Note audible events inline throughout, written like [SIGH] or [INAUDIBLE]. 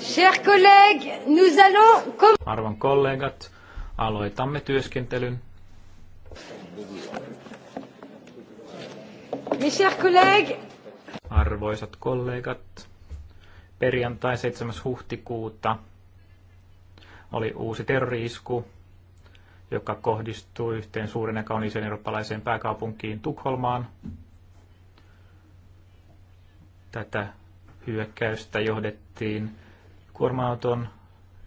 Chers collègues, nous allons... Arvon kollegat, aloitamme työskentelyn. Mes chers collègues, Arvoisat kollegat, perjantai 7. huhtikuuta oli uusi terrorisku, joka kohdistui yhteen suuren ja kauniiseen eurooppalaiseen pääkaupunkiin Tukholmaan. Tätä hyökkäystä johdettiin kuorma-auton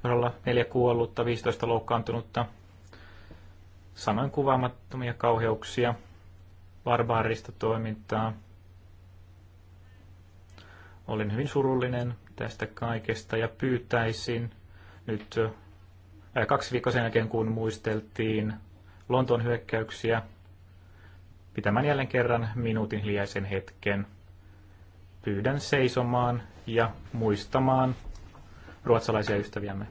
jolla neljä kuollutta, 15 loukkaantunutta, sanoin kuvaamattomia kauheuksia, barbaarista toimintaa. Olin hyvin surullinen tästä kaikesta ja pyytäisin nyt kaksi viikkoa sen jälkeen, kun muisteltiin Lontoon hyökkäyksiä, pitämään jälleen kerran minuutin hiljaisen hetken – pyydän seisomaan ja muistamaan ruotsalaisia ystäviämme.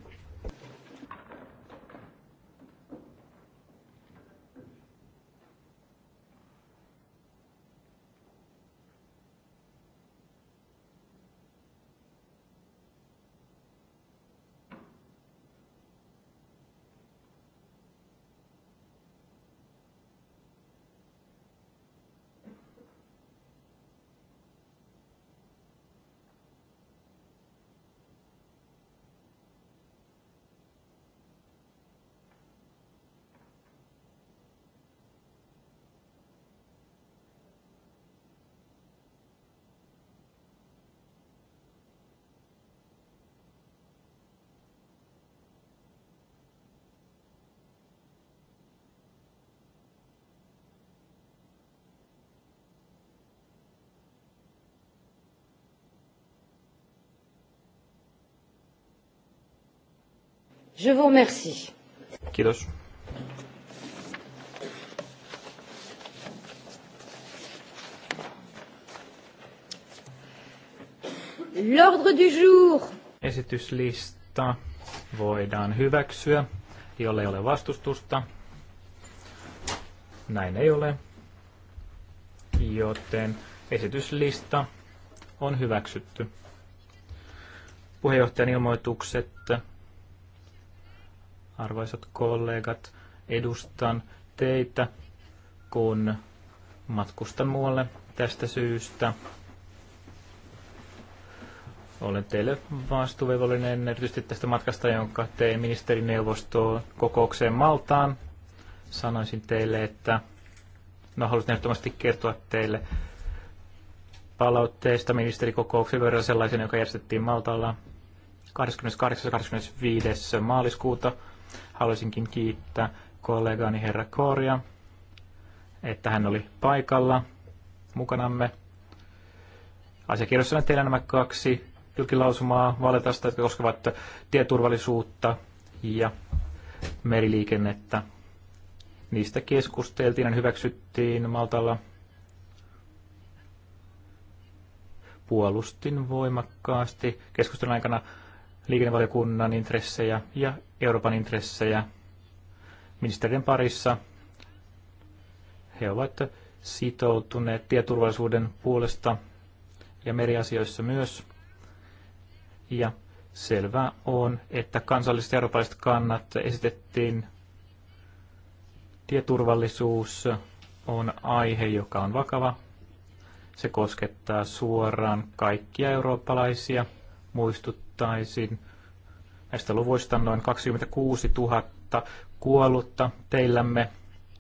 Je vous remercie. Kiitos. L'ordre du jour. Esityslista voidaan hyväksyä, jolle ei ole vastustusta. Näin ei ole. Joten esityslista on hyväksytty. Puheenjohtajan ilmoitukset arvoisat kollegat, edustan teitä, kun matkustan muualle tästä syystä. Olen teille vastuuvelvollinen erityisesti tästä matkasta, jonka tein ministerineuvostoon kokoukseen Maltaan. Sanoisin teille, että no, haluaisin ehdottomasti kertoa teille palautteesta ministerikokouksen verran sellaisen, joka järjestettiin Maltalla 28.–25. maaliskuuta Haluaisinkin kiittää kollegaani herra Koria, että hän oli paikalla mukanamme. Asiakirjoissa on teillä nämä kaksi julkilausumaa valitasta, jotka koskevat tieturvallisuutta ja meriliikennettä. Niistä keskusteltiin ja hyväksyttiin Maltalla. Puolustin voimakkaasti keskustelun aikana liikennevaliokunnan intressejä ja Euroopan intressejä ministerien parissa. He ovat sitoutuneet tieturvallisuuden puolesta ja meriasioissa myös. Ja selvää on, että kansalliset ja eurooppalaiset kannat esitettiin. Tieturvallisuus on aihe, joka on vakava. Se koskettaa suoraan kaikkia eurooppalaisia. Muistuttaisin Näistä luvuista noin 26 000 kuollutta teillämme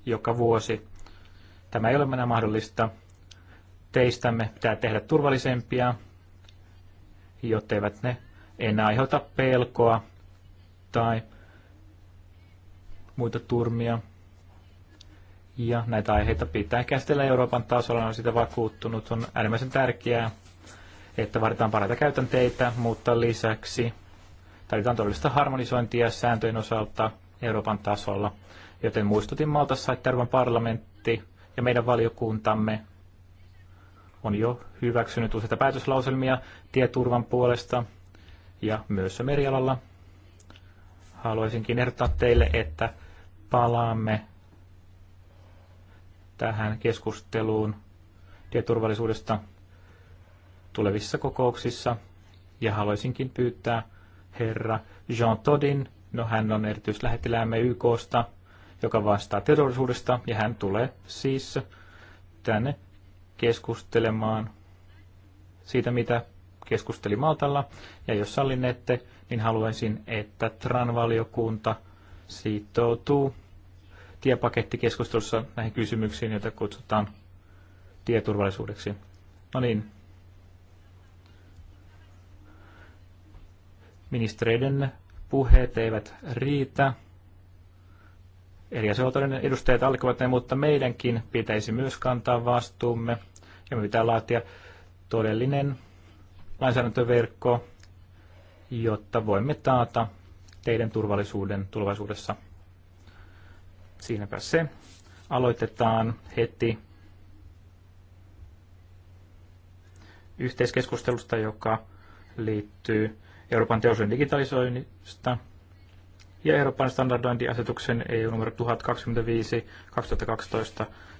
joka vuosi. Tämä ei ole enää mahdollista. Teistämme pitää tehdä turvallisempia, eivät ne enää aiheuta pelkoa tai muita turmia. Ja näitä aiheita pitää käsitellä Euroopan tasolla, on sitä vakuuttunut. On äärimmäisen tärkeää, että vaaditaan parhaita käytänteitä, mutta lisäksi Tarvitaan todellista harmonisointia sääntöjen osalta Euroopan tasolla, joten muistutin Maltassa, että Euroopan parlamentti ja meidän valiokuntamme on jo hyväksynyt useita päätöslauselmia tieturvan puolesta ja myös merialalla. Haluaisinkin ehdottaa teille, että palaamme tähän keskusteluun tieturvallisuudesta tulevissa kokouksissa ja haluaisinkin pyytää herra Jean Todin. No hän on erityislähettiläämme YKsta, joka vastaa terrorisuudesta, ja hän tulee siis tänne keskustelemaan siitä, mitä keskusteli Maltalla. Ja jos sallinette, niin haluaisin, että TRAN-valiokunta sitoutuu tiepakettikeskustelussa näihin kysymyksiin, joita kutsutaan tieturvallisuudeksi. No niin, Ministereiden puheet eivät riitä. Eri asioiden edustajat alkavat ne, mutta meidänkin pitäisi myös kantaa vastuumme ja me pitää laatia todellinen lainsäädäntöverkko, jotta voimme taata teidän turvallisuuden tulevaisuudessa. Siinäpä se. Aloitetaan heti yhteiskeskustelusta, joka liittyy Euroopan teollisuuden digitalisoinnista ja Euroopan standardointiasetuksen EU numero 1025-2012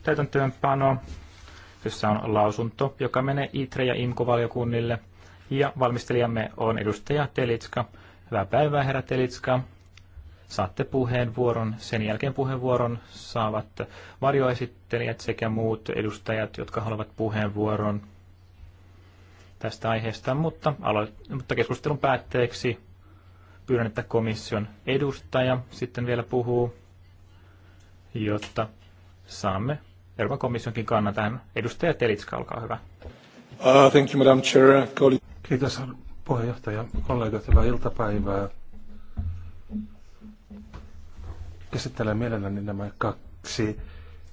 täytäntöönpano, jossa on lausunto, joka menee ITRE- ja imco valiokunnille Ja valmistelijamme on edustaja Telitska. Hyvää päivää, herra Telitska. Saatte puheenvuoron. Sen jälkeen puheenvuoron saavat varjoesittelijät sekä muut edustajat, jotka haluavat puheenvuoron tästä aiheesta, mutta, alo- mutta keskustelun päätteeksi pyydän, että komission edustaja sitten vielä puhuu, jotta saamme Euroopan komissionkin kannan tähän. Edustaja Telitska, olkaa hyvä. Uh, thank you, Madam Chair. Kiitos puheenjohtaja, kollegat, hyvää iltapäivää. Käsittelen mielelläni nämä kaksi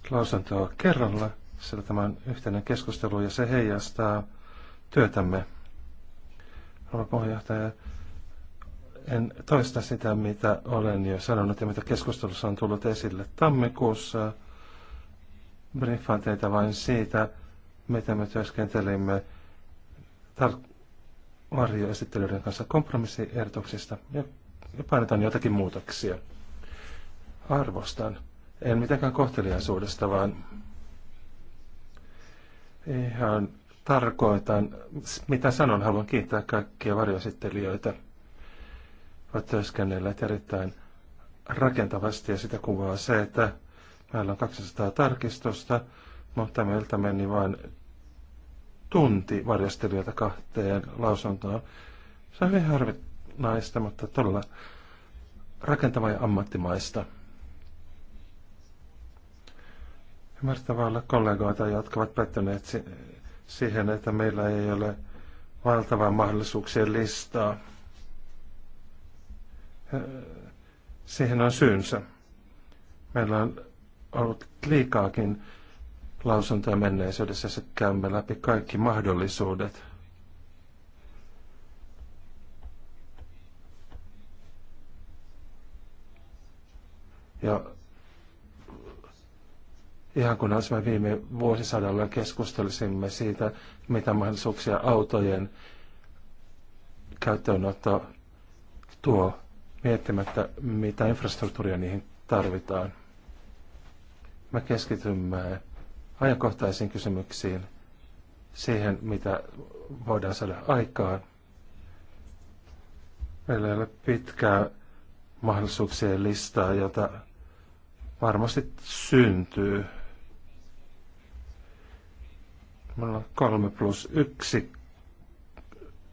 lausuntoa kerralla, sillä tämä on yhteinen keskustelu ja se heijastaa työtämme. Rouva puheenjohtaja, en toista sitä, mitä olen jo sanonut ja mitä keskustelussa on tullut esille tammikuussa. Briefaan teitä vain siitä, mitä me työskentelimme tar- varjoesittelyiden kanssa kompromissiehdotuksista ja, ja painetaan jotakin muutoksia. Arvostan. En mitenkään kohteliaisuudesta, vaan ihan tarkoitan, mitä sanon. Haluan kiittää kaikkia varjoesittelijöitä. Olet työskennelleet erittäin rakentavasti ja sitä kuvaa se, että meillä on 200 tarkistusta, mutta meiltä meni vain tunti varjostelijoita kahteen lausuntoon. Se on hyvin harvinaista, mutta todella rakentava ja ammattimaista. Ymmärtävää olla kollegoita, jotka ovat pettyneet siihen, että meillä ei ole valtavaa mahdollisuuksien listaa. Siihen on syynsä. Meillä on ollut liikaakin lausuntoja menneisyydessä, että käymme läpi kaikki mahdollisuudet. Ja ihan kun olisimme viime vuosisadalla keskustelisimme siitä, mitä mahdollisuuksia autojen käyttöönotto tuo miettimättä, mitä infrastruktuuria niihin tarvitaan. Me keskitymme ajankohtaisiin kysymyksiin, siihen, mitä voidaan saada aikaan. Meillä ei ole pitkää mahdollisuuksien listaa, jota varmasti syntyy Mulla on kolme plus yksi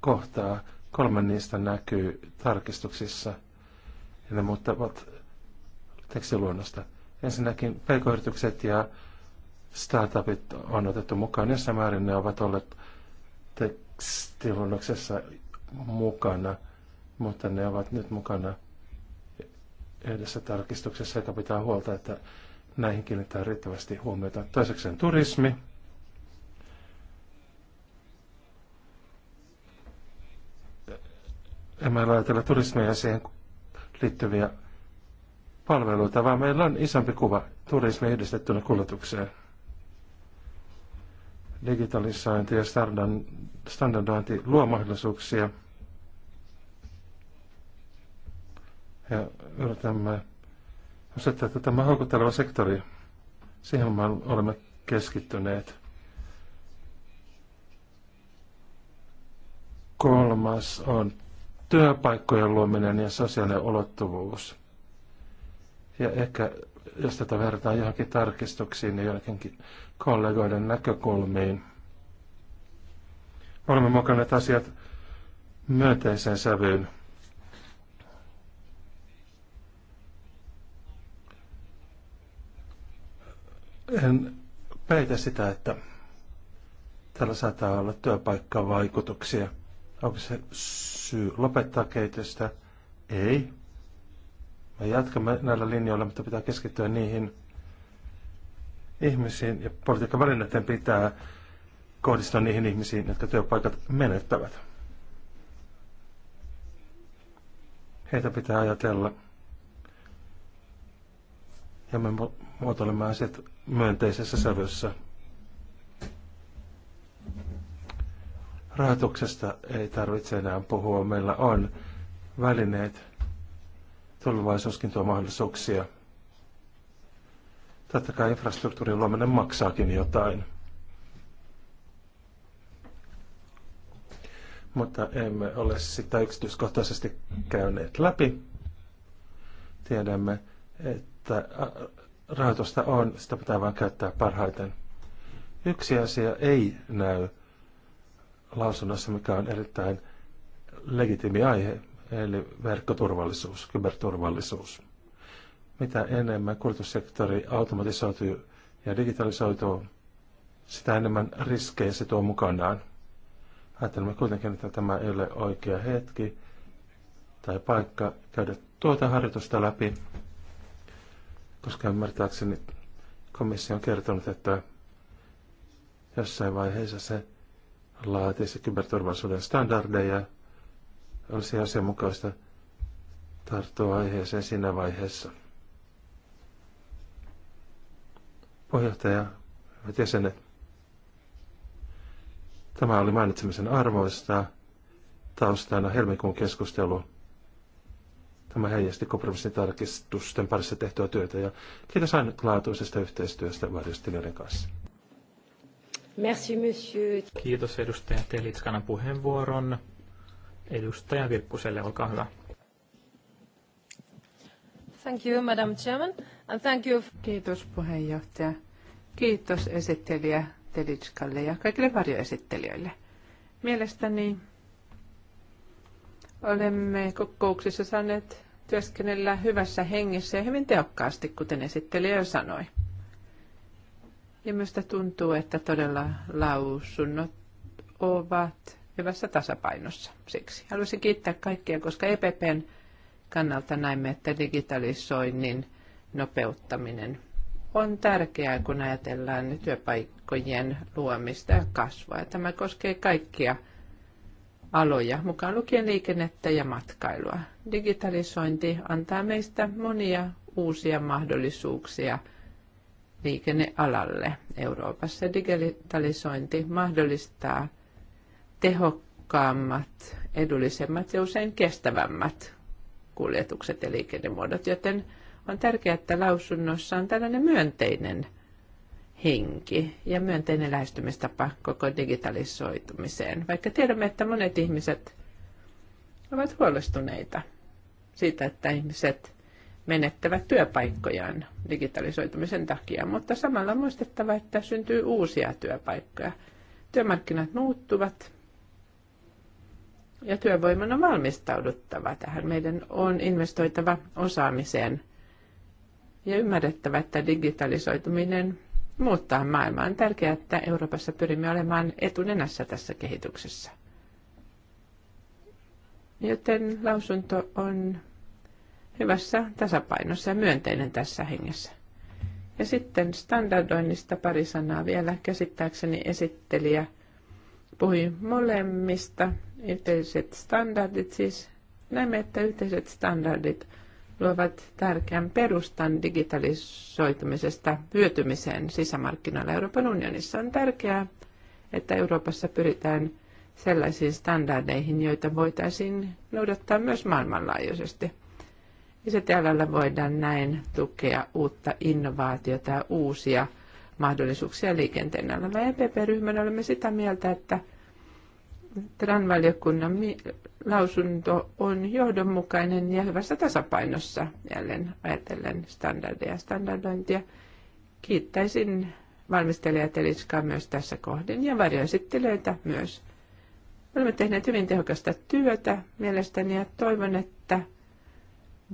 kohtaa. Kolme niistä näkyy tarkistuksissa. Ja ne muuttavat tekstiluonnosta. Ensinnäkin pk-yritykset ja startupit on otettu mukaan. Jossain määrin ne ovat olleet tekstiluonnoksessa mukana, mutta ne ovat nyt mukana yhdessä tarkistuksessa, joka pitää huolta, että näihin kiinnittää riittävästi huomiota. Toiseksi turismi emme ole ajatella turismia ja siihen liittyviä palveluita, vaan meillä on isompi kuva turismi yhdistettynä kulutukseen. Digitalisointi ja standardointi luo mahdollisuuksia. Ja yritämme osoittaa, että tämä houkutteleva sektori, siihen me olemme keskittyneet. Kolmas on työpaikkojen luominen ja sosiaalinen ulottuvuus. Ja ehkä jos tätä verrataan johonkin tarkistuksiin ja niin joidenkin kollegoiden näkökulmiin, olemme mokanneet asiat myönteiseen sävyyn. En peitä sitä, että tällä saattaa olla työpaikkavaikutuksia – Onko se syy lopettaa kehitystä? Ei. Me jatkamme näillä linjoilla, mutta pitää keskittyä niihin ihmisiin ja politiikan välineiden pitää kohdistua niihin ihmisiin, jotka työpaikat menettävät. Heitä pitää ajatella ja me muotoilemme asiat myönteisessä sävyssä. Rahoituksesta ei tarvitse enää puhua. Meillä on välineet. Tulevaisuuskin tuo mahdollisuuksia. Totta kai infrastruktuurin luominen maksaakin jotain. Mutta emme ole sitä yksityiskohtaisesti käyneet läpi. Tiedämme, että rahoitusta on, sitä pitää vain käyttää parhaiten. Yksi asia ei näy lausunnossa, mikä on erittäin legitimi aihe, eli verkkoturvallisuus, kyberturvallisuus. Mitä enemmän kulutussektori automatisoituu ja digitalisoituu, sitä enemmän riskejä se tuo mukanaan. Ajattelemme kuitenkin, että tämä ei ole oikea hetki tai paikka käydä tuota harjoitusta läpi, koska ymmärtääkseni komissio on kertonut, että jossain vaiheessa se laatiessa kyberturvallisuuden standardeja, olisi asianmukaista tarttua aiheeseen siinä vaiheessa. Pohjohtaja hyvät jäsenet, tämä oli mainitsemisen arvoista taustana helmikuun keskustelu. Tämä heijasti tarkistusten parissa tehtyä työtä ja kiitos ainutlaatuisesta yhteistyöstä varjostilijoiden kanssa. Merci, monsieur. Kiitos edustaja Telitskanan puheenvuoron. Edustaja Virkkuselle, olkaa hyvä. Thank you, Madam Chairman, and thank you. Kiitos puheenjohtaja. Kiitos esittelijä Telitskalle ja kaikille varjoesittelijöille. Mielestäni olemme kokouksissa saaneet työskennellä hyvässä hengessä ja hyvin tehokkaasti, kuten esittelijä jo sanoi. Ja minusta tuntuu, että todella lausunnot ovat hyvässä tasapainossa siksi. Haluaisin kiittää kaikkia, koska EPPn kannalta näimme, että digitalisoinnin nopeuttaminen on tärkeää, kun ajatellaan työpaikkojen luomista ja kasvua. tämä koskee kaikkia aloja, mukaan lukien liikennettä ja matkailua. Digitalisointi antaa meistä monia uusia mahdollisuuksia – liikennealalle Euroopassa. Digitalisointi mahdollistaa tehokkaammat, edullisemmat ja usein kestävämmät kuljetukset ja liikennemuodot, joten on tärkeää, että lausunnossa on tällainen myönteinen henki ja myönteinen lähestymistapa koko digitalisoitumiseen, vaikka tiedämme, että monet ihmiset ovat huolestuneita siitä, että ihmiset menettävät työpaikkojaan digitalisoitumisen takia, mutta samalla on muistettava, että syntyy uusia työpaikkoja. Työmarkkinat muuttuvat ja työvoiman on valmistauduttava tähän. Meidän on investoitava osaamiseen ja ymmärrettävä, että digitalisoituminen muuttaa maailmaa. On tärkeää, että Euroopassa pyrimme olemaan etunenässä tässä kehityksessä. Joten lausunto on hyvässä tasapainossa ja myönteinen tässä hengessä. Ja sitten standardoinnista pari sanaa vielä. Käsittääkseni esittelijä puhui molemmista. Yhteiset standardit siis. Näemme, että yhteiset standardit luovat tärkeän perustan digitalisoitumisesta hyötymiseen sisämarkkinoilla Euroopan unionissa. On tärkeää, että Euroopassa pyritään sellaisiin standardeihin, joita voitaisiin noudattaa myös maailmanlaajuisesti. ICT-alalla voidaan näin tukea uutta innovaatiota ja uusia mahdollisuuksia liikenteen alalla. epp ryhmän olemme sitä mieltä, että TRAN-valiokunnan lausunto on johdonmukainen ja hyvässä tasapainossa jälleen ajatellen standardeja ja standardointia. Kiittäisin valmistelijat Eliskaa myös tässä kohdin ja varjoesittelijöitä myös. Olemme tehneet hyvin tehokasta työtä mielestäni ja toivon, että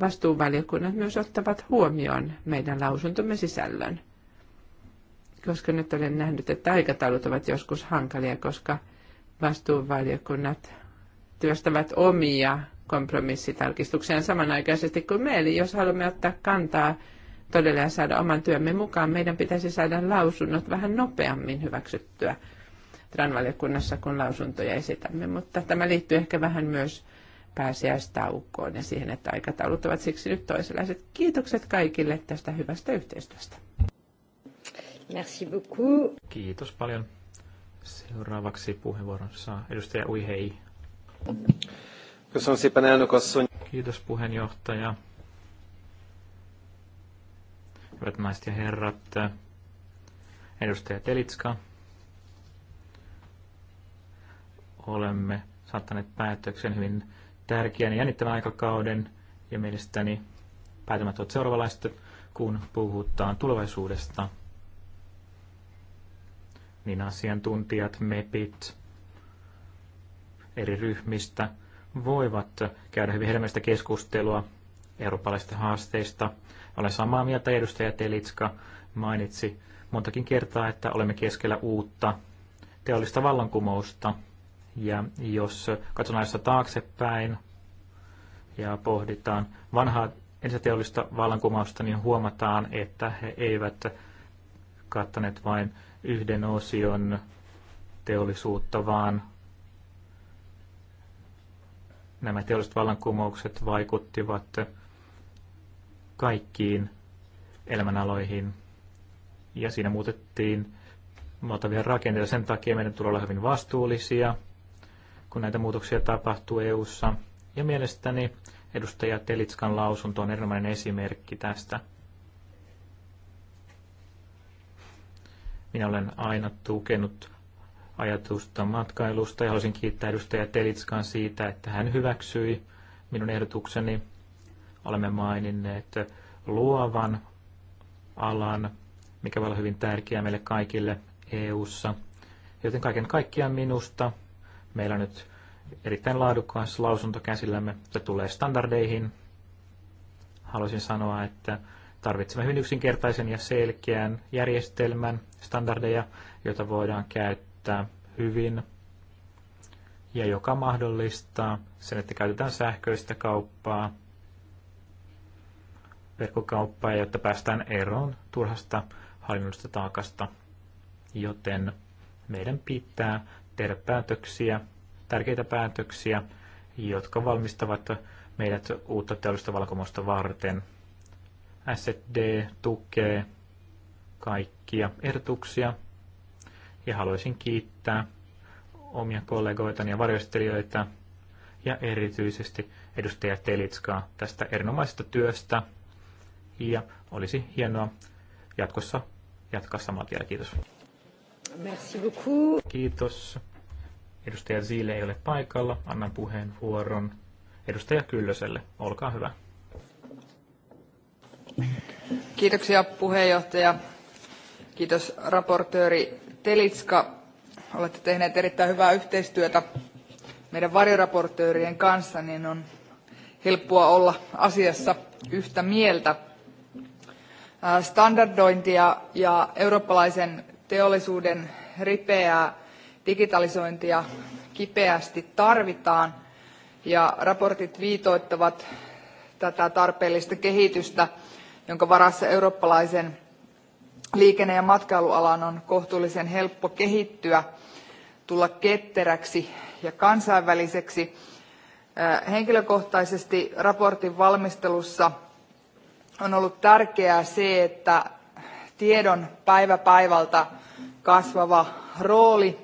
vastuuvaliokunnat myös ottavat huomioon meidän lausuntomme sisällön. Koska nyt olen nähnyt, että aikataulut ovat joskus hankalia, koska vastuuvaliokunnat työstävät omia kompromissitarkistuksiaan samanaikaisesti kuin me. Eli jos haluamme ottaa kantaa todella ja saada oman työmme mukaan, meidän pitäisi saada lausunnot vähän nopeammin hyväksyttyä tranvaliokunnassa, kun lausuntoja esitämme. Mutta tämä liittyy ehkä vähän myös pääsiäistaukoon ja siihen, että aikataulut ovat siksi nyt toisenlaiset. Kiitokset kaikille tästä hyvästä yhteistyöstä. Merci beaucoup. Kiitos paljon. Seuraavaksi puheenvuoron saa edustaja Uihei. Kiitos puheenjohtaja. Hyvät naiset ja herrat, edustaja Telitska. Olemme saattaneet päätöksen hyvin tärkeän ja jännittävän aikakauden ja mielestäni päätämät ovat seuraavanlaiset, kun puhutaan tulevaisuudesta. Niin asiantuntijat, MEPit eri ryhmistä voivat käydä hyvin hedelmällistä keskustelua eurooppalaisista haasteista. Olen samaa mieltä, edustaja Telitska mainitsi montakin kertaa, että olemme keskellä uutta teollista vallankumousta – ja jos katsotaan ajassa taaksepäin ja pohditaan vanhaa ensiteollista vallankumousta, niin huomataan, että he eivät kattaneet vain yhden osion teollisuutta, vaan nämä teolliset vallankumoukset vaikuttivat kaikkiin elämänaloihin. Ja siinä muutettiin valtavia rakenteita. Sen takia meidän tulee olla hyvin vastuullisia kun näitä muutoksia tapahtuu EU:ssa. Ja mielestäni edustaja Telitskan lausunto on erinomainen esimerkki tästä. Minä olen aina tukenut ajatusta matkailusta ja haluaisin kiittää edustaja Telitskan siitä, että hän hyväksyi minun ehdotukseni. Olemme maininneet luovan alan, mikä voi olla hyvin tärkeää meille kaikille EU:ssa. Joten kaiken kaikkiaan minusta Meillä on nyt erittäin laadukas lausunto käsillämme, se tulee standardeihin. Haluaisin sanoa, että tarvitsemme hyvin yksinkertaisen ja selkeän järjestelmän standardeja, joita voidaan käyttää hyvin ja joka mahdollistaa sen, että käytetään sähköistä kauppaa, verkkokauppaa, jotta päästään eroon turhasta hallinnollisesta taakasta. Joten meidän pitää tehdä päätöksiä, tärkeitä päätöksiä, jotka valmistavat meidät uutta teollista valkomusta varten. SD tukee kaikkia ehdotuksia ja haluaisin kiittää omia kollegoitani ja varjostelijoita ja erityisesti edustaja Telitskaa tästä erinomaisesta työstä. Ja olisi hienoa jatkossa jatkaa samaa tiellä. Kiitos. Merci beaucoup. Kiitos. Edustaja Ziile ei ole paikalla. Annan puheenvuoron edustaja Kyllöselle. Olkaa hyvä. Kiitoksia puheenjohtaja. Kiitos raportööri Telitska. Olette tehneet erittäin hyvää yhteistyötä meidän varjoraportöörien kanssa, niin on helppoa olla asiassa yhtä mieltä. Äh, standardointia ja eurooppalaisen teollisuuden ripeää digitalisointia kipeästi tarvitaan ja raportit viitoittavat tätä tarpeellista kehitystä, jonka varassa eurooppalaisen liikenne- ja matkailualan on kohtuullisen helppo kehittyä, tulla ketteräksi ja kansainväliseksi. Äh, henkilökohtaisesti raportin valmistelussa on ollut tärkeää se, että tiedon päivä päivältä kasvava rooli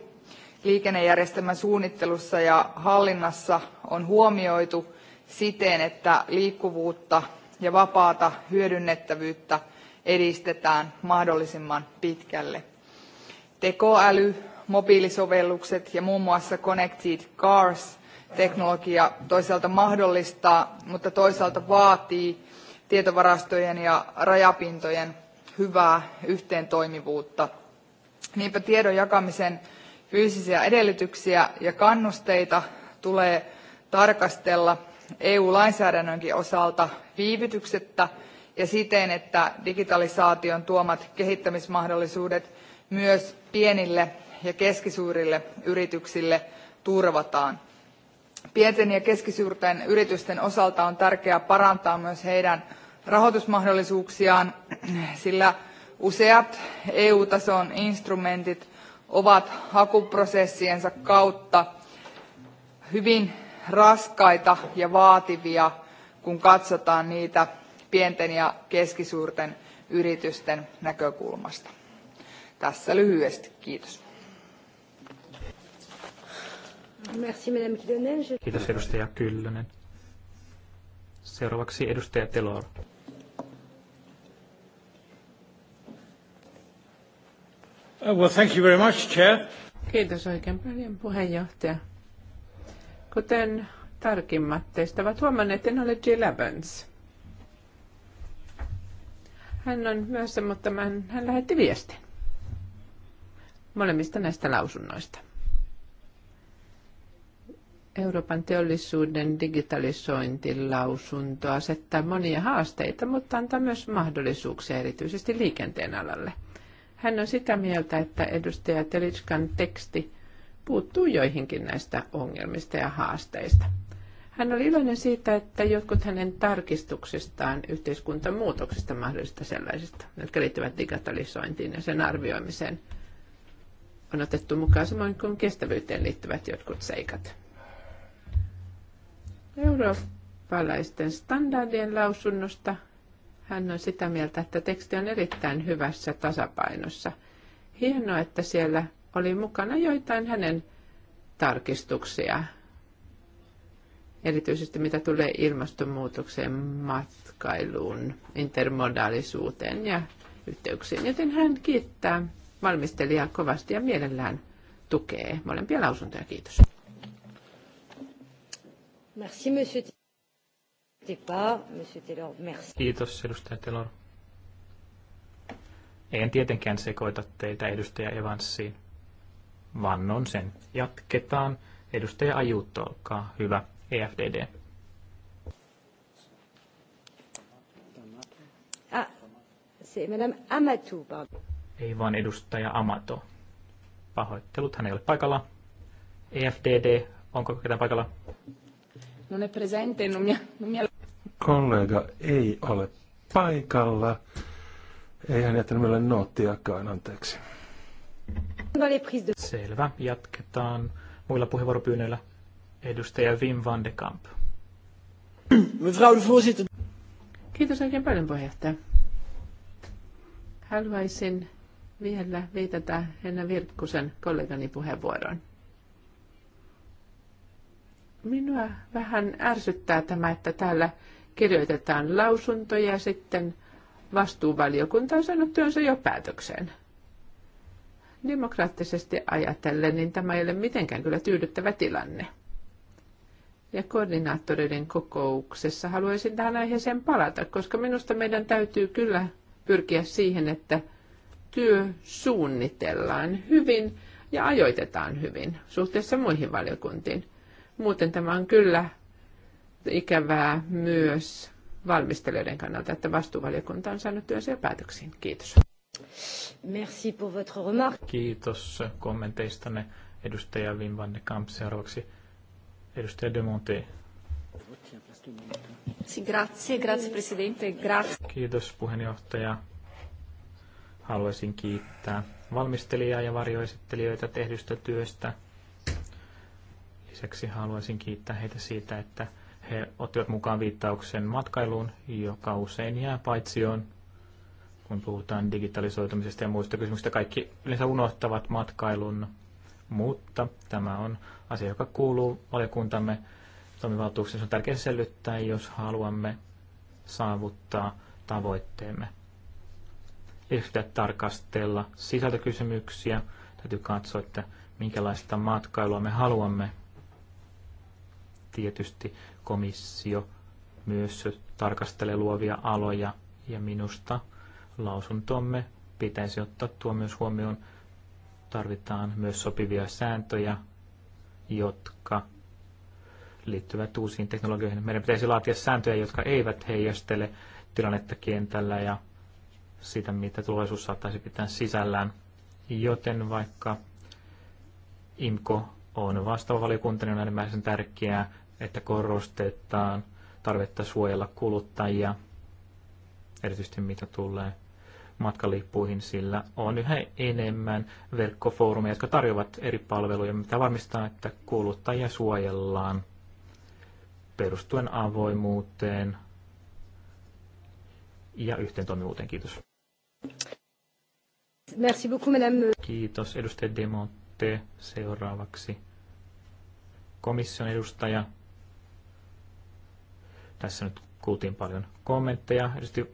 liikennejärjestelmän suunnittelussa ja hallinnassa on huomioitu siten, että liikkuvuutta ja vapaata hyödynnettävyyttä edistetään mahdollisimman pitkälle. Tekoäly, mobiilisovellukset ja muun muassa Connected Cars-teknologia toisaalta mahdollistaa, mutta toisaalta vaatii tietovarastojen ja rajapintojen hyvää yhteentoimivuutta. Niinpä tiedon jakamisen fyysisiä edellytyksiä ja kannusteita tulee tarkastella EU-lainsäädännönkin osalta viivytyksettä ja siten, että digitalisaation tuomat kehittämismahdollisuudet myös pienille ja keskisuurille yrityksille turvataan. Pienten ja keskisuurten yritysten osalta on tärkeää parantaa myös heidän rahoitusmahdollisuuksiaan, sillä useat EU-tason instrumentit ovat hakuprosessiensa kautta hyvin raskaita ja vaativia, kun katsotaan niitä pienten ja keskisuurten yritysten näkökulmasta. Tässä lyhyesti. Kiitos. Kiitos edustaja Kyllönen. Seuraavaksi edustaja Telor. Uh, well, thank you very much, Chair. Kiitos oikein paljon puheenjohtaja. Kuten tarkimmat teistä ovat huomanneet, en ole Jill Evans. Hän on myös, mutta hän lähetti viestin molemmista näistä lausunnoista. Euroopan teollisuuden digitalisointilausunto asettaa monia haasteita, mutta antaa myös mahdollisuuksia erityisesti liikenteen alalle – hän on sitä mieltä, että edustaja Telitskan teksti puuttuu joihinkin näistä ongelmista ja haasteista. Hän oli iloinen siitä, että jotkut hänen tarkistuksistaan yhteiskuntamuutoksista mahdollisista sellaisista, jotka liittyvät digitalisointiin ja sen arvioimiseen, on otettu mukaan samoin kuin kestävyyteen liittyvät jotkut seikat. Eurooppalaisten standardien lausunnosta hän on sitä mieltä, että teksti on erittäin hyvässä tasapainossa. Hienoa, että siellä oli mukana joitain hänen tarkistuksia, erityisesti mitä tulee ilmastonmuutokseen, matkailuun, intermodaalisuuteen ja yhteyksiin. Joten hän kiittää valmistelijaa kovasti ja mielellään tukee molempia lausuntoja. Kiitos. Merci, monsieur. Kiitos, edustaja Telor. En tietenkään sekoita teitä edustaja Evanssiin. Vannon sen. Jatketaan. Edustaja Ajuutto, olkaa hyvä. EFDD. Ah, Madame Ei vaan edustaja Amato. Pahoittelut, hän ei ole paikalla. EFDD, onko ketään paikalla? non è presente, non mi, non mi... Kollega ei ole paikalla. Ei hän jättänyt meille noottiakaan, anteeksi. Selvä, jatketaan muilla puheenvuoropyynnöillä. Edustaja Wim van de Kamp. Mevrouw de voorzitter. Kiitos oikein paljon puheenjohtaja. Haluaisin vielä viitata Henna Virkkusen kollegani puheenvuoroon. Minua vähän ärsyttää tämä, että täällä kirjoitetaan lausuntoja ja sitten vastuuvaliokunta on saanut työnsä jo päätökseen. Demokraattisesti ajatellen, niin tämä ei ole mitenkään kyllä tyydyttävä tilanne. Ja koordinaattoreiden kokouksessa haluaisin tähän aiheeseen palata, koska minusta meidän täytyy kyllä pyrkiä siihen, että työ suunnitellaan hyvin ja ajoitetaan hyvin suhteessa muihin valiokuntiin. Muuten tämä on kyllä ikävää myös valmistelijoiden kannalta, että vastuuvaliokunta on saanut työnsä ja päätöksiin. Kiitos. Merci pour votre remarque. Kiitos kommenteistanne edustaja Wim van de Kamp. Seuraavaksi edustaja De Monte. Grazie, grazie presidente, grazie. Kiitos puheenjohtaja. Haluaisin kiittää valmistelijaa ja varjoesittelijöitä tehdystä työstä. Lisäksi haluaisin kiittää heitä siitä, että he ottivat mukaan viittauksen matkailuun, joka usein jää paitsioon, kun puhutaan digitalisoitumisesta ja muista kysymyksistä. Kaikki yleensä unohtavat matkailun, mutta tämä on asia, joka kuuluu valiokuntamme toimivaltuuksiin. Se on tärkeää selvittää, jos haluamme saavuttaa tavoitteemme. Yhtä tarkastella sisältökysymyksiä. Täytyy katsoa, että minkälaista matkailua me haluamme tietysti komissio myös tarkastelee luovia aloja ja minusta lausuntomme pitäisi ottaa tuo myös huomioon. Tarvitaan myös sopivia sääntöjä, jotka liittyvät uusiin teknologioihin. Meidän pitäisi laatia sääntöjä, jotka eivät heijastele tilannetta kentällä ja sitä, mitä tulevaisuus saattaisi pitää sisällään. Joten vaikka IMKO on vastaava valiokunta, niin on äärimmäisen tärkeää että korostetaan tarvetta suojella kuluttajia, erityisesti mitä tulee matkalippuihin, sillä on yhä enemmän verkkofoorumeja, jotka tarjoavat eri palveluja, mitä varmistaa, että kuluttajia suojellaan perustuen avoimuuteen ja yhteen toimivuuteen. Kiitos. Merci beaucoup, madame. Kiitos, edustaja Demonte. Seuraavaksi komission edustaja tässä nyt kuultiin paljon kommentteja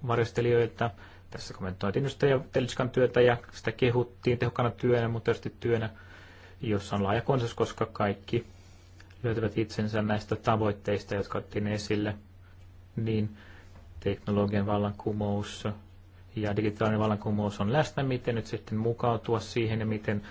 varjostelijoita, Tässä kommentoitiin edustaja Telitskan työtä ja sitä kehuttiin tehokkaana työnä, mutta tietysti työnä, jossa on laaja konsensus, koska kaikki löytävät itsensä näistä tavoitteista, jotka otettiin esille, niin teknologian vallankumous ja digitaalinen vallankumous on läsnä, miten nyt sitten mukautua siihen ja miten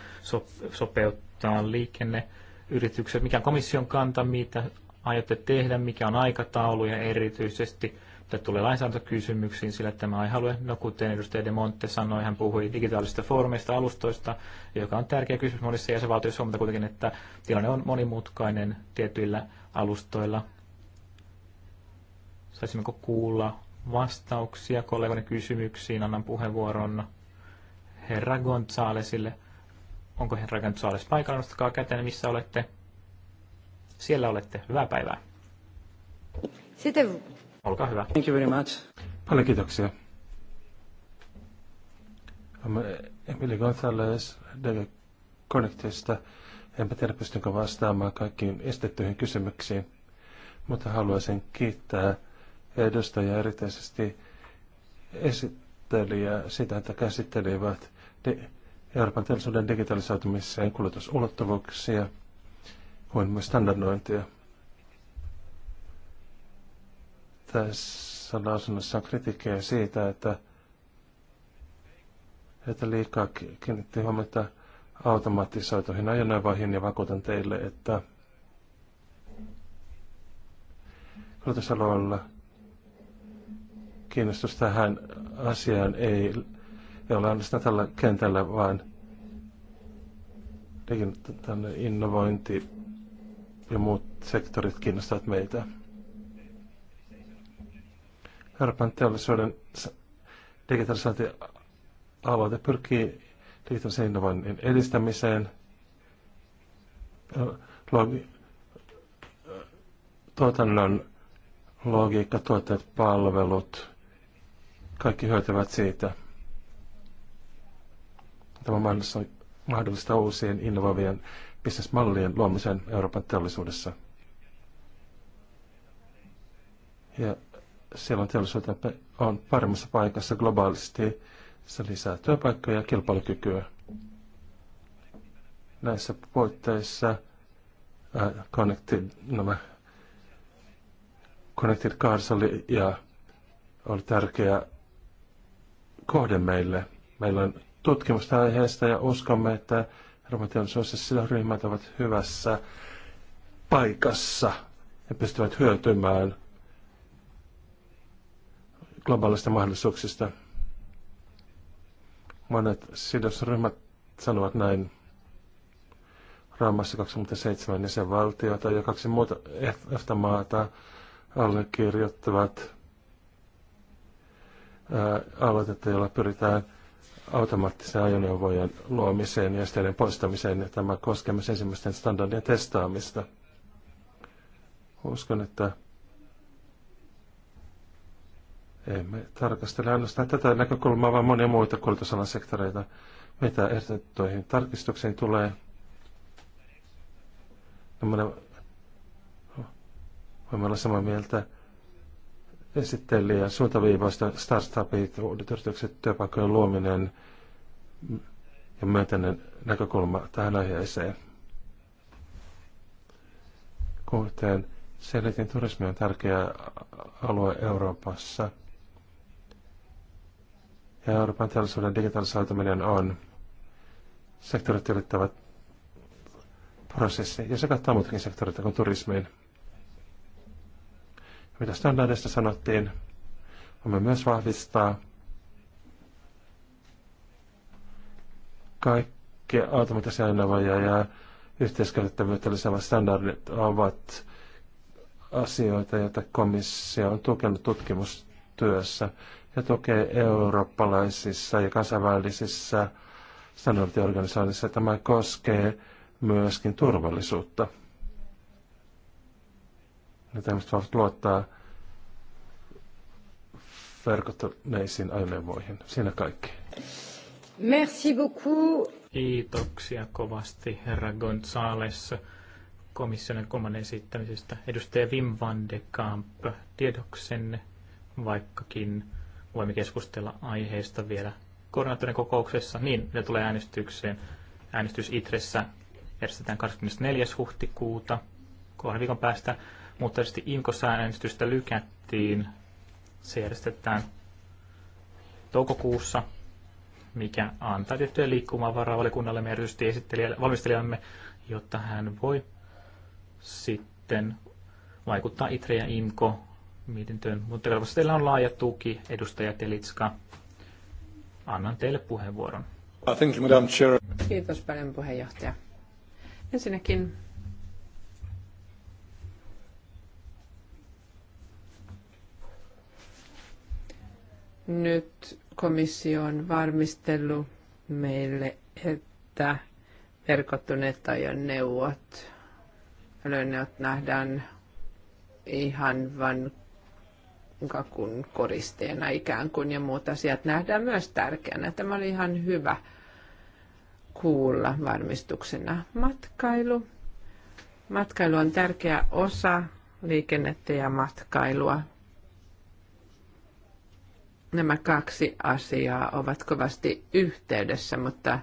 sopeuttaa liikenne yritykset, mikä on komission kanta, mitä aiotte tehdä, mikä on aikataulu ja erityisesti mitä tulee lainsäädäntökysymyksiin, sillä tämä halua, no kuten edustaja De Monte sanoi, hän puhui digitaalisista foorumeista, alustoista, joka on tärkeä kysymys monissa jäsenvaltioissa, mutta kuitenkin, että tilanne on monimutkainen tietyillä alustoilla. Saisimmeko kuulla vastauksia kollegoiden kysymyksiin? Annan puheenvuoron herra Gonzalesille. Onko herra Gonzales paikalla? Nostakaa käteen, missä olette siellä olette. Hyvää päivää. Sitten. Olkaa hyvä. Thank you very much. Paljon kiitoksia. Emily Gonzalez DG Connectista. Enpä tiedä, pystynkö vastaamaan kaikkiin estettyihin kysymyksiin, mutta haluaisin kiittää edustajia erityisesti esittelijä sitä, että käsittelivät Euroopan teollisuuden digitalisoitumiseen kuljetusulottuvuuksia huonoa standardointia. Tässä lausunnossa on kritiikkiä siitä, että, että liikaa kiinnitti huomiota automatisoituihin ajoneuvoihin ja vakuutan teille, että kulutusalueella kiinnostus tähän asiaan ei, ei ole ainoastaan tällä kentällä, vaan tänne innovointi ja muut sektorit kiinnostavat meitä. Euroopan teollisuuden digitalisointialoite pyrkii digitaalisen innovoinnin edistämiseen, logi- tuotannon logiikka, tuotteet, palvelut, kaikki hyötyvät siitä. Tämä on mahdollista uusien innovoivien bisnesmallien luomisen Euroopan teollisuudessa. Ja on teollisuutta on paremmassa paikassa globaalisti. Se lisää työpaikkoja ja kilpailukykyä. Näissä puitteissa äh, Connected, nämä Connected Cars oli, ja oli tärkeä kohde meille. Meillä on tutkimusta aiheesta ja uskomme, että Euroopan ryhmät ovat hyvässä paikassa ja pystyvät hyötymään globaalista mahdollisuuksista. Monet sidosryhmät sanovat näin Raamassa 27 valtiota ja kaksi muuta EFTA maata allekirjoittavat aloitetta, jolla pyritään automaattisen ajoneuvojen luomiseen ja esteiden poistamiseen, ja tämä koskee myös ensimmäisten standardien testaamista. Uskon, että emme tarkastele ainoastaan tätä näkökulmaa, vaan monia muita kuljetusalan sektoreita, mitä ehdotettuihin tarkistuksiin tulee. voimme olla samaa mieltä ja suuntaviivoista startupit, uudet yritykset, työpaikkojen luominen ja myönteinen näkökulma tähän aiheeseen. Kuten selitin, turismi on tärkeä alue Euroopassa. Ja Euroopan teollisuuden digitalisoituminen on sektorit ylittävä prosessi, ja se kattaa muutakin sektoreita kuin turismiin mitä standardeista sanottiin, voimme myös vahvistaa automaattisia automatisäännövoja ja yhteiskäytettävyyttä lisäävät standardit ovat asioita, joita komissio on tukenut tutkimustyössä ja tukee eurooppalaisissa ja kansainvälisissä standardiorganisaatioissa. Tämä koskee myöskin turvallisuutta. Nyt ihmiset vaan luottaa verkottuneisiin ajoneuvoihin. Siinä kaikki. Merci beaucoup. Kiitoksia kovasti herra Gonzales komission kolman esittämisestä. Edustaja Wim van de Kamp, tiedoksenne, vaikkakin voimme keskustella aiheesta vielä koordinaattorin kokouksessa. Niin, ne tulee äänestykseen. Äänestys Itressä järjestetään 24. huhtikuuta, kohden viikon päästä. Mutta sitten imco äänestystä lykättiin. Se järjestetään toukokuussa, mikä antaa tiettyä liikkumavaraa valiokunnalle ja erityisesti valmistelijamme, jotta hän voi sitten vaikuttaa ITRE ja IMCO mietintöön. Mutta varmasti teillä on laaja tuki, edustaja Telitska. Annan teille puheenvuoron. Thank you, Madam Chair. Kiitos paljon puheenjohtaja. Ensinnäkin Nyt komissio on varmistellut meille, että verkottuneet neuvot, ajoneuvot nähdään ihan vain kakun koristeena ikään kuin ja muut asiat nähdään myös tärkeänä. Tämä oli ihan hyvä kuulla varmistuksena. Matkailu. Matkailu on tärkeä osa liikennettä ja matkailua nämä kaksi asiaa ovat kovasti yhteydessä, mutta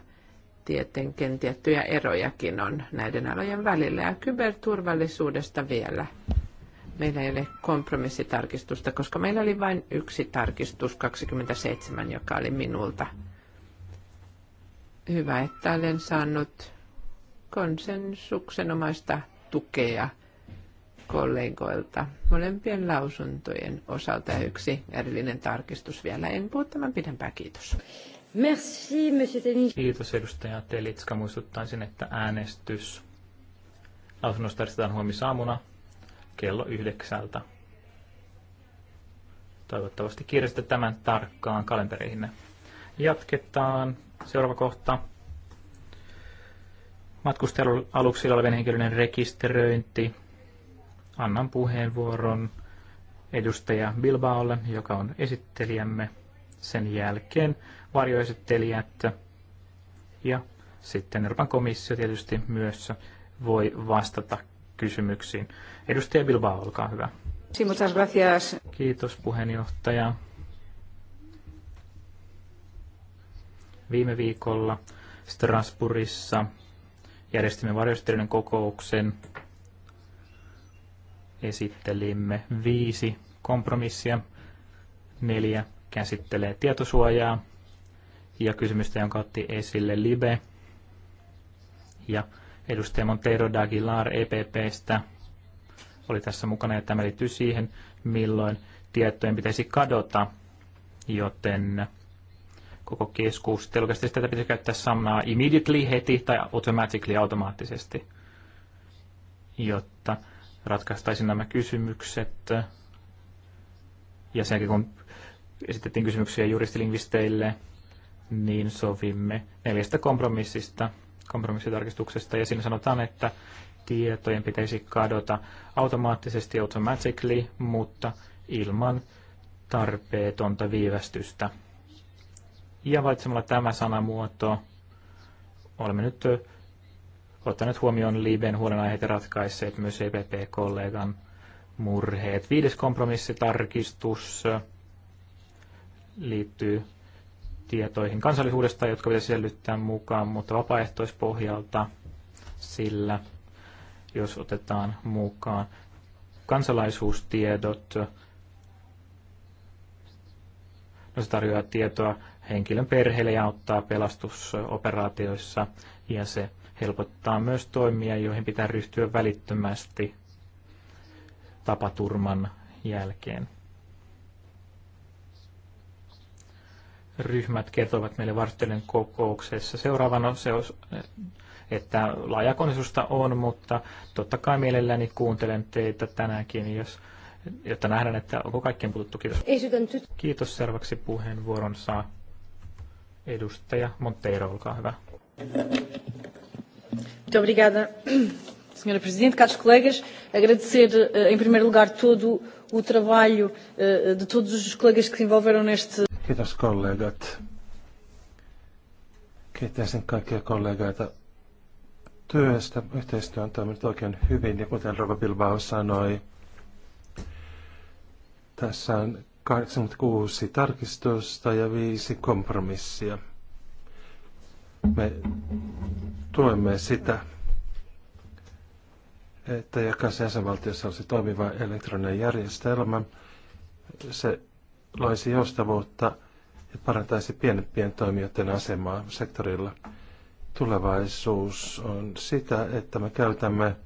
tietenkin tiettyjä erojakin on näiden alojen välillä. Ja kyberturvallisuudesta vielä. Meillä ei ole kompromissitarkistusta, koska meillä oli vain yksi tarkistus, 27, joka oli minulta. Hyvä, että olen saanut konsensuksenomaista tukea – kollegoilta molempien lausuntojen osalta ja yksi erillinen tarkistus vielä. En puhu tämän pidempää. kiitos. Merci, monsieur Tenis. Kiitos edustaja Telitska. Muistuttaisin, että äänestys lausunnosta järjestetään huomisaamuna kello yhdeksältä. Toivottavasti kirjasta tämän tarkkaan kalenteriinne. Jatketaan. Seuraava kohta. Matkustelualuksilla olevien henkilöiden rekisteröinti annan puheenvuoron edustaja Bilbaolle, joka on esittelijämme. Sen jälkeen varjoesittelijät ja sitten Euroopan komissio tietysti myös voi vastata kysymyksiin. Edustaja Bilbao, olkaa hyvä. Kiitos puheenjohtaja. Viime viikolla Strasbourgissa järjestimme varjoesittelijän kokouksen esittelimme viisi kompromissia, neljä käsittelee tietosuojaa ja kysymystä, jonka otti esille Libe ja edustaja Montero Dagilar EPPstä oli tässä mukana ja tämä liittyy siihen, milloin tietojen pitäisi kadota, joten koko keskustelu. Sitten tätä pitäisi käyttää sanaa immediately heti tai automatically automaattisesti, jotta ratkaistaisiin nämä kysymykset. Ja sen jälkeen, kun esitettiin kysymyksiä juristilingvisteille, niin sovimme neljästä kompromissista, kompromissitarkistuksesta, ja siinä sanotaan, että tietojen pitäisi kadota automaattisesti, automatically, mutta ilman tarpeetonta viivästystä. Ja valitsemalla tämä sanamuoto, olemme nyt ottanut huomioon Liben huolenaiheet ja ratkaisseet myös EPP-kollegan murheet. Viides kompromissitarkistus liittyy tietoihin kansallisuudesta, jotka pitäisi selvittää mukaan, mutta vapaaehtoispohjalta sillä, jos otetaan mukaan kansalaisuustiedot, no se tarjoaa tietoa henkilön perheelle ja auttaa pelastusoperaatioissa ja se helpottaa myös toimia, joihin pitää ryhtyä välittömästi tapaturman jälkeen. Ryhmät kertovat meille vartelen kokouksessa seuraavana se, että laajakonisusta on, mutta totta kai mielelläni kuuntelen teitä tänäänkin, jos jotta nähdään, että onko kaikkien puhuttu. Kiitos. Kiitos. Seuraavaksi puheenvuoron saa edustaja Monteiro, olkaa hyvä. Muito obrigada, Sra. [CLEARS THROAT] Presidente, caros colegas. Agradecer, eh, em primeiro lugar, todo o trabalho eh, de todos os colegas que se envolveram neste... Kiitos kollegat. kaikkia työstä. Yhteistyö on toiminut oikein hyvin ja kuten Rova Bilbao sanoi, tässä on 86 tarkistusta ja 5 kompromissia. Me tuemme sitä, että jokaisessa jäsenvaltiossa olisi toimiva elektroninen järjestelmä. Se loisi joustavuutta ja parantaisi pienempien toimijoiden asemaa sektorilla. Tulevaisuus on sitä, että me käytämme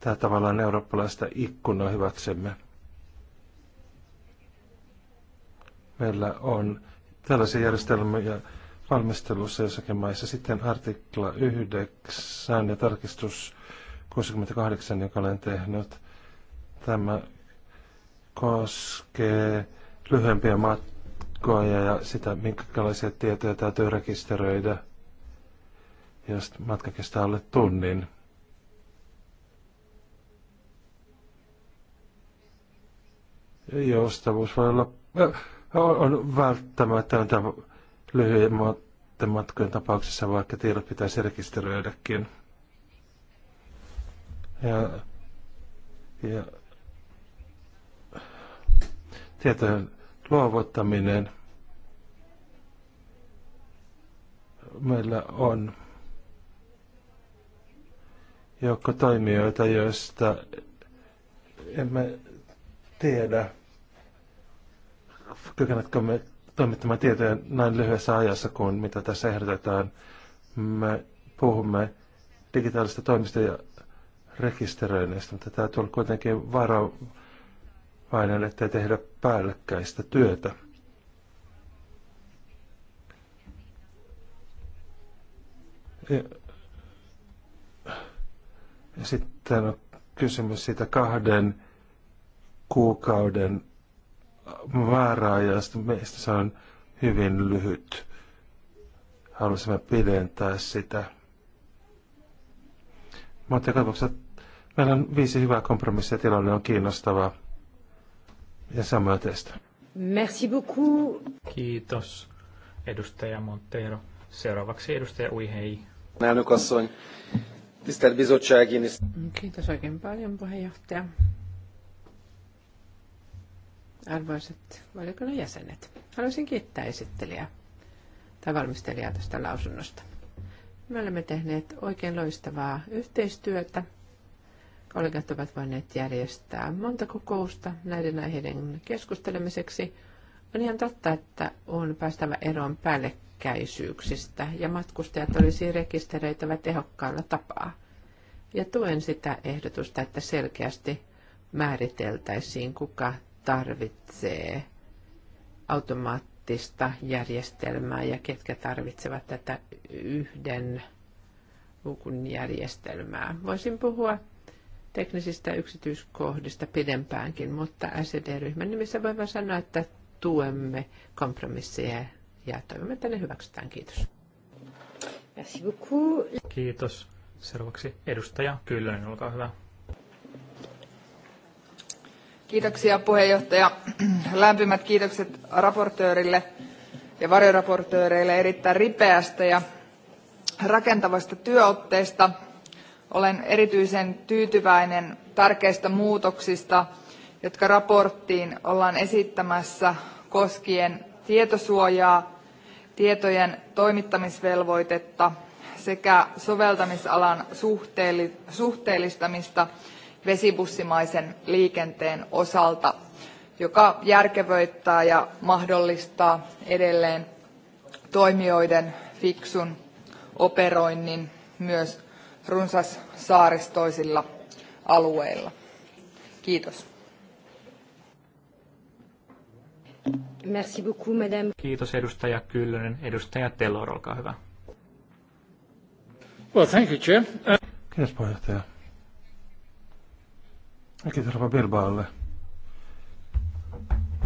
tämä tavallaan eurooppalaista ikkunaa hyväksemme. Meillä on tällaisia järjestelmiä, valmistelussa jossakin maissa. Sitten artikla 9 ja tarkistus 68, joka olen tehnyt. Tämä koskee lyhyempiä matkoja ja sitä, minkälaisia tietoja täytyy rekisteröidä, jos matka kestää alle tunnin. Joustavuus voi olla on välttämätöntä lyhyen matkojen tapauksessa, vaikka tiedot pitäisi rekisteröidäkin. Ja, ja tietojen luovuttaminen meillä on joukko toimijoita, joista emme tiedä, kykenetkö me toimittamaan tietoja näin lyhyessä ajassa kuin mitä tässä ehdotetaan. Me puhumme digitaalista toimista ja rekisteröinnistä, mutta tämä tuli kuitenkin varovainen, ettei tehdä päällekkäistä työtä. Ja, ja sitten on kysymys siitä kahden kuukauden vaaraa ja meistä se on hyvin lyhyt. Haluaisimme pidentää sitä. Mutta katsotaan, meillä on viisi hyvää kompromissia, tilanne on kiinnostava. Ja samoja teistä. Merci beaucoup. Kiitos, edustaja Montero. Seuraavaksi edustaja Uihei. Elnökasson, Kiitos oikein paljon, puheenjohtaja arvoisat valiokunnan jäsenet. Haluaisin kiittää esittelijää tai valmistelijaa tästä lausunnosta. Me olemme tehneet oikein loistavaa yhteistyötä. Kollegat ovat voineet järjestää monta kokousta näiden aiheiden keskustelemiseksi. On ihan totta, että on päästävä eroon päällekkäisyyksistä ja matkustajat olisi rekisteröitävä tehokkaalla tapaa. Ja tuen sitä ehdotusta, että selkeästi määriteltäisiin, kuka tarvitsee automaattista järjestelmää ja ketkä tarvitsevat tätä yhden lukun järjestelmää. Voisin puhua teknisistä yksityiskohdista pidempäänkin, mutta SED-ryhmän nimissä voimme sanoa, että tuemme kompromisseja ja toivomme, että ne hyväksytään. Kiitos. Merci beaucoup. Kiitos. Seuraavaksi edustaja Kyllönen, olkaa hyvä. Kiitoksia puheenjohtaja. Lämpimät kiitokset raportöörille ja varjoraportööreille erittäin ripeästä ja rakentavasta työotteesta. Olen erityisen tyytyväinen tärkeistä muutoksista, jotka raporttiin ollaan esittämässä koskien tietosuojaa, tietojen toimittamisvelvoitetta sekä soveltamisalan suhteellistamista vesibussimaisen liikenteen osalta, joka järkevöittää ja mahdollistaa edelleen toimijoiden fiksun operoinnin myös runsasaaristoisilla alueilla. Kiitos. Merci beaucoup, madame. Kiitos edustaja Kyllönen. Edustaja Tellor, olkaa hyvä. Well, thank you, Chair. Uh, Kiitos puheenjohtaja. Kiitos Rova Bilbaalle.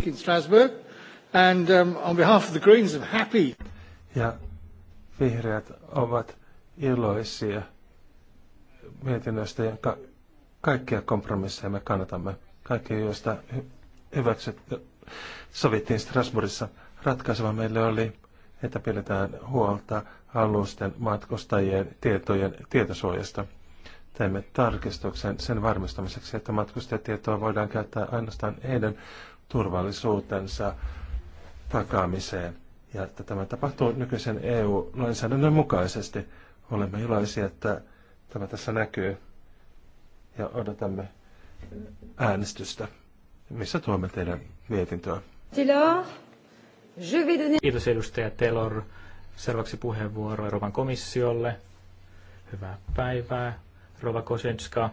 In Strasbourg. And um, on behalf of the Greens, I'm happy. Ja vihreät ovat iloisia mietinnöstä, jonka kaikkia kompromisseja me kannatamme. Kaikki, joista hyväksyt, sovittiin Strasbourgissa. Ratkaiseva meille oli, että pidetään huolta alusten matkustajien tietojen tietosuojasta teemme tarkistuksen sen varmistamiseksi, että matkustajatietoa voidaan käyttää ainoastaan heidän turvallisuutensa takaamiseen ja että tämä tapahtuu nykyisen EU-lainsäädännön mukaisesti. Olemme iloisia, että tämä tässä näkyy ja odotamme äänestystä, missä tuomme teidän mietintöä. Kiitos edustaja Telor. Seuraavaksi puheenvuoro Euroopan komissiolle. Hyvää päivää. Rova Kosenska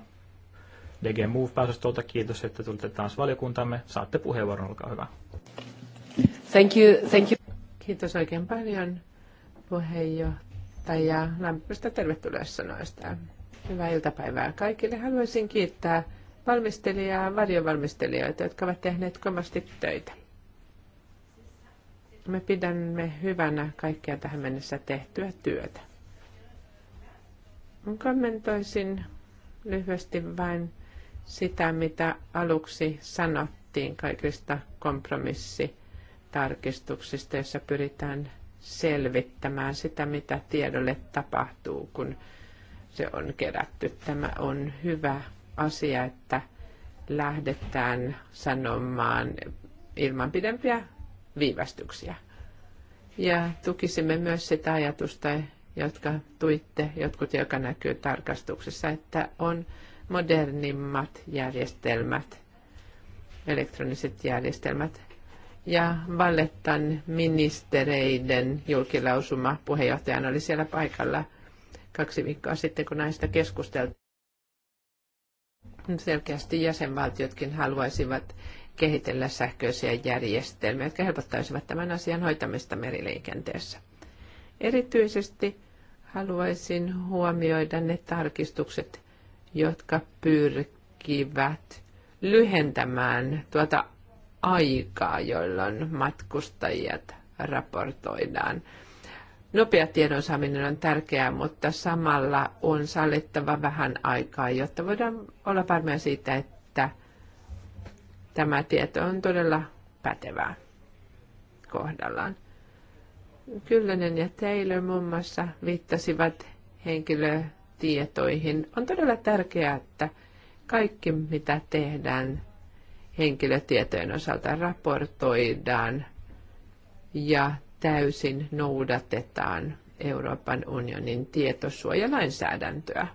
DG Move-pääosastolta. Kiitos, että tulitte taas valiokuntamme. Saatte puheenvuoron, olkaa hyvä. Thank you, thank you. Kiitos oikein paljon puheenjohtaja lämpöistä tervetuloa sanoista. Hyvää iltapäivää kaikille. Haluaisin kiittää valmistelijaa, varjovalmistelijoita, jotka ovat tehneet kovasti töitä. Me pidämme hyvänä kaikkea tähän mennessä tehtyä työtä. Kommentoisin lyhyesti vain sitä, mitä aluksi sanottiin kaikista kompromissitarkistuksista, joissa pyritään selvittämään sitä, mitä tiedolle tapahtuu, kun se on kerätty. Tämä on hyvä asia, että lähdetään sanomaan ilman pidempiä viivästyksiä. Ja tukisimme myös sitä ajatusta, jotka tuitte, jotkut, joka näkyy tarkastuksessa, että on modernimmat järjestelmät, elektroniset järjestelmät. Ja Vallettan ministereiden julkilausuma puheenjohtajana oli siellä paikalla kaksi viikkoa sitten, kun näistä keskusteltiin. Selkeästi jäsenvaltiotkin haluaisivat kehitellä sähköisiä järjestelmiä, jotka helpottaisivat tämän asian hoitamista meriliikenteessä. Erityisesti haluaisin huomioida ne tarkistukset, jotka pyrkivät lyhentämään tuota aikaa, jolloin matkustajat raportoidaan. Nopea tiedon saaminen on tärkeää, mutta samalla on sallittava vähän aikaa, jotta voidaan olla varmoja siitä, että tämä tieto on todella pätevää kohdallaan. Kyllönen ja Taylor muun muassa viittasivat henkilötietoihin. On todella tärkeää, että kaikki mitä tehdään henkilötietojen osalta raportoidaan ja täysin noudatetaan Euroopan unionin tietosuojalainsäädäntöä.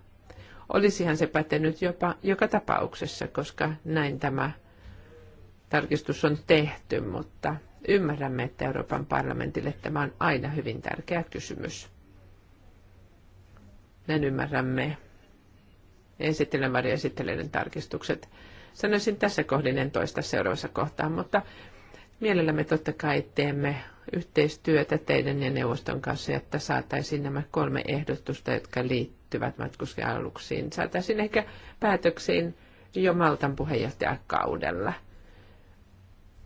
Olisihan se pätenyt jopa joka tapauksessa, koska näin tämä tarkistus on tehty, mutta Ymmärrämme, että Euroopan parlamentille tämä on aina hyvin tärkeä kysymys. Näin ymmärrämme esittelen varia esittelijöiden tarkistukset. Sanoisin tässä kohdin, en toista seuraavassa kohtaa, mutta mielellämme totta kai teemme yhteistyötä teidän ja neuvoston kanssa, että saataisiin nämä kolme ehdotusta, jotka liittyvät matkustajaluksiin, saataisiin ehkä päätöksiin jo Maltan puheenjohtajakaudella –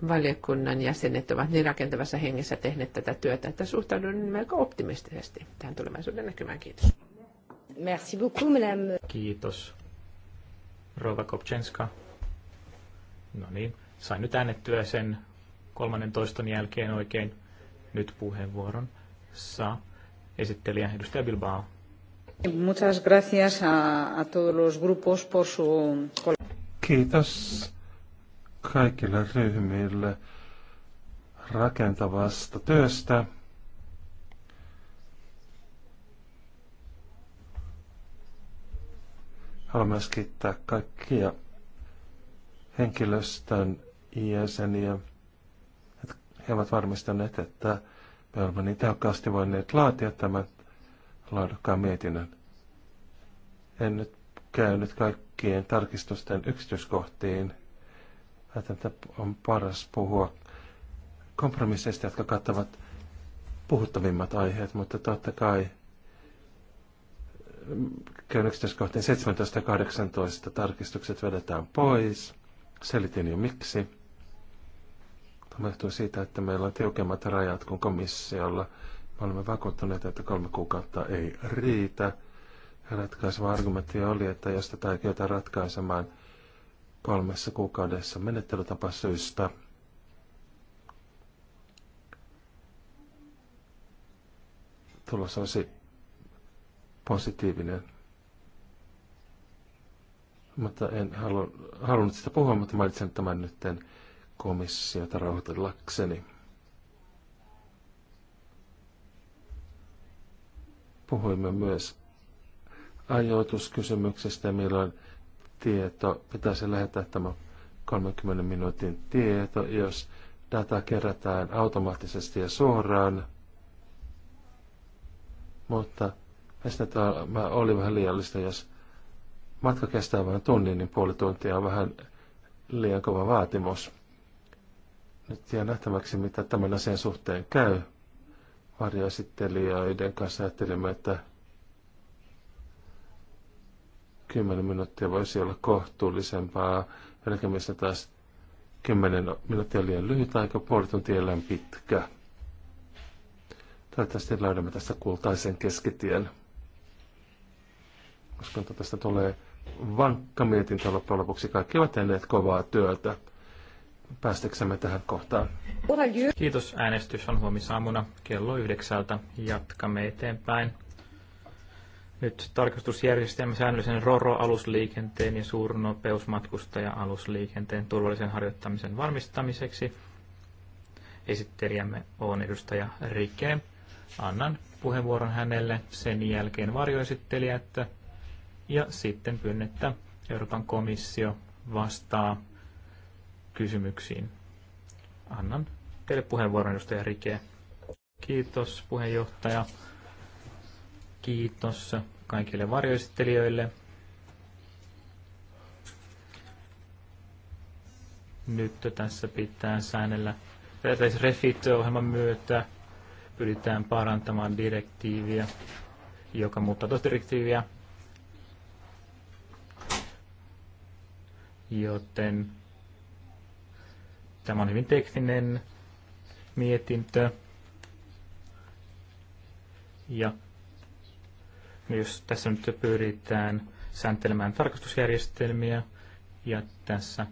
valiokunnan jäsenet ovat niin rakentavassa hengessä tehneet tätä työtä, että suhtaudun melko optimistisesti tähän tulevaisuuden näkymään. Kiitos. Merci beaucoup, madame. Kiitos. Rova Kopchenska. No niin, sain nyt äänettyä sen kolmannen toiston jälkeen oikein. Nyt puheenvuoron saa esittelijä edustaja Bilbao. Muchas gracias a, a todos los grupos por su... Kiitos kaikille ryhmille rakentavasta työstä. Haluan myös kiittää kaikkia henkilöstön jäseniä. He ovat varmistaneet, että me olemme niin tehokkaasti voineet laatia tämän laadukkaan mietinnön. En nyt käynyt kaikkien tarkistusten yksityiskohtiin, Ajattelen, että on paras puhua kompromisseista, jotka kattavat puhuttavimmat aiheet, mutta totta kai mm, käyn 17 ja 18 tarkistukset vedetään pois. Selitin jo miksi. Tämä johtuu siitä, että meillä on tiukemmat rajat kuin komissiolla. Me olemme vakuuttuneet, että kolme kuukautta ei riitä. Ratkaiseva argumentti oli, että jos tätä ei ratkaisemaan – kolmessa kuukaudessa menettelytapasyistä. Tulos olisi positiivinen. Mutta en halun, halunnut sitä puhua, mutta mainitsen tämän nyt komissiota rauhoitellakseni. Puhuimme myös ajoituskysymyksestä, milloin tieto, pitäisi lähettää tämä 30 minuutin tieto, jos data kerätään automaattisesti ja suoraan. Mutta Meistä tämä oli vähän liiallista, jos matka kestää vain tunnin, niin puoli tuntia on vähän liian kova vaatimus. Nyt jää nähtäväksi, mitä tämän asian suhteen käy. Varjoesittelijöiden kanssa ajattelimme, että 10 minuuttia voisi olla kohtuullisempaa. Jälkimmäistä taas 10 minuuttia liian lyhyt aika, puoli tuntia liian pitkä. Toivottavasti löydämme tästä kultaisen keskitien. Koska tästä tulee vankka mietintö loppujen lopuksi. Kaikki ovat tehneet kovaa työtä. Päästäksemme tähän kohtaan. Kiitos. Äänestys on huomisaamuna kello yhdeksältä. Jatkamme eteenpäin nyt tarkastusjärjestelmä säännöllisen RORO-alusliikenteen ja suurnopeusmatkustaja-alusliikenteen turvallisen harjoittamisen varmistamiseksi. Esittelijämme on edustaja Rike. Annan puheenvuoron hänelle, sen jälkeen varjoesittelijät ja sitten pyydän, että Euroopan komissio vastaa kysymyksiin. Annan teille puheenvuoron, edustaja Rike. Kiitos puheenjohtaja Kiitos kaikille varjoistelijoille. Nyt tässä pitää säännellä, Refit-ohjelman myötä pyritään parantamaan direktiiviä, joka muuttaa tuosta direktiiviä, joten tämä on hyvin tekninen mietintö. Ja jos tässä nyt pyritään sääntelemään tarkastusjärjestelmiä ja tässä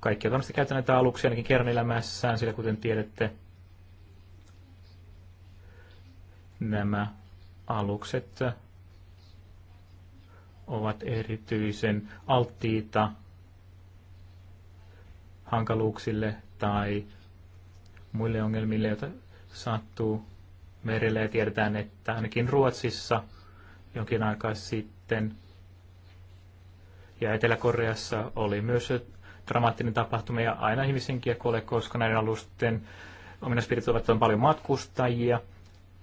kaikki varmasti käytetään näitä aluksia ainakin kerran elämässään, sillä kuten tiedätte, nämä alukset ovat erityisen alttiita hankaluuksille tai muille ongelmille, joita sattuu merelle. Ja tiedetään, että ainakin Ruotsissa – jonkin aikaa sitten. Ja Etelä-Koreassa oli myös dramaattinen tapahtuma ja aina ihmishenkiä kuolee, koska näiden alusten ominaispiirteet ovat on paljon matkustajia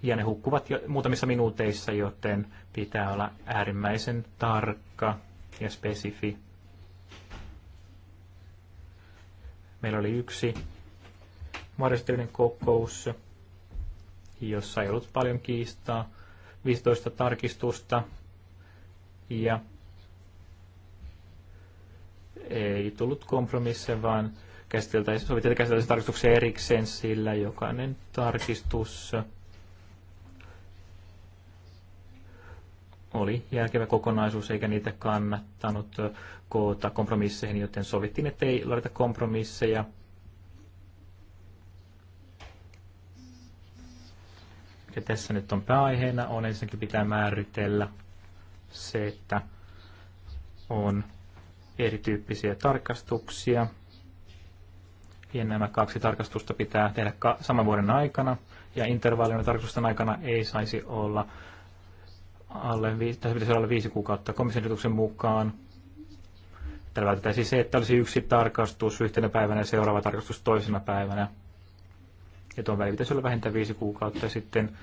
ja ne hukkuvat jo muutamissa minuuteissa, joten pitää olla äärimmäisen tarkka ja spesifi. Meillä oli yksi marjasteinen kokous, jossa ei ollut paljon kiistaa. 15 tarkistusta ja ei tullut kompromisse, vaan käsiteltäisiin, sovittiin, käsiteltäisiin tarkistuksia erikseen, sillä jokainen tarkistus oli järkevä kokonaisuus, eikä niitä kannattanut koota kompromisseihin, joten sovittiin, että ei laita kompromisseja, Ja tässä nyt on pääaiheena on ensinnäkin pitää määritellä se, että on erityyppisiä tarkastuksia. Ja nämä kaksi tarkastusta pitää tehdä saman vuoden aikana. Ja intervallin tarkastusten aikana ei saisi olla alle, viisi, tai pitäisi olla viisi kuukautta komission mukaan. Tällä vältetään siis se, että olisi yksi tarkastus yhtenä päivänä ja seuraava tarkastus toisena päivänä ja tuon väli pitäisi olla vähintään viisi kuukautta. Ja sitten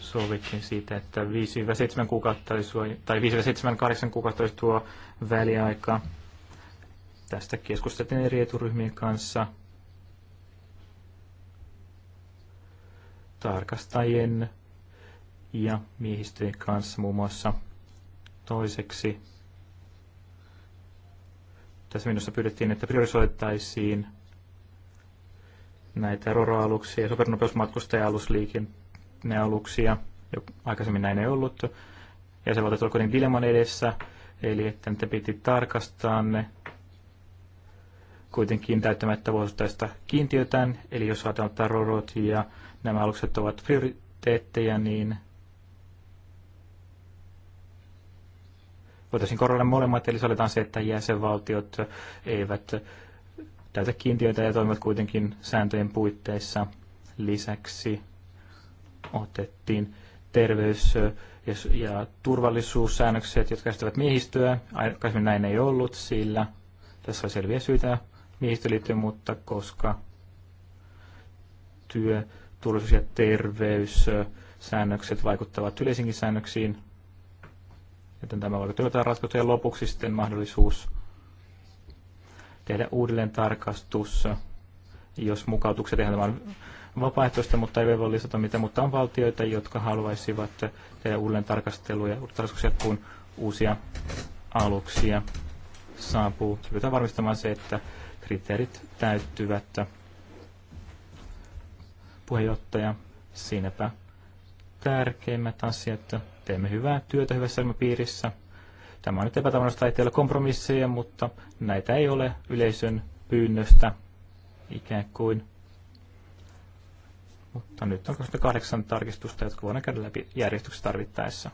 sovittiin siitä, että 5-7 kuukautta olisi, suo, tai 5-7-8 kuukautta olisi tuo väliaika. Tästä keskusteltiin eri eturyhmien kanssa. Tarkastajien ja miehistöjen kanssa muun muassa toiseksi. Tässä minusta pyydettiin, että priorisoitaisiin näitä roroaluksia, supernopeusmatkustaja Jo Aikaisemmin näin ei ollut. Ja se valtaisi kuitenkin dileman edessä, eli että ne piti tarkastaa ne kuitenkin täyttämättä vuosittaista kiintiötään. Eli jos ajatellaan, että rorot ja nämä alukset ovat prioriteetteja, niin voitaisiin korjata molemmat, eli se se, että jäsenvaltiot eivät täytä kiintiöitä ja toimivat kuitenkin sääntöjen puitteissa. Lisäksi otettiin terveys- ja, turvallisuussäännökset, jotka käsittävät miehistöä. Aikaisemmin näin ei ollut, sillä tässä oli selviä syitä miehistöliittyen, mutta koska työ, turvallisuus- ja terveyssäännökset vaikuttavat yleisinkin säännöksiin, joten tämä vaikuttaa jotain ratkaisuja lopuksi sitten mahdollisuus tehdä uudelleen tarkastus, jos mukautukset tehdään vain vapaaehtoista, mutta ei velvollista mitään, mutta on valtioita, jotka haluaisivat tehdä uudelleen tarkasteluja, tarkastuksia, kun uusia aluksia saapuu. Pyritään varmistamaan se, että kriteerit täyttyvät. Puheenjohtaja, siinäpä tärkeimmät asiat. Teemme hyvää työtä hyvässä ilmapiirissä. Tämä on nyt epätavallista, ettei ole kompromisseja, mutta näitä ei ole yleisön pyynnöstä ikään kuin. Mutta nyt on 28 tarkistusta, jotka voidaan käydä läpi järjestyksessä tarvittaessa.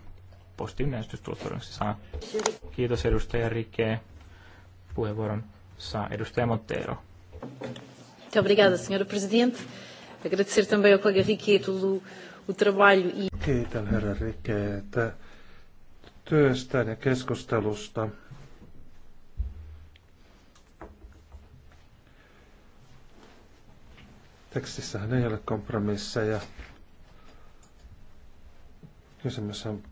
Positiivinen äänestys saa. Kiitos edustaja Rike. Puheenvuoron saa edustaja Monteiro. Obrigada, senhora Presidente. Agradecer também ao colega Riquet o trabalho e... Kiitän herra Riquet työstä ja keskustelusta. Tekstissähän ei ole kompromisseja. Kysymys on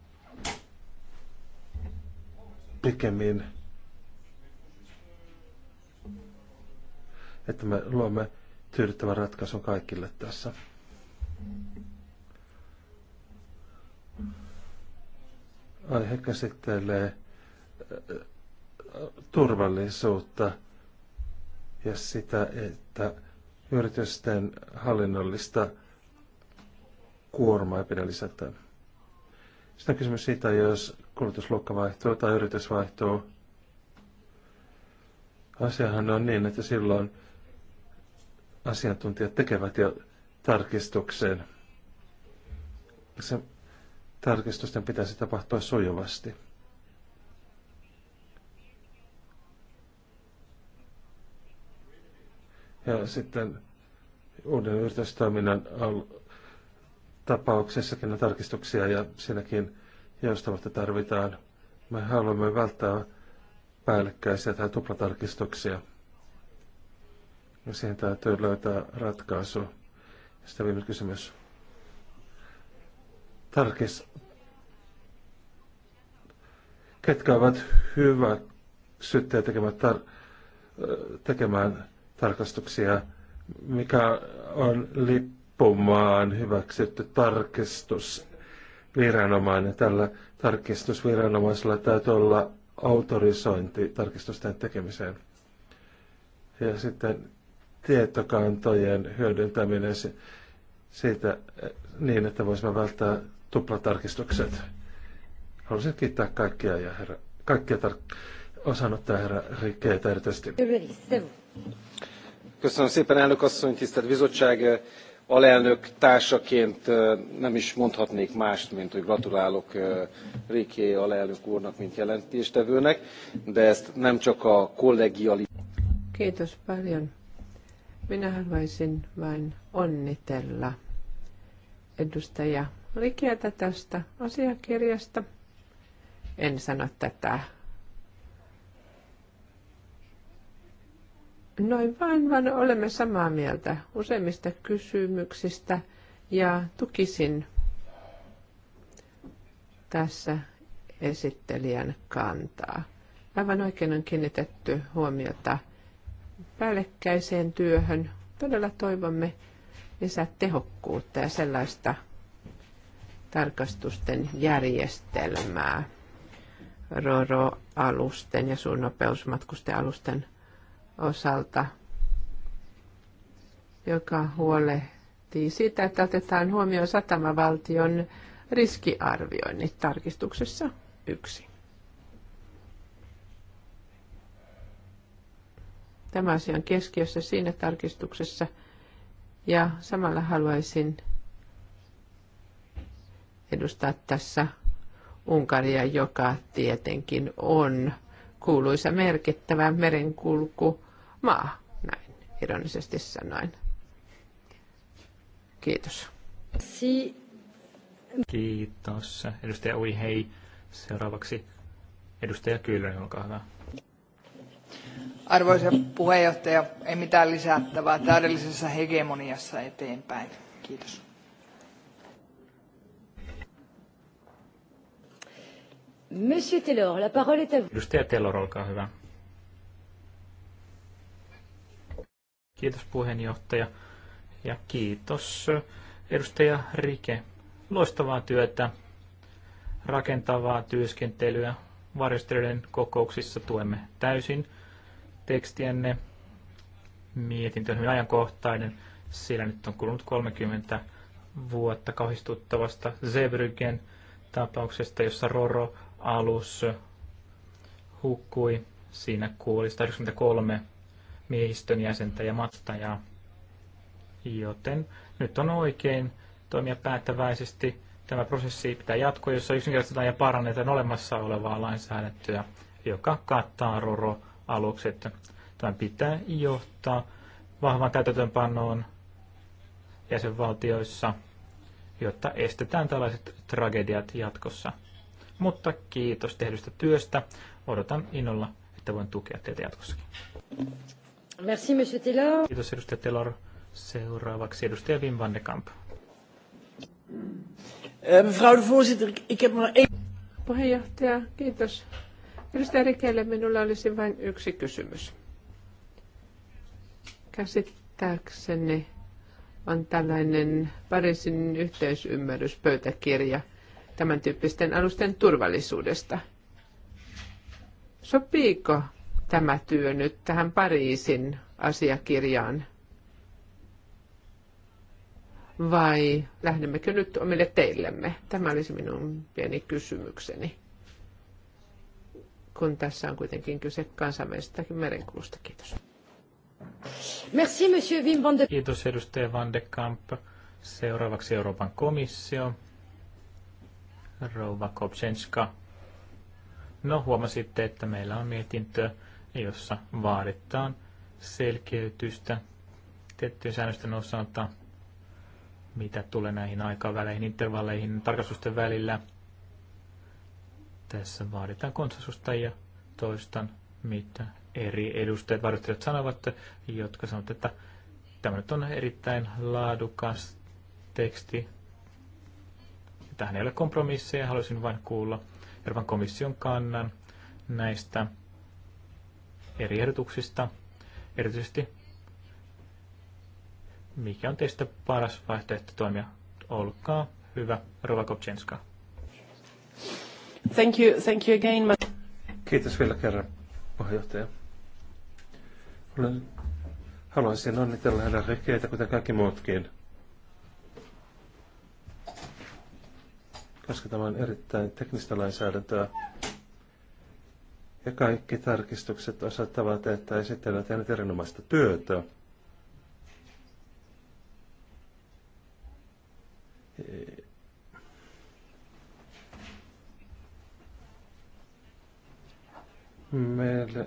pikemmin, että me luomme tyydyttävän ratkaisun kaikille tässä. aihe käsittelee äh, turvallisuutta ja sitä, että yritysten hallinnollista kuormaa ei pidä lisätä. Sitten on kysymys siitä, jos kulutusluokka vaihtuu tai yritys vaihtuu. Asiahan on niin, että silloin asiantuntijat tekevät jo tarkistuksen. Se tarkistusten pitäisi tapahtua sujuvasti. Ja sitten uuden yritystoiminnan tapauksessakin on tarkistuksia ja siinäkin joustavuutta tarvitaan. Me haluamme välttää päällekkäisiä tai tuplatarkistuksia. Ja siihen täytyy löytää ratkaisu. Ja sitten viimeinen kysymys tarkis, ketkä ovat hyvä syyttäjä tekemään, tar- tekemään tarkastuksia, mikä on lippumaan hyväksytty tarkistus viranomainen. Tällä tarkistusviranomaisella täytyy olla autorisointi tarkistusten tekemiseen. Ja sitten tietokantojen hyödyntäminen siitä niin, että voisimme välttää tuplatarkistukset. Haluaisin kiittää kaikkia ja herra, kaikkia tar- osanottaa herra Rikkeitä erityisesti. Köszönöm szépen, elnök asszony, tisztelt bizottság! Alelnök társaként nem is mondhatnék mást, mint hogy gratulálok Riké alelnök úrnak, mint jelentéstevőnek, de ezt nem csak a kollegialitás. Kiitos paljon. Minä haluaisin vain onnitella edustaja likieltä tästä asiakirjasta. En sano tätä noin vain, vaan olemme samaa mieltä useimmista kysymyksistä ja tukisin tässä esittelijän kantaa. Aivan oikein on kiinnitetty huomiota päällekkäiseen työhön. Todella toivomme lisää tehokkuutta ja sellaista tarkastusten järjestelmää RORO-alusten ja suunnopeusmatkusten alusten osalta, joka huolehtii siitä, että otetaan huomioon satamavaltion riskiarvioinnit tarkistuksessa yksi. Tämä asia on keskiössä siinä tarkistuksessa ja samalla haluaisin – edustaa tässä Unkaria, joka tietenkin on kuuluisa merkittävä merenkulkumaa, näin ironisesti sanoin. Kiitos. Si- Kiitos. Edustaja Ui, hei. Seuraavaksi edustaja Kyllönen, olkaa hyvä. Arvoisa puheenjohtaja, ei mitään lisättävää täydellisessä hegemoniassa eteenpäin. Kiitos. Monsieur Taylor, la parole est à vous. Edustaja Taylor, olkaa hyvä. Kiitos puheenjohtaja ja kiitos edustaja Rike. Loistavaa työtä, rakentavaa työskentelyä. Varjostelijoiden kokouksissa tuemme täysin tekstiänne. Mietintö on hyvin ajankohtainen, sillä nyt on kulunut 30 vuotta kauhistuttavasta Zebryggen tapauksesta, jossa Roro alus hukkui. Siinä kuoli 193 miehistön jäsentä ja matkustajaa. Joten nyt on oikein toimia päättäväisesti. Tämä prosessi pitää jatkua, jossa yksinkertaistetaan ja parannetaan olemassa olevaa lainsäädäntöä, joka kattaa roro-alukset. Tämä pitää johtaa vahvaan täytäntöönpanoon jäsenvaltioissa, jotta estetään tällaiset tragediat jatkossa. Mutta kiitos tehdystä työstä. Odotan innolla, että voin tukea teitä jatkossakin. Merci, Monsieur Taylor. Kiitos, edustaja Taylor. Seuraavaksi edustaja Wim van de Kamp. Eh, mevrouw de voorzitter, ik heb maar één... Puheenjohtaja, kiitos. Edustaja Rikelle minulla olisi vain yksi kysymys. Käsittääkseni on tällainen Pariisin yhteisymmärryspöytäkirja, tämän tyyppisten alusten turvallisuudesta. Sopiiko tämä työ nyt tähän Pariisin asiakirjaan? Vai lähdemmekö nyt omille teillemme? Tämä olisi minun pieni kysymykseni, kun tässä on kuitenkin kyse kansainvälisestäkin merenkulusta. Kiitos. Merci, monsieur Wim van de... Kiitos, edustaja Van de Kamp. Seuraavaksi Euroopan komissio rouva Kopsenska. No huomasitte, että meillä on mietintö, jossa vaaditaan selkeytystä tiettyjen säännösten osalta, mitä tulee näihin aikaväleihin, intervalleihin, tarkastusten välillä. Tässä vaaditaan konsensusta ja toistan, mitä eri edustajat, varustajat sanovat, jotka sanovat, että tämä nyt on erittäin laadukas teksti, tähän ei ole kompromisseja. Haluaisin vain kuulla Euroopan komission kannan näistä eri ehdotuksista, erityisesti mikä on teistä paras vaihtoehto toimia. Olkaa hyvä, Rova Kopchenska. Thank you, thank you again. Kiitos vielä kerran, puheenjohtaja. Olen, haluaisin onnitella herra Rikeitä, kuten kaikki muutkin koska tämä on erittäin teknistä lainsäädäntöä. Ja kaikki tarkistukset osoittavat, että esittelijä on tehnyt erinomaista työtä. Meille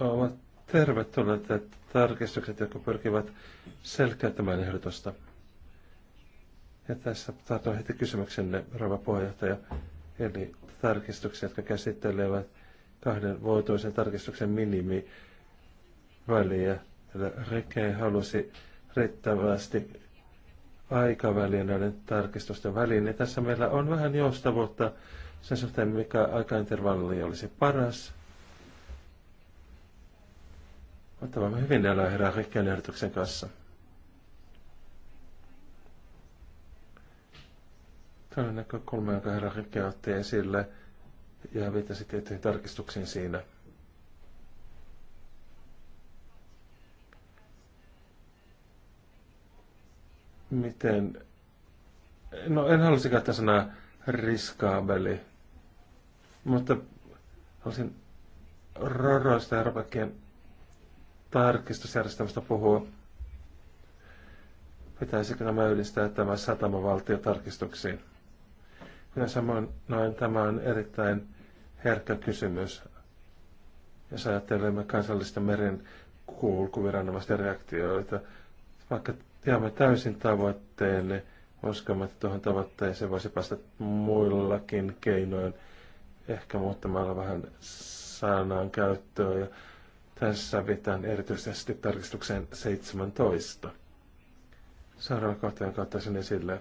ovat tervetulleet tarkistukset, jotka pyrkivät selkeyttämään ehdotusta. Ja tässä tartun heti kysymyksenne, Rava puheenjohtaja, eli tarkistuksia, jotka käsittelevät kahden voitoisen tarkistuksen minimiväliä. Rekei halusi riittävästi aikaväliä näiden tarkistusten väliin. Ja tässä meillä on vähän joustavuutta sen suhteen, mikä aikaintervalli olisi paras. Ottamme hyvin elää herää Rekkeen ehdotuksen kanssa. Toinen näkökulma, jonka herra Rikki otti esille ja viittasi tiettyihin tarkistuksiin siinä. Miten... No en halusi käyttää sanaa riskaabeli, mutta halusin roroista ja ropakkien tarkistusjärjestelmästä puhua. Pitäisikö nämä yhdistää tämä satamavaltio tarkistuksiin? Minä samoin noin, tämä on erittäin herkkä kysymys. Ja ajattelemme kansallista meren kulkuviranomaisten reaktioita, vaikka jäämme täysin tavoitteelle, uskomme, että tuohon tavoitteeseen voisi päästä muillakin keinoin, ehkä muuttamalla vähän sanan käyttöä. Ja tässä viitan erityisesti tarkistukseen 17. Seuraava kohta, jonka ottaisin esille,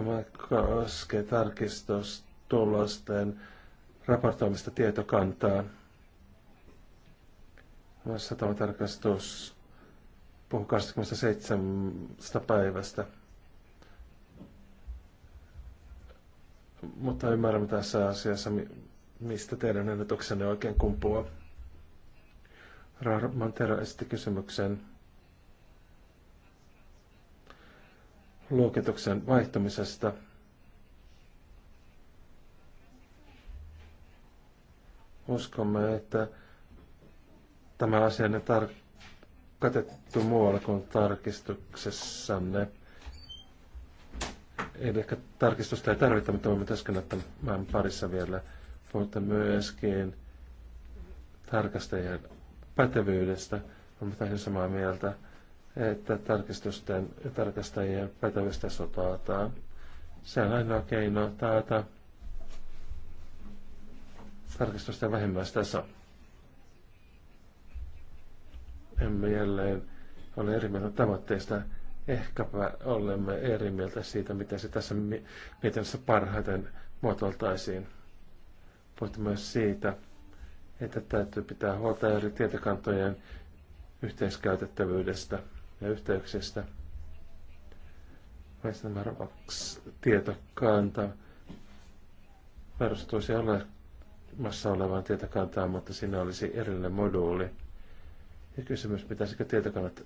Tämä koskee tarkistustulosten raportoimista tietokantaan. Tässä tämä tarkastus puhuu 27 päivästä. Mutta ymmärrämme tässä asiassa, mistä teidän ennätyksenne oikein kumpuaa. Rahman Tero esitti kysymyksen luokituksen vaihtumisesta. Uskomme, että tämä asia on tar- katettu muualla kuin tarkistuksessanne. Eli ehkä tarkistusta ei tarvita, mutta voimme työskennellä tämän parissa vielä. Mutta myöskin tarkastajien pätevyydestä olemme täysin samaa mieltä että tarkistusten ja tarkastajien pätevistä taataan. Se on ainoa keino taata tarkistusten vähimmäistaso. Emme jälleen ole eri mieltä tavoitteista. Ehkäpä olemme eri mieltä siitä, miten se tässä mietinnössä parhaiten muotoiltaisiin. Puhuttiin myös siitä, että täytyy pitää huolta eri tietokantojen yhteiskäytettävyydestä ja yhteyksistä. Väistämäärä tietokanta perustuisi olemassa olevaan tietokantaan, mutta siinä olisi erillinen moduuli. Ja kysymys, pitäisikö tietokannat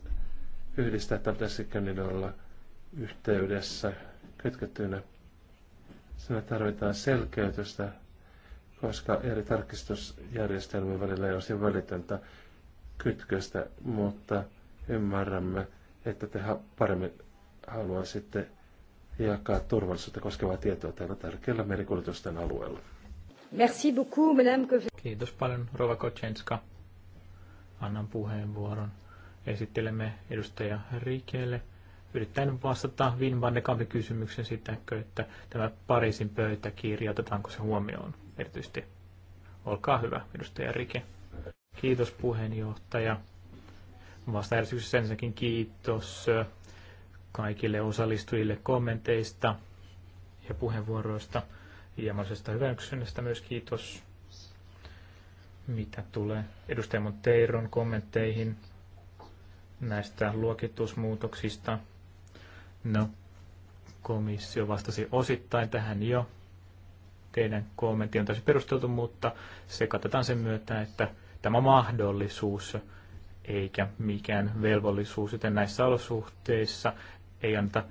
yhdistää tai pitäisikö niiden olla yhteydessä kytkettynä. Sinä tarvitaan selkeytystä, koska eri tarkistusjärjestelmien välillä ei olisi välitöntä kytköstä, mutta Ymmärrämme, että te paremmin haluaa sitten jakaa turvallisuutta koskevaa tietoa täällä tärkeällä merikuljetusten alueella. Merci beaucoup, Madame Kiitos paljon, Rova Kochenska. Annan puheenvuoron. Esittelemme edustaja Rikelle. Yrittäen vastata Vin van kysymyksen sitäkö, että tämä Pariisin pöytäkirja, otetaanko se huomioon erityisesti. Olkaa hyvä, edustaja Rike. Kiitos puheenjohtaja järjestyksessä ensinnäkin kiitos kaikille osallistujille kommenteista ja puheenvuoroista ja mahdollisesta hyväksynnästä myös kiitos, mitä tulee edustaja Monteiron kommentteihin näistä luokitusmuutoksista. No, komissio vastasi osittain tähän jo. Teidän kommentti on täysin perusteltu, mutta se katsotaan sen myötä, että tämä mahdollisuus eikä mikään velvollisuus, joten näissä olosuhteissa ei anta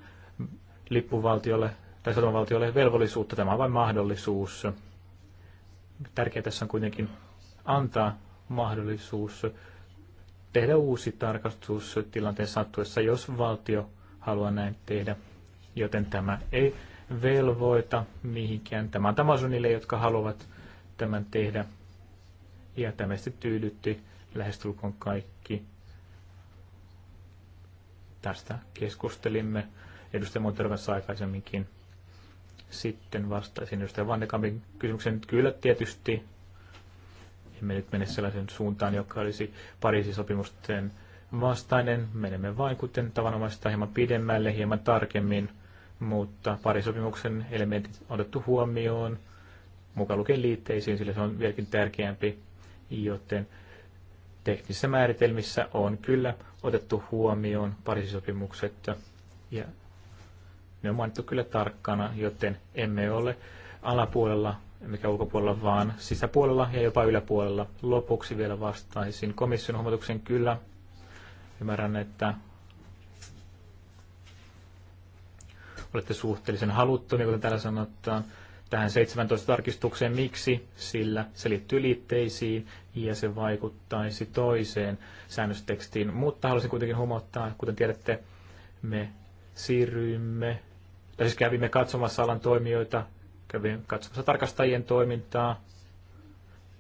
lippuvaltiolle tai satamavaltiolle velvollisuutta, tämä on vain mahdollisuus. Tärkeää tässä on kuitenkin antaa mahdollisuus tehdä uusi tarkastus tilanteen sattuessa, jos valtio haluaa näin tehdä, joten tämä ei velvoita mihinkään. Tämä on niille jotka haluavat tämän tehdä. Ja tämä tyydytti lähestulkoon kaikki. Tästä keskustelimme edustaja Monteron kanssa aikaisemminkin. Sitten vastaisin edustaja Vannekampin kysymykseen. Kyllä tietysti emme nyt mene sellaisen suuntaan, joka olisi Pariisin sopimusten vastainen. Menemme vain kuten tavanomaista hieman pidemmälle, hieman tarkemmin, mutta parisopimuksen elementit on otettu huomioon, mukaan lukien liitteisiin, sillä se on vieläkin tärkeämpi, joten teknisissä määritelmissä on kyllä otettu huomioon parisopimukset ja ne on mainittu kyllä tarkkana, joten emme ole alapuolella, mikä ulkopuolella, vaan sisäpuolella ja jopa yläpuolella. Lopuksi vielä vastaisin komission huomautuksen kyllä. Ymmärrän, että olette suhteellisen haluttomia, kuten täällä sanotaan, tähän 17 tarkistukseen. Miksi? Sillä se liittyy liitteisiin, ja se vaikuttaisi toiseen säännöstekstiin. Mutta haluaisin kuitenkin huomauttaa, kuten tiedätte, me siirryimme, tai siis kävimme katsomassa alan toimijoita, kävimme katsomassa tarkastajien toimintaa,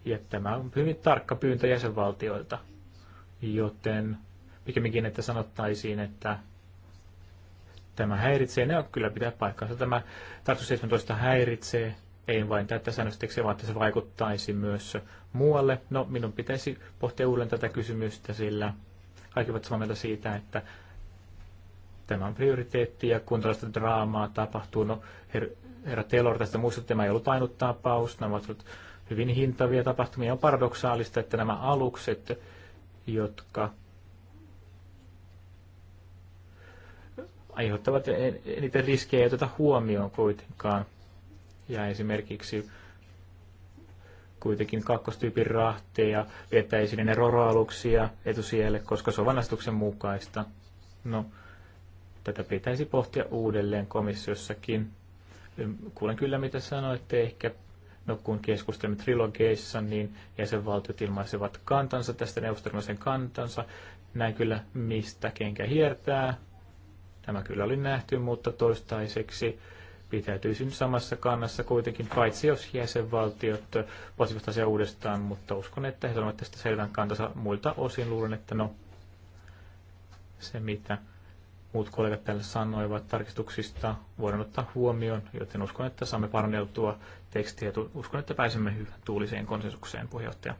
ja tämä on hyvin tarkka pyyntö jäsenvaltioilta. Joten pikemminkin, että sanottaisiin, että tämä häiritsee, ne on kyllä pitää paikkaansa. Tämä tarkastus 17 häiritsee ei vain tätä säännösteksi, vaan että se vaikuttaisi myös muualle. No, minun pitäisi pohtia uudelleen tätä kysymystä, sillä kaikki ovat samaa mieltä siitä, että tämä on prioriteetti, ja kun tällaista draamaa tapahtuu, no her- herra Taylor tästä muistutti, tämä ei ollut ainut tapaus, nämä ovat hyvin hintavia tapahtumia. On paradoksaalista, että nämä alukset, jotka aiheuttavat eniten riskejä, ei oteta huomioon kuitenkaan. Ja esimerkiksi kuitenkin kakkostyypin rahteja viettäisiin ne roroaluksia etusijalle, koska se on mukaista. No, tätä pitäisi pohtia uudelleen komissiossakin. Kuulen kyllä, mitä sanoitte. Ehkä no, kun keskustelimme trilogeissa, niin jäsenvaltiot ilmaisevat kantansa tästä neuvostelmaisen kantansa. Näin kyllä, mistä kenkä hiertää. Tämä kyllä oli nähty, mutta toistaiseksi pitäytyisin samassa kannassa kuitenkin, paitsi jos jäsenvaltiot pohtivat asiaa uudestaan, mutta uskon, että he sanovat tästä selvän kantansa muilta osin. Luulen, että no, se mitä muut kollegat täällä sanoivat tarkistuksista voidaan ottaa huomioon, joten uskon, että saamme paranneltua tekstiä ja uskon, että pääsemme hyvän tuuliseen konsensukseen, puheenjohtaja.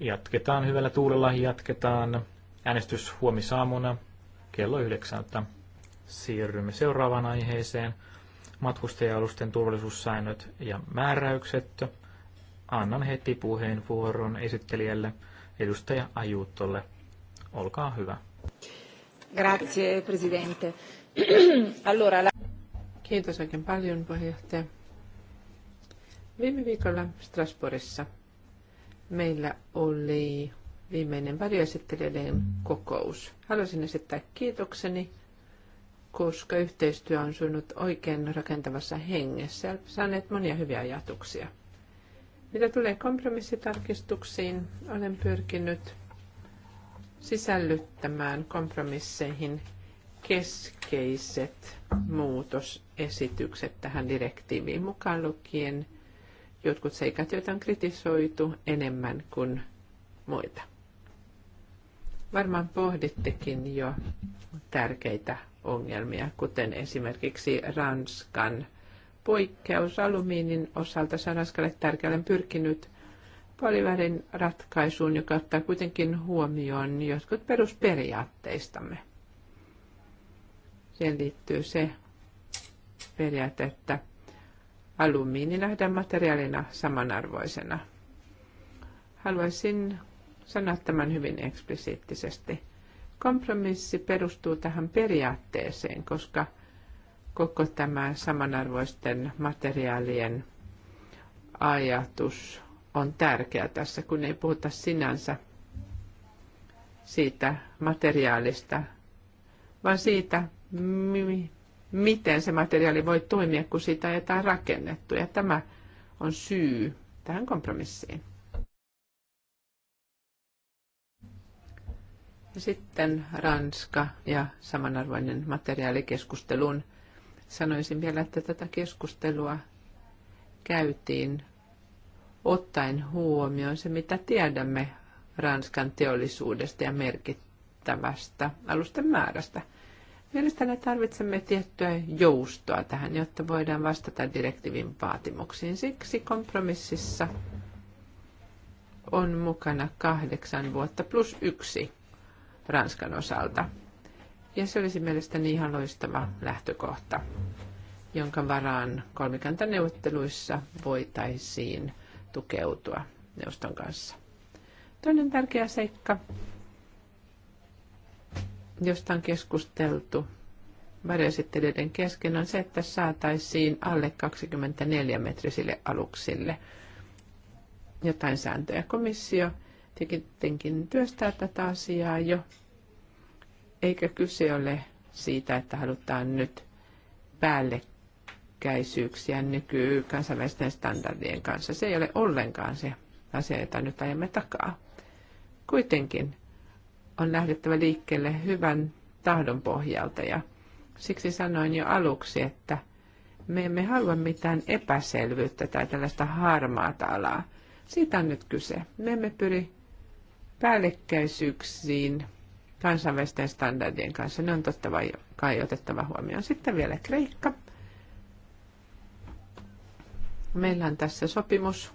Jatketaan hyvällä tuulella, jatketaan äänestys huomisaamuna kello yhdeksältä. Siirrymme seuraavaan aiheeseen. Matkustaja-alusten turvallisuussäännöt ja määräykset. Annan heti puheenvuoron esittelijälle edustaja Ajuuttolle. Olkaa hyvä. Grazie, presidente. [CLEARS THROAT] allora, la... Kiitos oikein paljon, puheenjohtaja. Viime viikolla Strasbourgissa meillä oli viimeinen varjoesittelijöiden kokous. Haluaisin esittää kiitokseni koska yhteistyö on sujunut oikein rakentavassa hengessä. Saaneet monia hyviä ajatuksia. Mitä tulee kompromissitarkistuksiin, olen pyrkinyt sisällyttämään kompromisseihin keskeiset muutosesitykset tähän direktiiviin mukaan lukien jotkut seikat, joita on kritisoitu enemmän kuin muita. Varmaan pohdittekin jo tärkeitä ongelmia, kuten esimerkiksi Ranskan poikkeus alumiinin osalta. Se on Ranskalle tärkeälle pyrkinyt puolivälin ratkaisuun, joka ottaa kuitenkin huomioon jotkut perusperiaatteistamme. Siihen liittyy se periaate, että alumiini nähdään materiaalina samanarvoisena. Haluaisin sanoa tämän hyvin eksplisiittisesti. Kompromissi perustuu tähän periaatteeseen, koska koko tämä samanarvoisten materiaalien ajatus on tärkeä tässä, kun ei puhuta sinänsä siitä materiaalista, vaan siitä, miten se materiaali voi toimia, kun sitä ei jotain rakennettu. Ja tämä on syy tähän kompromissiin. Sitten Ranska ja samanarvoinen materiaalikeskusteluun. Sanoisin vielä, että tätä keskustelua käytiin ottaen huomioon se, mitä tiedämme Ranskan teollisuudesta ja merkittävästä alusten määrästä. Mielestäni tarvitsemme tiettyä joustoa tähän, jotta voidaan vastata direktiivin vaatimuksiin. Siksi kompromississa on mukana kahdeksan vuotta plus yksi Ranskan osalta. Ja se olisi mielestäni ihan loistava lähtökohta, jonka varaan kolmikantaneuvotteluissa voitaisiin tukeutua neuvoston kanssa. Toinen tärkeä seikka, josta on keskusteltu väriesittelijöiden kesken, on se, että saataisiin alle 24-metrisille aluksille jotain sääntöjä. Komissio – tietenkin työstää tätä asiaa jo. Eikä kyse ole siitä, että halutaan nyt päällekkäisyyksiä nykykansainvälisten kansainvälisten standardien kanssa. Se ei ole ollenkaan se asia, jota nyt ajamme takaa. Kuitenkin on lähdettävä liikkeelle hyvän tahdon pohjalta ja siksi sanoin jo aluksi, että me emme halua mitään epäselvyyttä tai tällaista harmaata alaa. Siitä on nyt kyse. Me emme pyri päällekkäisyyksiin kansainvälisten standardien kanssa. Ne on totta kai otettava huomioon. Sitten vielä Kreikka. Meillä on tässä sopimus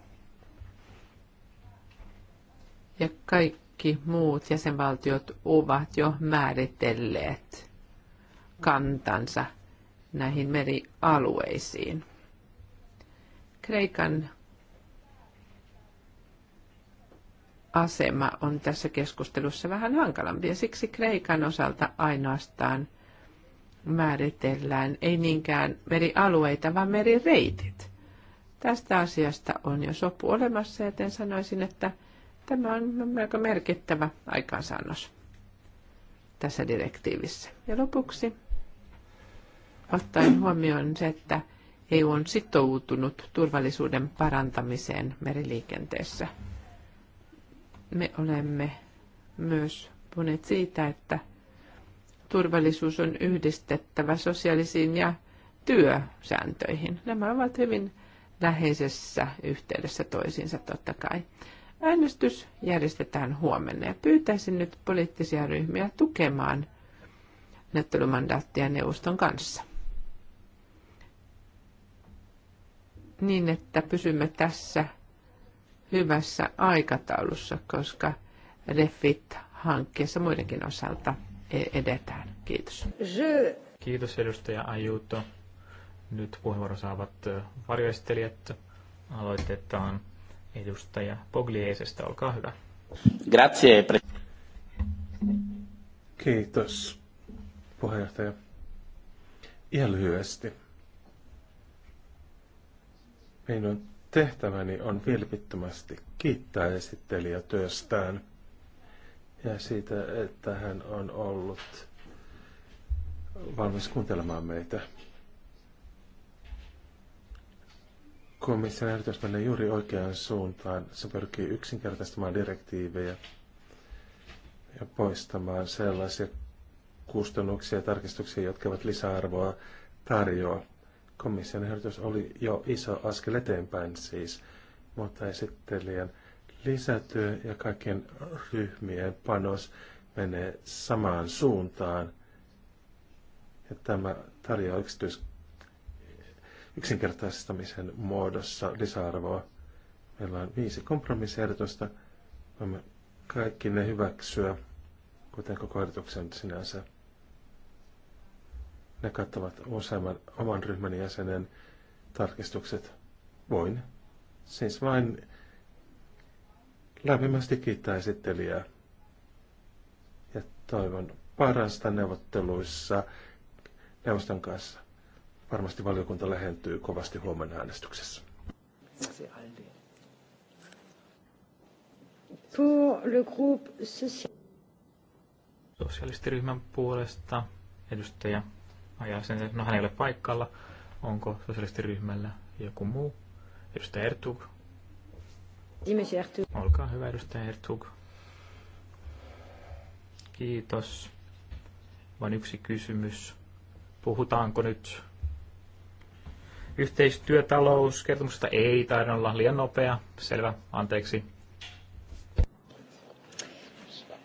ja kaikki muut jäsenvaltiot ovat jo määritelleet kantansa näihin merialueisiin. Kreikan asema on tässä keskustelussa vähän hankalampi ja siksi Kreikan osalta ainoastaan määritellään ei niinkään merialueita, vaan merireitit. Tästä asiasta on jo sopu olemassa, joten sanoisin, että tämä on melko merkittävä aikaansaannos tässä direktiivissä. Ja lopuksi, ottaen huomioon se, että EU on sitoutunut turvallisuuden parantamiseen meriliikenteessä – me olemme myös puhuneet siitä, että turvallisuus on yhdistettävä sosiaalisiin ja työsääntöihin. Nämä ovat hyvin läheisessä yhteydessä toisiinsa totta kai. Äänestys järjestetään huomenna ja pyytäisin nyt poliittisia ryhmiä tukemaan neuvottelumandaattia neuvoston kanssa. Niin, että pysymme tässä hyvässä aikataulussa, koska Refit-hankkeessa muidenkin osalta e- edetään. Kiitos. Kiitos edustaja Ajuto. Nyt puheenvuoro saavat varjoistelijat. Aloitetaan edustaja Pogliesesta. Olkaa hyvä. Grazie. Kiitos, puheenjohtaja. Ihan lyhyesti. Minun Tehtäväni on vilpittömästi kiittää esittelijä työstään ja siitä, että hän on ollut valmis kuuntelemaan meitä. Komission ehdotus menee juuri oikeaan suuntaan. Se pyrkii yksinkertaistamaan direktiivejä ja poistamaan sellaisia kustannuksia ja tarkistuksia, jotka ovat lisäarvoa tarjoa komission ehdotus oli jo iso askel eteenpäin siis, mutta esittelijän lisätyö ja kaiken ryhmien panos menee samaan suuntaan. Ja tämä tarjoaa yksityis- yksinkertaistamisen muodossa lisäarvoa. Meillä on viisi kompromissiehdotusta. Voimme kaikki ne hyväksyä, kuten koko ehdotuksen sinänsä. Ne kattavat useamman oman ryhmän jäsenen tarkistukset. Voin. Siis vain lämpimästi kiittää esittelijää. Ja toivon parasta neuvotteluissa neuvoston kanssa. Varmasti valiokunta lähentyy kovasti huomenna äänestyksessä. le groupe Sosialistiryhmän puolesta edustaja ajaa sen, no hän ei ole paikalla. Onko sosialistiryhmällä joku muu? Edustaja Ertug. Olkaa hyvä, edustaja Ertug. Kiitos. Vain yksi kysymys. Puhutaanko nyt yhteistyötalouskertomuksesta? Ei, taida olla liian nopea. Selvä, anteeksi.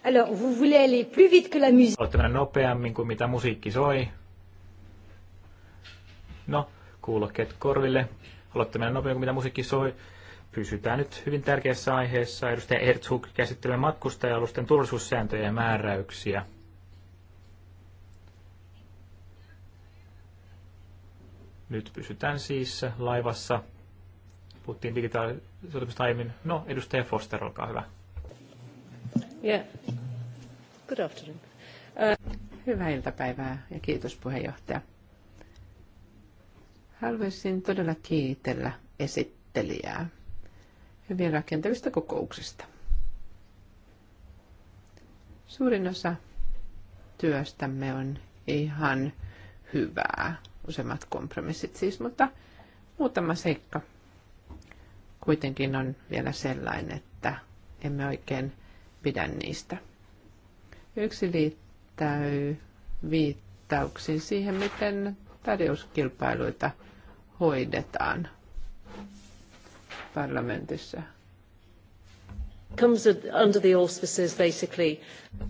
Alors, vous voulez aller plus vite que la musique. Olette nopeammin kuin mitä musiikki soi. No, kuulokkeet korville. Haluatte mennä nopeammin kuin mitä musiikki soi. Pysytään nyt hyvin tärkeässä aiheessa. Edustaja Herzog käsittelee matkustajalusten turvallisuussääntöjä ja määräyksiä. Nyt pysytään siis laivassa. Puhuttiin digitaalisuutumista aiemmin. No, edustaja Foster, olkaa hyvä. Yeah. Good afternoon. Uh... Hyvää iltapäivää ja kiitos puheenjohtaja. Haluaisin todella kiitellä esittelijää hyvin rakentavista kokouksista. Suurin osa työstämme on ihan hyvää, useimmat kompromissit siis, mutta muutama seikka kuitenkin on vielä sellainen, että emme oikein pidä niistä. Yksi liittyy viittauksiin siihen, miten tarjouskilpailuita – hoidetaan parlamentissa. Comes under the auspices basically.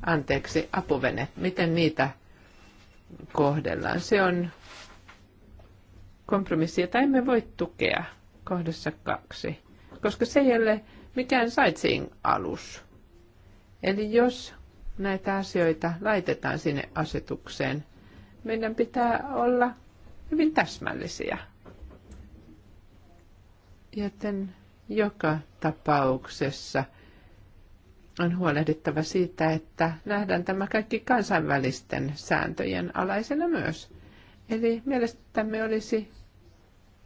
Anteeksi, apuvenet. Miten niitä kohdellaan? Se on kompromissi, jota emme voi tukea kohdassa kaksi, koska se ei ole mikään sightseeing-alus. Eli jos näitä asioita laitetaan sinne asetukseen, meidän pitää olla hyvin täsmällisiä. Joten joka tapauksessa on huolehdittava siitä, että nähdään tämä kaikki kansainvälisten sääntöjen alaisena myös. Eli mielestämme olisi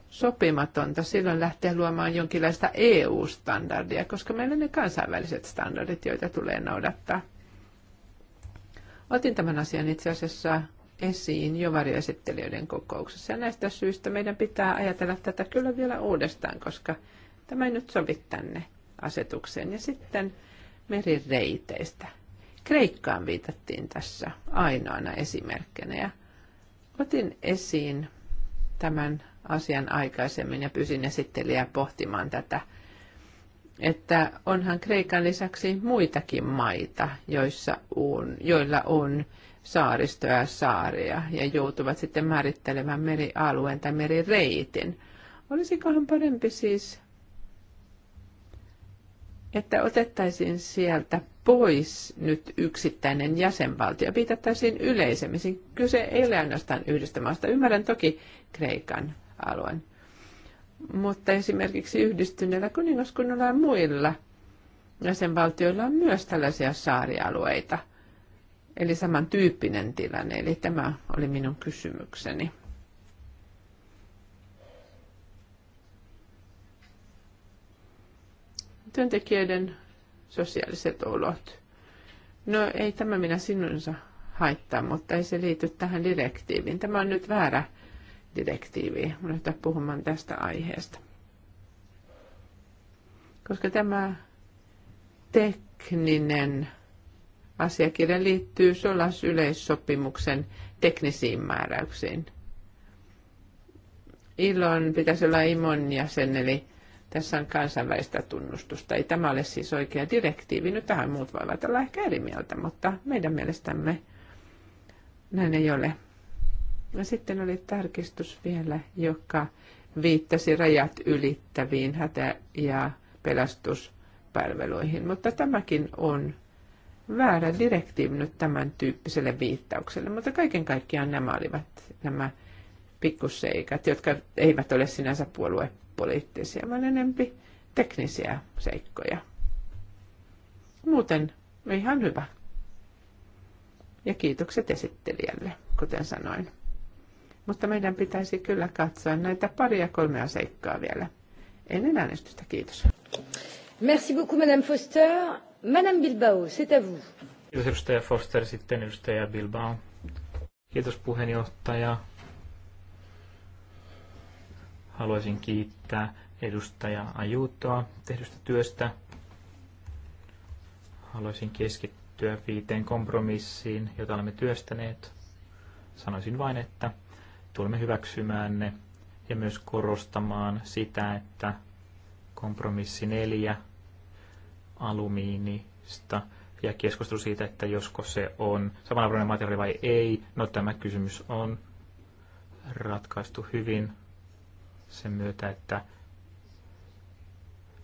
sopimatonta silloin lähteä luomaan jonkinlaista EU-standardia, koska meillä on ne kansainväliset standardit, joita tulee noudattaa. Otin tämän asian itse asiassa esiin jo varjoesittelijöiden kokouksessa. Ja näistä syistä meidän pitää ajatella tätä kyllä vielä uudestaan, koska tämä ei nyt sovi tänne asetukseen. Ja sitten merireiteistä. Kreikkaan viitattiin tässä ainoana esimerkkinä ja otin esiin tämän asian aikaisemmin ja pysin esittelijää pohtimaan tätä, että onhan Kreikan lisäksi muitakin maita, joissa on, joilla on saaristoa ja saaria ja joutuvat sitten määrittelemään merialueen tai merireitin. Olisikohan parempi siis, että otettaisiin sieltä pois nyt yksittäinen jäsenvaltio, viitattaisiin yleisemmin. Kyse ei ole ainoastaan yhdestä maasta. Ymmärrän toki Kreikan alueen. Mutta esimerkiksi yhdistyneillä kuningaskunnilla ja muilla jäsenvaltioilla on myös tällaisia saarialueita. Eli samantyyppinen tilanne, eli tämä oli minun kysymykseni. Työntekijöiden sosiaaliset olot. No ei tämä minä sinunsa haittaa, mutta ei se liity tähän direktiiviin. Tämä on nyt väärä direktiivi. Mä puhumaan tästä aiheesta. Koska tämä tekninen asiakirja liittyy solas teknisiin määräyksiin. Ilon pitäisi olla IMON jäsen, eli tässä on kansainvälistä tunnustusta. Ei tämä ole siis oikea direktiivi. Nyt tähän muut voivat olla ehkä eri mieltä, mutta meidän mielestämme näin ei ole. Ja sitten oli tarkistus vielä, joka viittasi rajat ylittäviin hätä- ja pelastuspalveluihin, mutta tämäkin on väärä direktiivi nyt tämän tyyppiselle viittaukselle, mutta kaiken kaikkiaan nämä olivat nämä pikkuseikat, jotka eivät ole sinänsä puoluepoliittisia, vaan enempi teknisiä seikkoja. Muuten ihan hyvä. Ja kiitokset esittelijälle, kuten sanoin. Mutta meidän pitäisi kyllä katsoa näitä paria kolmea seikkaa vielä ennen äänestystä. Kiitos. Merci beaucoup, Madame Foster. Madame Bilbao, c'est à vous. Kiitos edustaja Foster, sitten edustaja Bilbao. Kiitos puheenjohtaja. Haluaisin kiittää edustaja Ajuutoa tehdystä työstä. Haluaisin keskittyä viiteen kompromissiin, jota olemme työstäneet. Sanoisin vain, että tulemme hyväksymään ne ja myös korostamaan sitä, että kompromissi neljä alumiinista ja keskustelu siitä, että josko se on samanlainen materiaali vai ei. No tämä kysymys on ratkaistu hyvin sen myötä, että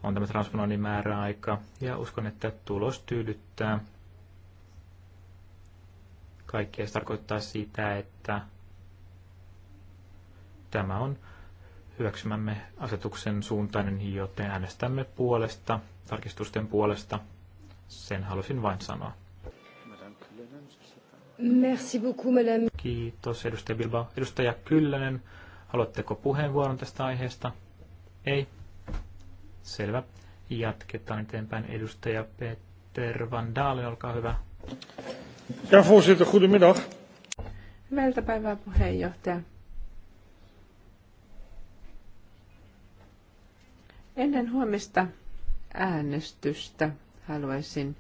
on tämä transponoinnin määräaika ja uskon, että tulos tyydyttää kaikkea. Se tarkoittaa sitä, että tämä on hyväksymämme asetuksen suuntainen, joten äänestämme puolesta tarkistusten puolesta. Sen halusin vain sanoa. Merci beaucoup, madame. Kiitos, edustaja Bilbao. Edustaja Kyllönen, haluatteko puheenvuoron tästä aiheesta? Ei. Selvä. Jatketaan eteenpäin. Edustaja Peter Van Dalen, olkaa hyvä. Ja, voorzitter, goedemiddag. Hyvältä päivää puheenjohtaja. Ennen huomista äänestystä haluaisin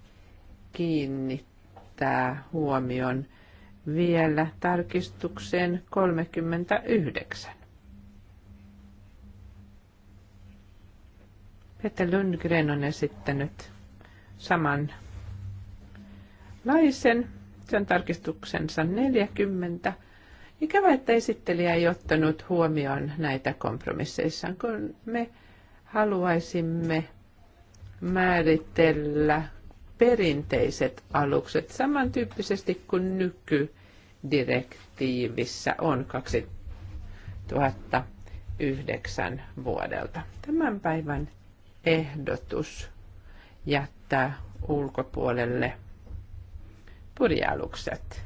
kiinnittää huomion vielä tarkistukseen 39. Peter Lundgren on esittänyt saman laisen, sen tarkistuksensa 40. Ikävä, että esittelijä ei ottanut huomioon näitä kompromisseissaan, kun me haluaisimme määritellä perinteiset alukset samantyyppisesti kuin nykydirektiivissä on 2009 vuodelta. Tämän päivän ehdotus jättää ulkopuolelle purjealukset.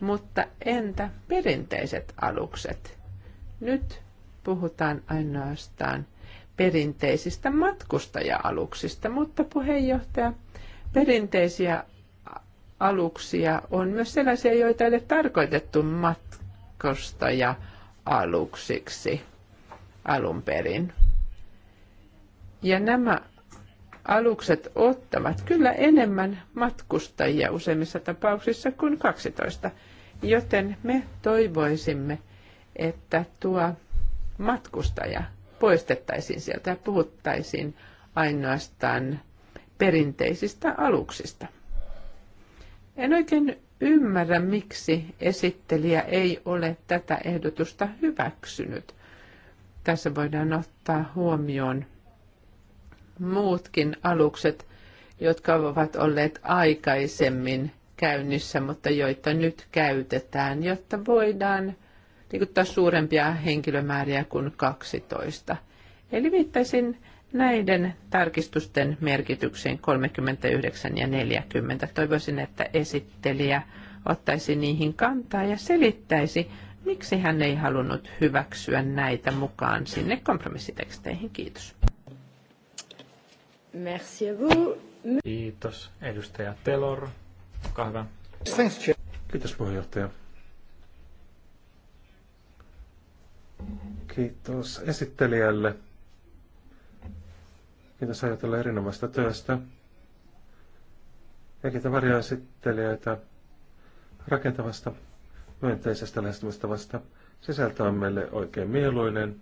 Mutta entä perinteiset alukset? Nyt puhutaan ainoastaan perinteisistä matkustaja-aluksista, mutta puheenjohtaja, perinteisiä aluksia on myös sellaisia, joita ei ole tarkoitettu matkustaja-aluksiksi alun perin. Ja nämä alukset ottavat kyllä enemmän matkustajia useimmissa tapauksissa kuin 12, joten me toivoisimme, että tuo matkustaja poistettaisiin sieltä ja puhuttaisiin ainoastaan perinteisistä aluksista. En oikein ymmärrä, miksi esittelijä ei ole tätä ehdotusta hyväksynyt. Tässä voidaan ottaa huomioon muutkin alukset, jotka ovat olleet aikaisemmin käynnissä, mutta joita nyt käytetään, jotta voidaan liikuttaa niin suurempia henkilömääriä kuin 12. Eli viittaisin näiden tarkistusten merkitykseen 39 ja 40. Toivoisin, että esittelijä ottaisi niihin kantaa ja selittäisi, miksi hän ei halunnut hyväksyä näitä mukaan sinne kompromissiteksteihin. Kiitos. Merci à vous. Kiitos. Edustaja Telor, olkaa hyvä. Kiitos puheenjohtaja. Kiitos esittelijälle. Kiitos ajatella erinomaista työstä. Ja kiitos varjoesittelijöitä rakentavasta, myönteisestä lähestymistavasta. Sisältö on meille oikein mieluinen.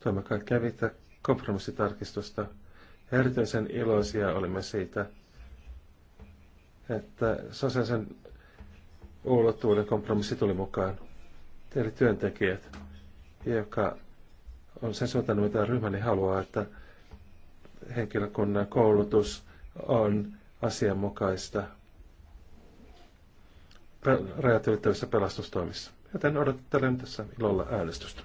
Tuomme kaikkea viittä kompromissitarkistusta. erityisen iloisia olimme siitä, että sosiaalisen ulottuvuuden kompromissi tuli mukaan eli työntekijät, joka on sen suuntaan, mitä ryhmäni niin haluaa, että henkilökunnan koulutus on asianmukaista rajat ylittävissä pelastustoimissa. Joten odottelen tässä ilolla äänestystä.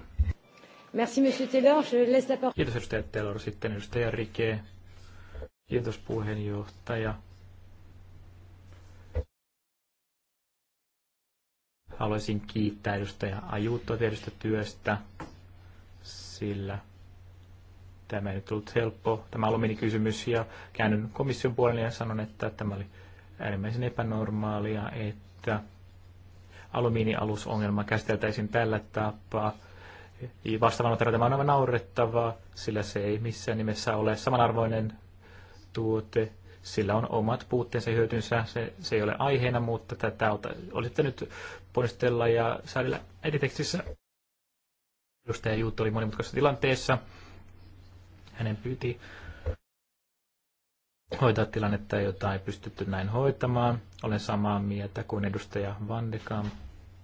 Merci, monsieur Taylor. Je laisse la parole. Kiitos, edustaja Taylor. Sitten edustaja Rike. Kiitos, puheenjohtaja. Haluaisin kiittää edustaja Ajuutta tietystä työstä, sillä tämä ei nyt ollut helppo. Tämä oli kysymys ja käännyn komission puolelle ja sanon, että tämä oli äärimmäisen epänormaalia, että alumiinialusongelma käsiteltäisiin tällä tapaa. Vastaavan tämä on aivan naurettavaa, sillä se ei missään nimessä ole samanarvoinen tuote. Sillä on omat puutteensa hyötynsä, se, se ei ole aiheena, mutta tätä olisitte nyt ponnistella ja säädellä editekstissä. Edustaja Juutto oli monimutkaisessa tilanteessa. Hänen pyyti hoitaa tilannetta, jota ei pystytty näin hoitamaan. Olen samaa mieltä kuin edustaja Vandekam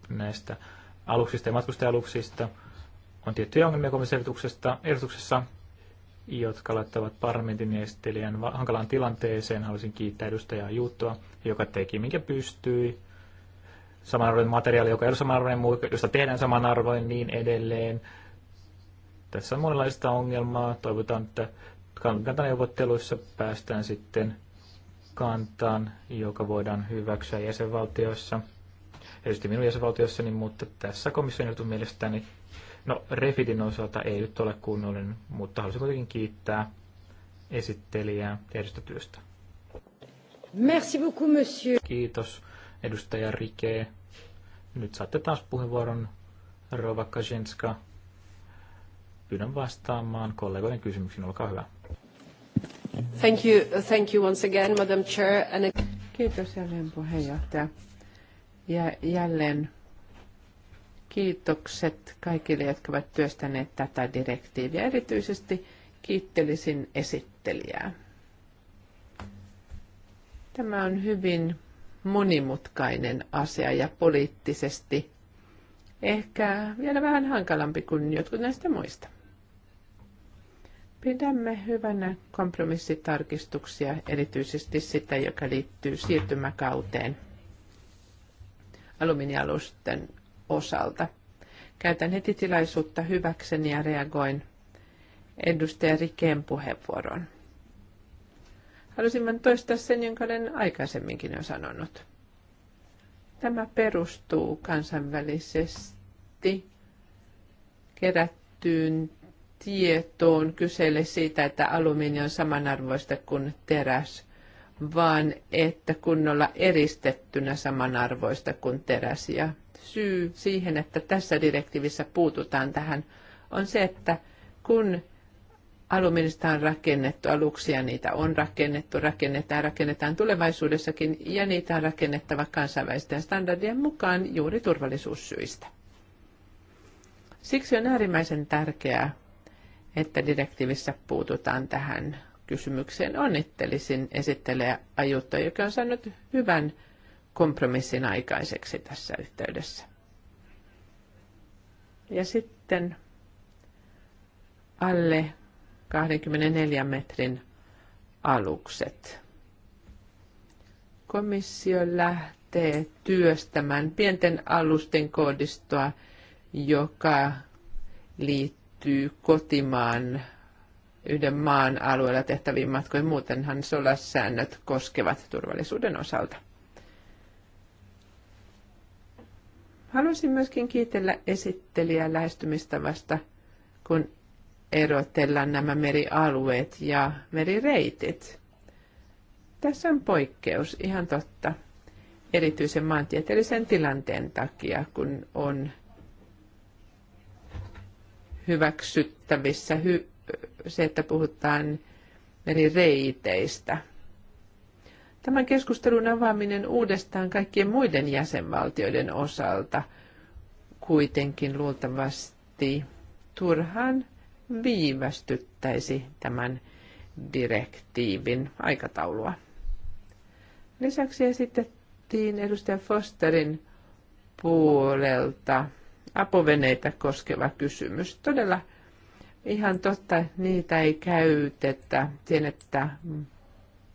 näistä aluksista ja matkustajaluksista. On tiettyjä ongelmia komission ehdotuksessa, jotka laittavat parlamentin esittelijän hankalaan tilanteeseen. Haluaisin kiittää edustajaa Juuttoa, joka teki minkä pystyi samanarvoinen materiaali, joka ei ole samanarvoinen muu, josta tehdään samanarvoinen, niin edelleen. Tässä on monenlaista ongelmaa. Toivotaan, että kantaneuvotteluissa päästään sitten kantaan, joka voidaan hyväksyä jäsenvaltioissa. Erityisesti minun jäsenvaltiossani, mutta tässä komission jutun mielestäni, no Refidin osalta ei nyt ole kunnollinen, mutta haluaisin kuitenkin kiittää esittelijää tehdystä työstä. Merci beaucoup, monsieur. Kiitos edustaja Rike. Nyt saatte taas puheenvuoron, Rova Kajenska. Pyydän vastaamaan kollegoiden kysymyksiin, olkaa hyvä. Thank you, thank you once again, Madam Chair. And... Kiitos jälleen puheenjohtaja. Ja jälleen kiitokset kaikille, jotka ovat työstäneet tätä direktiiviä. Erityisesti kiittelisin esittelijää. Tämä on hyvin monimutkainen asia ja poliittisesti ehkä vielä vähän hankalampi kuin jotkut näistä muista. Pidämme hyvänä kompromissitarkistuksia, erityisesti sitä, joka liittyy siirtymäkauteen alumiinialusten osalta. Käytän heti tilaisuutta hyväkseni ja reagoin edustaja Rikeen puheenvuoroon. Halusin vain toistaa sen, jonka olen aikaisemminkin jo sanonut. Tämä perustuu kansainvälisesti kerättyyn tietoon kyselle siitä, että alumiini on samanarvoista kuin teräs, vaan että kunnolla eristettynä samanarvoista kuin teräs. Ja syy siihen, että tässä direktiivissä puututaan tähän, on se, että kun alumiinista on rakennettu aluksia, niitä on rakennettu, rakennetaan, rakennetaan tulevaisuudessakin ja niitä on rakennettava kansainvälisten standardien mukaan juuri turvallisuussyistä. Siksi on äärimmäisen tärkeää, että direktiivissä puututaan tähän kysymykseen. Onnittelisin esittelee ajuutta, joka on saanut hyvän kompromissin aikaiseksi tässä yhteydessä. Ja sitten alle 24 metrin alukset. Komissio lähtee työstämään pienten alusten koodistoa, joka liittyy kotimaan yhden maan alueella tehtäviin matkoihin. Muutenhan solassäännöt koskevat turvallisuuden osalta. Haluaisin myöskin kiitellä esittelijää lähestymistavasta, kun erotella nämä merialueet ja merireitit. Tässä on poikkeus, ihan totta, erityisen maantieteellisen tilanteen takia, kun on hyväksyttävissä hy- se, että puhutaan merireiteistä. Tämän keskustelun avaaminen uudestaan kaikkien muiden jäsenvaltioiden osalta kuitenkin luultavasti turhaan viivästyttäisi tämän direktiivin aikataulua. Lisäksi esitettiin edustaja Fosterin puolelta apuveneitä koskeva kysymys. Todella ihan totta, niitä ei käytetä Tien, että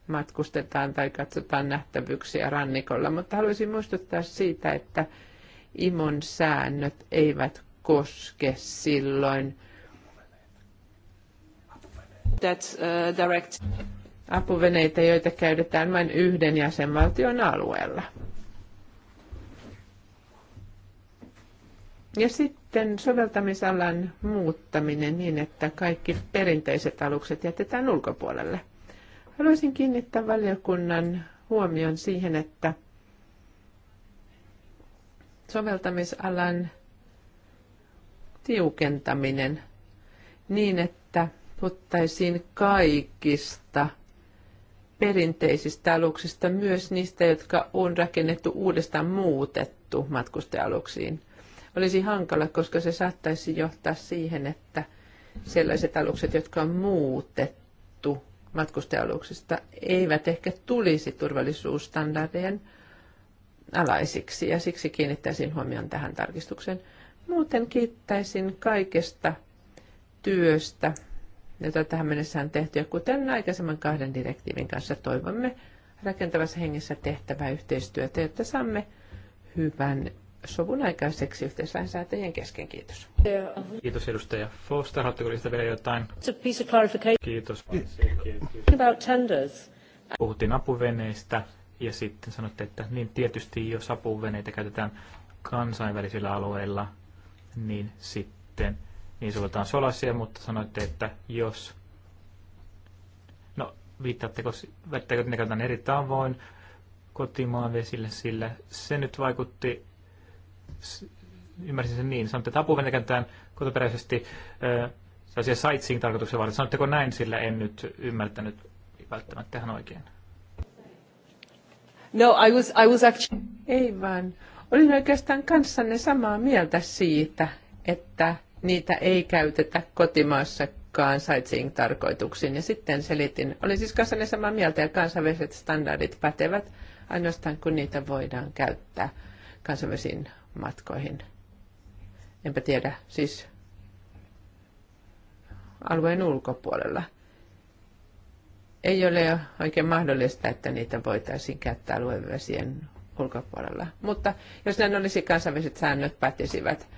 matkustetaan tai katsotaan nähtävyyksiä rannikolla, mutta haluaisin muistuttaa siitä, että imon säännöt eivät koske silloin – that, uh, direct... Apuveneitä, joita käytetään vain yhden jäsenvaltion alueella. Ja sitten soveltamisalan muuttaminen niin, että kaikki perinteiset alukset jätetään ulkopuolelle. Haluaisin kiinnittää valiokunnan huomion siihen, että soveltamisalan tiukentaminen niin, että luovuttaisiin kaikista perinteisistä aluksista, myös niistä, jotka on rakennettu uudestaan muutettu matkustajaluksiin. Olisi hankala, koska se saattaisi johtaa siihen, että sellaiset alukset, jotka on muutettu matkustajaluksista, eivät ehkä tulisi turvallisuusstandardien alaisiksi, ja siksi kiinnittäisin huomioon tähän tarkistukseen. Muuten kiittäisin kaikesta työstä, jota tähän mennessä on tehty. Ja kuten aikaisemman kahden direktiivin kanssa toivomme rakentavassa hengessä tehtävää yhteistyötä, jotta saamme hyvän sovun aikaiseksi yhteislainsäätäjien kesken. Kiitos. Kiitos edustaja Foster. Haluatteko lisätä vielä jotain? Kiitos. About tenders. Puhuttiin apuveneistä ja sitten sanotte, että niin tietysti jos apuveneitä käytetään kansainvälisillä alueilla, niin sitten – niin sovelletaan solasia, mutta sanoitte, että jos... No, viittaatteko, väittääkö, ne käytetään eri tavoin kotimaan vesille, sillä se nyt vaikutti, ymmärsin sen niin, sanoitte, että apuvene käytetään kotoperäisesti sellaisia sightseeing-tarkoituksia varten. Sanoitteko näin, sillä en nyt ymmärtänyt välttämättä ihan oikein. No, I was, I was actually... Ei vaan. Olin oikeastaan kanssanne samaa mieltä siitä, että niitä ei käytetä kotimaassakaan sightseeing-tarkoituksiin. Ja sitten selitin, oli siis kanssanne samaa mieltä ja kansainväliset standardit pätevät ainoastaan, kun niitä voidaan käyttää kansainvälisiin matkoihin. Enpä tiedä, siis alueen ulkopuolella. Ei ole oikein mahdollista, että niitä voitaisiin käyttää alueen vesien ulkopuolella. Mutta jos näin olisi, kansainväliset säännöt pätisivät –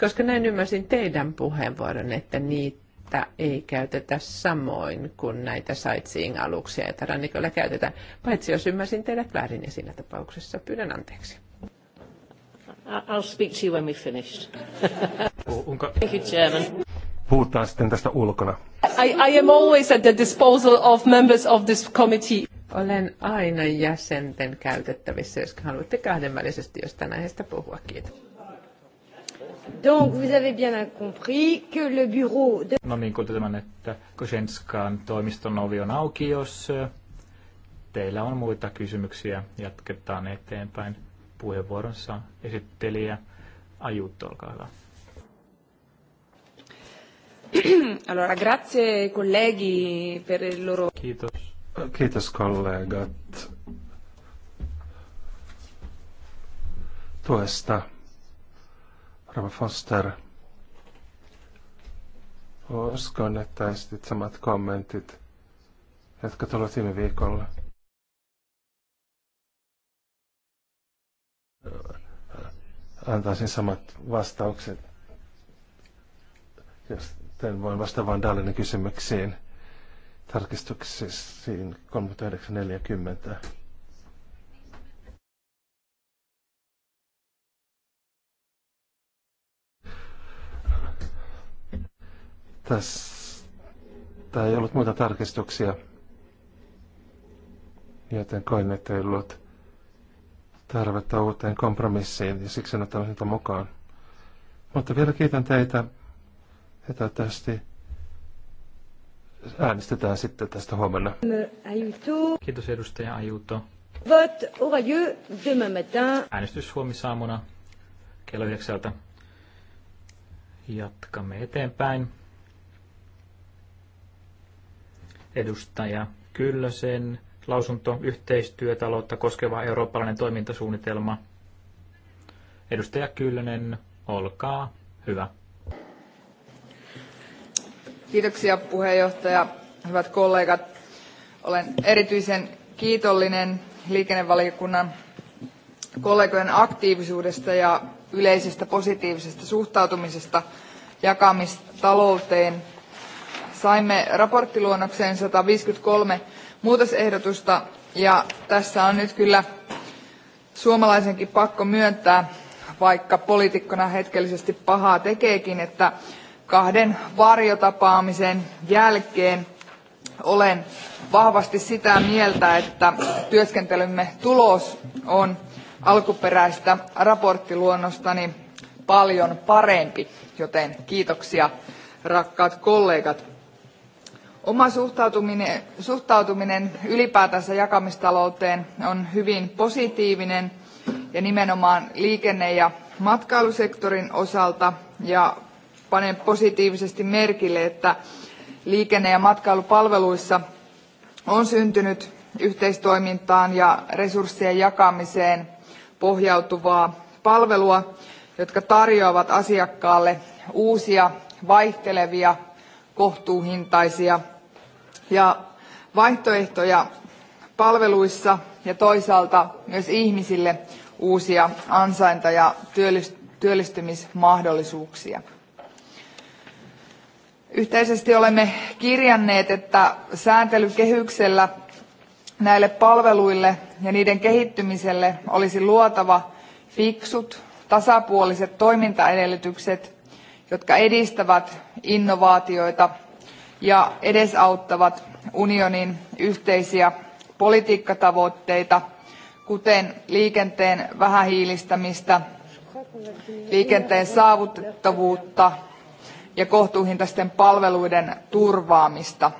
koska näin ymmärsin teidän puheenvuoron, että niitä ei käytetä samoin kuin näitä sightseeing-aluksia, joita rannikolla käytetään. Paitsi jos ymmärsin teidät väärin, niin siinä tapauksessa pyydän anteeksi. I'll speak to you when we finished. Thank you, Chairman. Puhutaan sitten tästä ulkona. I, I am always at the disposal of members of this committee. Olen aina jäsenten käytettävissä, jos haluatte kahdenvälisesti jostain aiheesta puhua. Kiitos. Donc vous avez bien compris que le bureau de... No niin, kuulitte tämän, että Kosenskan toimiston ovi on auki, jos äh, teillä on muita kysymyksiä. Jatketaan eteenpäin puheenvuoronsa esittelijä Ajuutto, olkaa hyvä. [CLEARS THROAT] Allora, grazie colleghi per il loro... Kiitos. Kiitos kollegat tuesta. Rova Foster. Uskon, että esitit samat kommentit, jotka tulivat viime viikolla. Antaisin samat vastaukset, jos tämän voin vastata vain Dallinen kysymyksiin tarkistuksiin 39.40. Tässä ei ollut muita tarkistuksia, joten koin, että ei ollut tarvetta uuteen kompromissiin ja siksi en ottanut niitä mukaan. Mutta vielä kiitän teitä ja toivottavasti äänestetään sitten tästä huomenna. Kiitos edustaja Ajuto. Vote aura lieu demain matin. Äänestys huomisaamuna kello yhdeksältä. Jatkamme eteenpäin edustaja Kyllösen lausunto yhteistyötaloutta koskeva eurooppalainen toimintasuunnitelma. Edustaja Kyllönen, olkaa hyvä. Kiitoksia puheenjohtaja, hyvät kollegat. Olen erityisen kiitollinen liikennevaliokunnan kollegojen aktiivisuudesta ja yleisestä positiivisesta suhtautumisesta jakamistalouteen – Saimme mietintöluonnokseen sataviisikymmentäkolme muutosehdotusta ja tässä on nyt kyllä suomalaisenkin pakko myöntää, vaikka poliitikkona hetkellisesti pahaa tekeekin, että kahden varjotapaamisen jälkeen olen vahvasti sitä mieltä, että työskentelymme tulos on alkuperäistä raporttiluonnostani paljon parempi, joten kiitoksia rakkaat kollegat. Oma suhtautuminen, suhtautuminen ylipäätänsä jakamistalouteen on hyvin positiivinen ja nimenomaan liikenne- ja matkailusektorin osalta ja panen positiivisesti merkille, että liikenne- ja matkailupalveluissa on syntynyt yhteistoimintaan ja resurssien jakamiseen pohjautuvaa palvelua, jotka tarjoavat asiakkaalle uusia vaihtelevia kohtuuhintaisia ja vaihtoehtoja palveluissa ja toisaalta myös ihmisille uusia ansainta ja työllistymismahdollisuuksia. Yhteisesti olemme kirjanneet, että sääntelykehyksellä näille palveluille ja niiden kehittymiselle olisi luotava fiksut, tasapuoliset toimintaedellytykset, jotka edistävät innovaatioita ja edesauttavat unionin yhteisiä politiikkatavoitteita, kuten liikenteen vähähiilistämistä, liikenteen saavutettavuutta ja kohtuuhintaisten palveluiden turvaamista.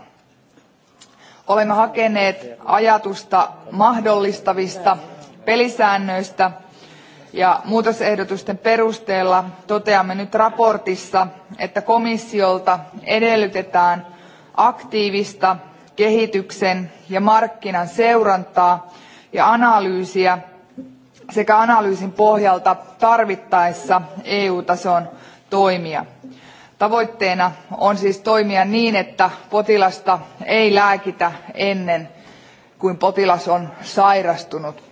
Olemme hakeneet ajatusta mahdollistavista pelisäännöistä – ja muutosehdotusten perusteella toteamme nyt raportissa, että komissiolta edellytetään aktiivista kehityksen ja markkinan seurantaa ja analyysiä sekä analyysin pohjalta tarvittaessa EU-tason toimia. Tavoitteena on siis toimia niin, että potilasta ei lääkitä ennen kuin potilas on sairastunut.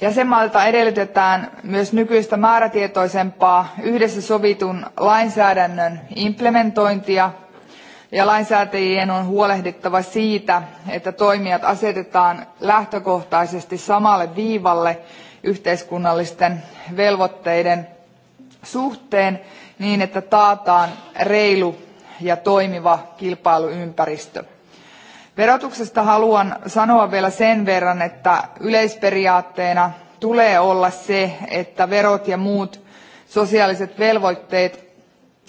Jäsenmailta edellytetään myös nykyistä määrätietoisempaa yhdessä sovitun lainsäädännön implementointia ja lainsäätäjien on huolehdittava siitä, että toimijat asetetaan lähtökohtaisesti samalle viivalle yhteiskunnallisten velvoitteiden suhteen niin, että taataan reilu ja toimiva kilpailuympäristö. Verotuksesta haluan sanoa vielä sen verran, että yleisperiaatteena tulee olla se, että verot ja muut sosiaaliset velvoitteet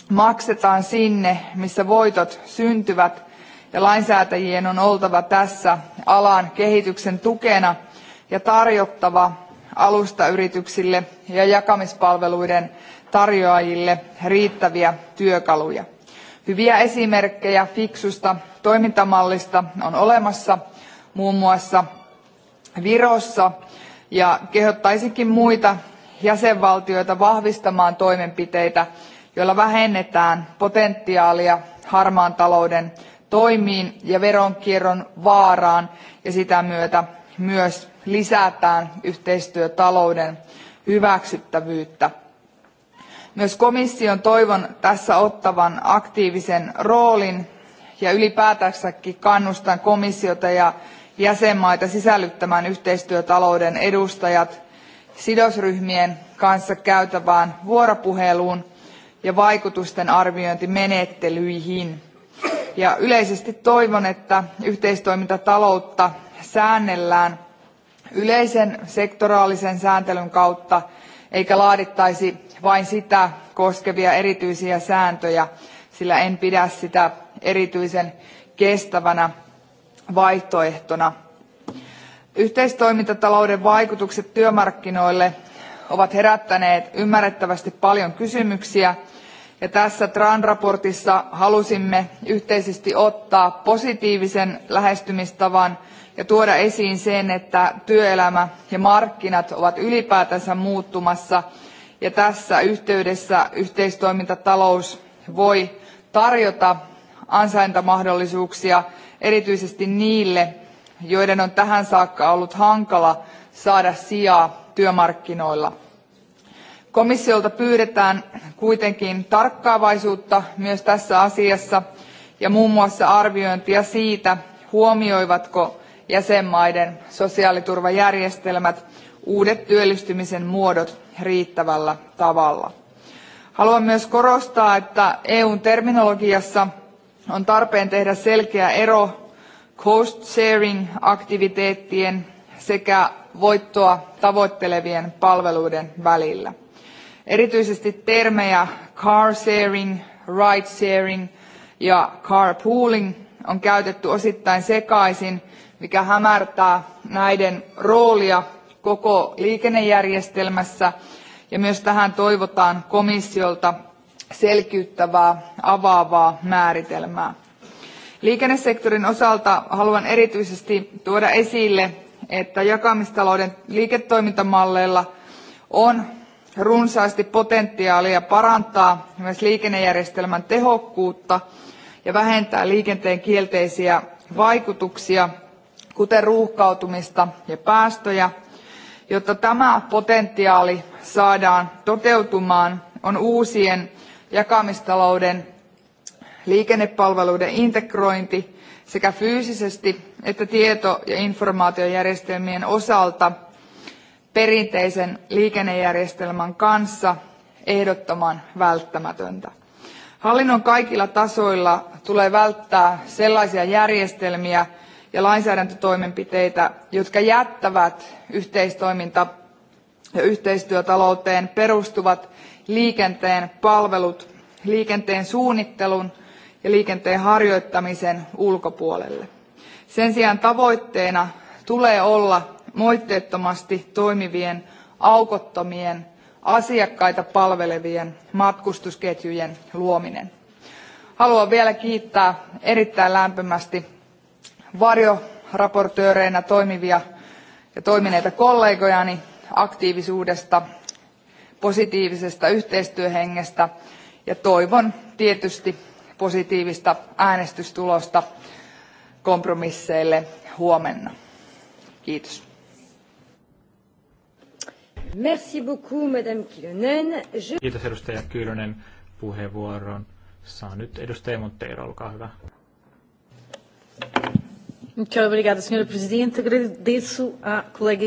maksetaan sinne, missä voitot syntyvät, ja lainsäätäjien on oltava tässä alan kehityksen tukena ja tarjottava alustayrityksille ja jakamispalveluiden tarjoajille riittäviä työkaluja. Hyviä esimerkkejä fiksusta toimintamallista on olemassa muun muassa Virossa ja kehottaisinkin muita jäsenvaltioita vahvistamaan toimenpiteitä, joilla vähennetään potentiaalia harmaan talouden toimiin ja veronkierron vaaraan ja sitä myötä myös lisätään yhteistyötalouden hyväksyttävyyttä. Myös komission toivon tässä ottavan aktiivisen roolin ja ylipäätänsäkin kannustan komissiota ja jäsenmaita sisällyttämään yhteistyötalouden edustajat sidosryhmien kanssa käytävään vuoropuheluun ja vaikutusten arviointimenettelyihin. Ja yleisesti toivon, että yhteistoimintataloutta säännellään yleisen sektoraalisen sääntelyn kautta eikä laadittaisi vain sitä koskevia erityisiä sääntöjä, sillä en pidä sitä erityisen kestävänä vaihtoehtona. Yhteistoimintatalouden vaikutukset työmarkkinoille ovat herättäneet ymmärrettävästi paljon kysymyksiä ja tässä tran raportissa halusimme yhteisesti ottaa positiivisen lähestymistavan ja tuoda esiin sen että työelämä ja markkinat ovat ylipäätänsä muuttumassa ja tässä yhteydessä yhteistoimintatalous voi tarjota ansaintamahdollisuuksia erityisesti niille joiden on tähän saakka ollut hankala saada sijaa työmarkkinoilla. komissiolta pyydetään kuitenkin tarkkaavaisuutta myös tässä asiassa ja muun muassa arviointia siitä huomioivatko jäsenmaiden sosiaaliturvajärjestelmät uudet työllistymisen muodot riittävällä tavalla. haluan myös korostaa että eun terminologiassa on tarpeen tehdä selkeä ero cost sharing aktiviteettien sekä voittoa tavoittelevien palveluiden välillä. Erityisesti termejä car sharing, ride sharing ja car pooling on käytetty osittain sekaisin, mikä hämärtää näiden roolia koko liikennejärjestelmässä ja myös tähän toivotaan komissiolta selkiyttävää, avaavaa määritelmää. Liikennesektorin osalta haluan erityisesti tuoda esille, että jakamistalouden liiketoimintamalleilla on runsaasti potentiaalia parantaa myös liikennejärjestelmän tehokkuutta ja vähentää liikenteen kielteisiä vaikutuksia, kuten ruuhkautumista ja päästöjä. Jotta tämä potentiaali saadaan toteutumaan, on uusien jakamistalouden, liikennepalveluiden integrointi sekä fyysisesti että tieto- ja informaatiojärjestelmien osalta perinteisen liikennejärjestelmän kanssa ehdottoman välttämätöntä. Hallinnon kaikilla tasoilla tulee välttää sellaisia järjestelmiä ja lainsäädäntötoimenpiteitä, jotka jättävät yhteistoiminta ja yhteistyötalouteen perustuvat liikenteen palvelut liikenteen suunnittelun ja liikenteen harjoittamisen ulkopuolelle. Sen sijaan tavoitteena tulee olla moitteettomasti toimivien, aukottomien, asiakkaita palvelevien matkustusketjujen luominen. Haluan vielä kiittää erittäin lämpimästi varjoraportööreinä toimivia ja toimineita kollegojani aktiivisuudesta, positiivisesta yhteistyöhengestä ja toivon tietysti positiivista äänestystulosta kompromisseille huomenna. Kiitos. Merci beaucoup, Madame Kilonen. Je... Kiitos edustaja Kylönen puheenvuoron. Saa nyt edustaja Monteiro, olkaa hyvä. Muito obrigada, Sra. Presidente. Agradeço à colega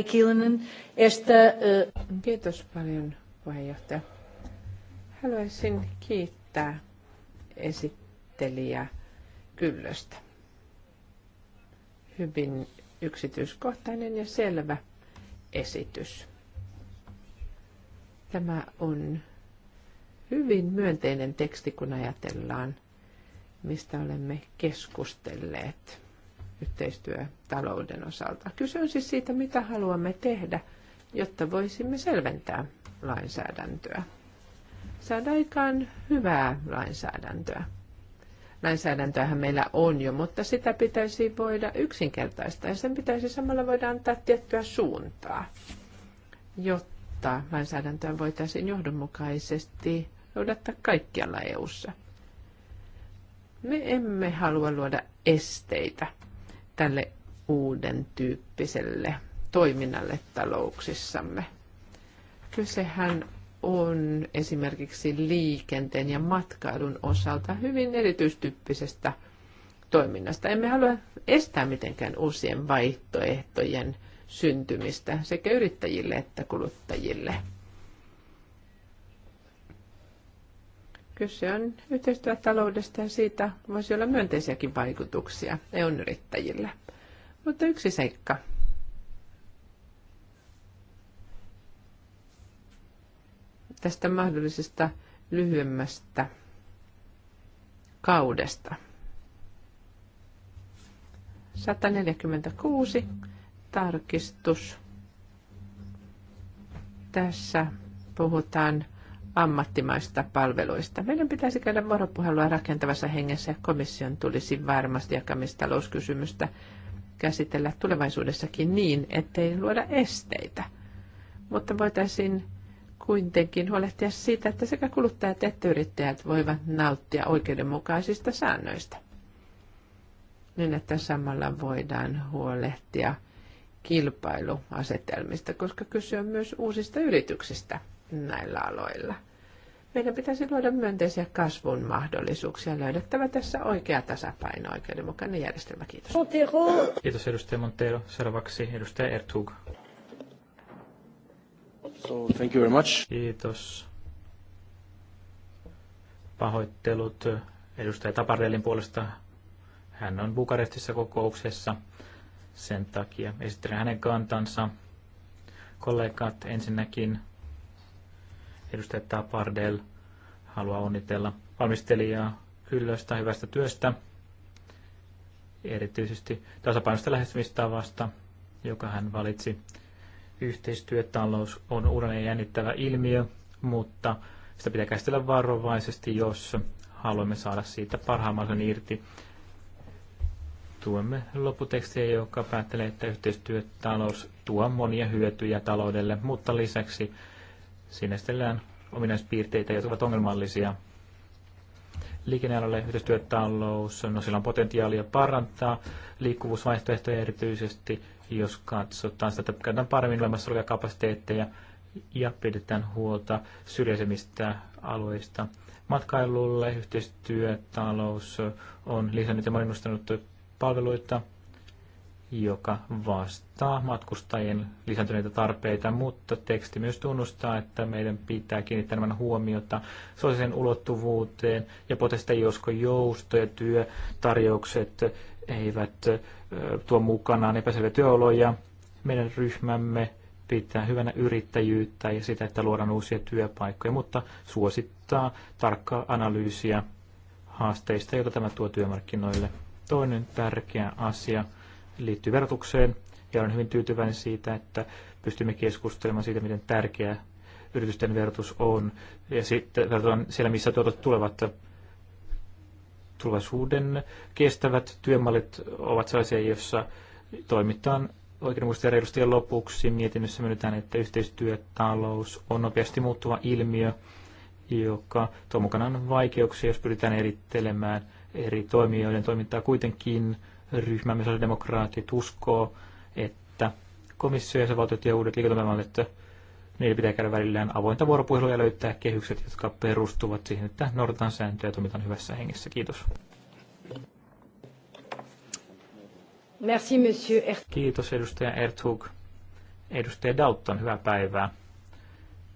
esta... Uh... Kiitos paljon, puheenjohtaja. Haluaisin kiittää esittelijä Kyllöstä. Hyvin yksityiskohtainen ja selvä esitys. Tämä on hyvin myönteinen teksti, kun ajatellaan, mistä olemme keskustelleet yhteistyötalouden osalta. Kyse on siis siitä, mitä haluamme tehdä, jotta voisimme selventää lainsäädäntöä. Saada aikaan hyvää lainsäädäntöä. Lainsäädäntöähän meillä on jo, mutta sitä pitäisi voida yksinkertaistaa ja sen pitäisi samalla voida antaa tiettyä suuntaa, jotta lainsäädäntöä voitaisiin johdonmukaisesti noudattaa kaikkialla EU:ssa. Me emme halua luoda esteitä tälle uuden tyyppiselle toiminnalle talouksissamme. Kysehän on esimerkiksi liikenteen ja matkailun osalta hyvin erityistyyppisestä toiminnasta. Emme halua estää mitenkään uusien vaihtoehtojen syntymistä sekä yrittäjille että kuluttajille. Kyse on yhteistyötaloudesta ja siitä voisi olla myönteisiäkin vaikutuksia EUn yrittäjille. Mutta yksi seikka. Tästä mahdollisesta lyhyemmästä kaudesta. 146 tarkistus. Tässä puhutaan ammattimaista palveluista. Meidän pitäisi käydä vuoropuhelua rakentavassa hengessä ja komission tulisi varmasti jakamistalouskysymystä käsitellä tulevaisuudessakin niin, ettei luoda esteitä. Mutta voitaisiin kuitenkin huolehtia siitä, että sekä kuluttajat että yrittäjät voivat nauttia oikeudenmukaisista säännöistä. Niin, että samalla voidaan huolehtia kilpailuasetelmista, koska kyse on myös uusista yrityksistä – näillä aloilla. Meidän pitäisi luoda myönteisiä kasvun mahdollisuuksia. Löydettävä tässä oikea tasapaino, oikeudenmukainen järjestelmä. Kiitos. Kiitos edustaja Montero. Seuraavaksi edustaja Ertug. So, thank you very much. Kiitos. Pahoittelut edustaja Taparellin puolesta. Hän on Bukarestissa kokouksessa. Sen takia esittelen hänen kantansa. Kollegat, ensinnäkin Edustaja Tapardel haluaa onnitella valmistelijaa Kyllöstä hyvästä työstä, erityisesti tasapainosta lähestymistavasta, joka hän valitsi. Yhteistyötalous on uudelleen jännittävä ilmiö, mutta sitä pitää käsitellä varovaisesti, jos haluamme saada siitä parhaamman irti. Tuemme lopputekstiä, joka päättelee, että yhteistyötalous tuo monia hyötyjä taloudelle, mutta lisäksi sinestellään ominaispiirteitä, jotka ovat ongelmallisia. Liikennealalle yhteistyötalous, no sillä on potentiaalia parantaa liikkuvuusvaihtoehtoja erityisesti, jos katsotaan sitä, että käytetään paremmin olemassa olevia kapasiteetteja ja pidetään huolta syrjäisemmistä alueista. Matkailulle yhteistyötalous on lisännyt ja mainostanut palveluita joka vastaa matkustajien lisääntyneitä tarpeita, mutta teksti myös tunnustaa, että meidän pitää kiinnittää enemmän huomiota sosiaaliseen ulottuvuuteen ja potesta, josko jousto ja työtarjoukset eivät tuo mukanaan epäselviä työoloja. Meidän ryhmämme pitää hyvänä yrittäjyyttä ja sitä, että luodaan uusia työpaikkoja, mutta suosittaa tarkkaa analyysiä haasteista, joita tämä tuo työmarkkinoille. Toinen tärkeä asia – liittyy verotukseen. Ja olen hyvin tyytyväinen siitä, että pystymme keskustelemaan siitä, miten tärkeä yritysten verotus on. Ja sitten verotetaan siellä, missä tuotot tulevat tulevaisuuden kestävät työmallit ovat sellaisia, joissa toimitaan oikeudenmukaisesti ja reilusti. Ja lopuksi mietinnössä myönnetään, että yhteistyötalous on nopeasti muuttuva ilmiö, joka tuo mukanaan vaikeuksia, jos pyritään erittelemään eri toimijoiden toimintaa kuitenkin ryhmämme sosiaalidemokraatit uskoo, että komissio ja se valtiot ja uudet liikuntamallit, niiden pitää käydä välillään avointa vuoropuhelua ja löytää kehykset, jotka perustuvat siihen, että noudatetaan sääntöjä ja toimitaan hyvässä hengessä. Kiitos. Merci, monsieur Kiitos edustaja Erthug. Edustaja Dalton, hyvää päivää.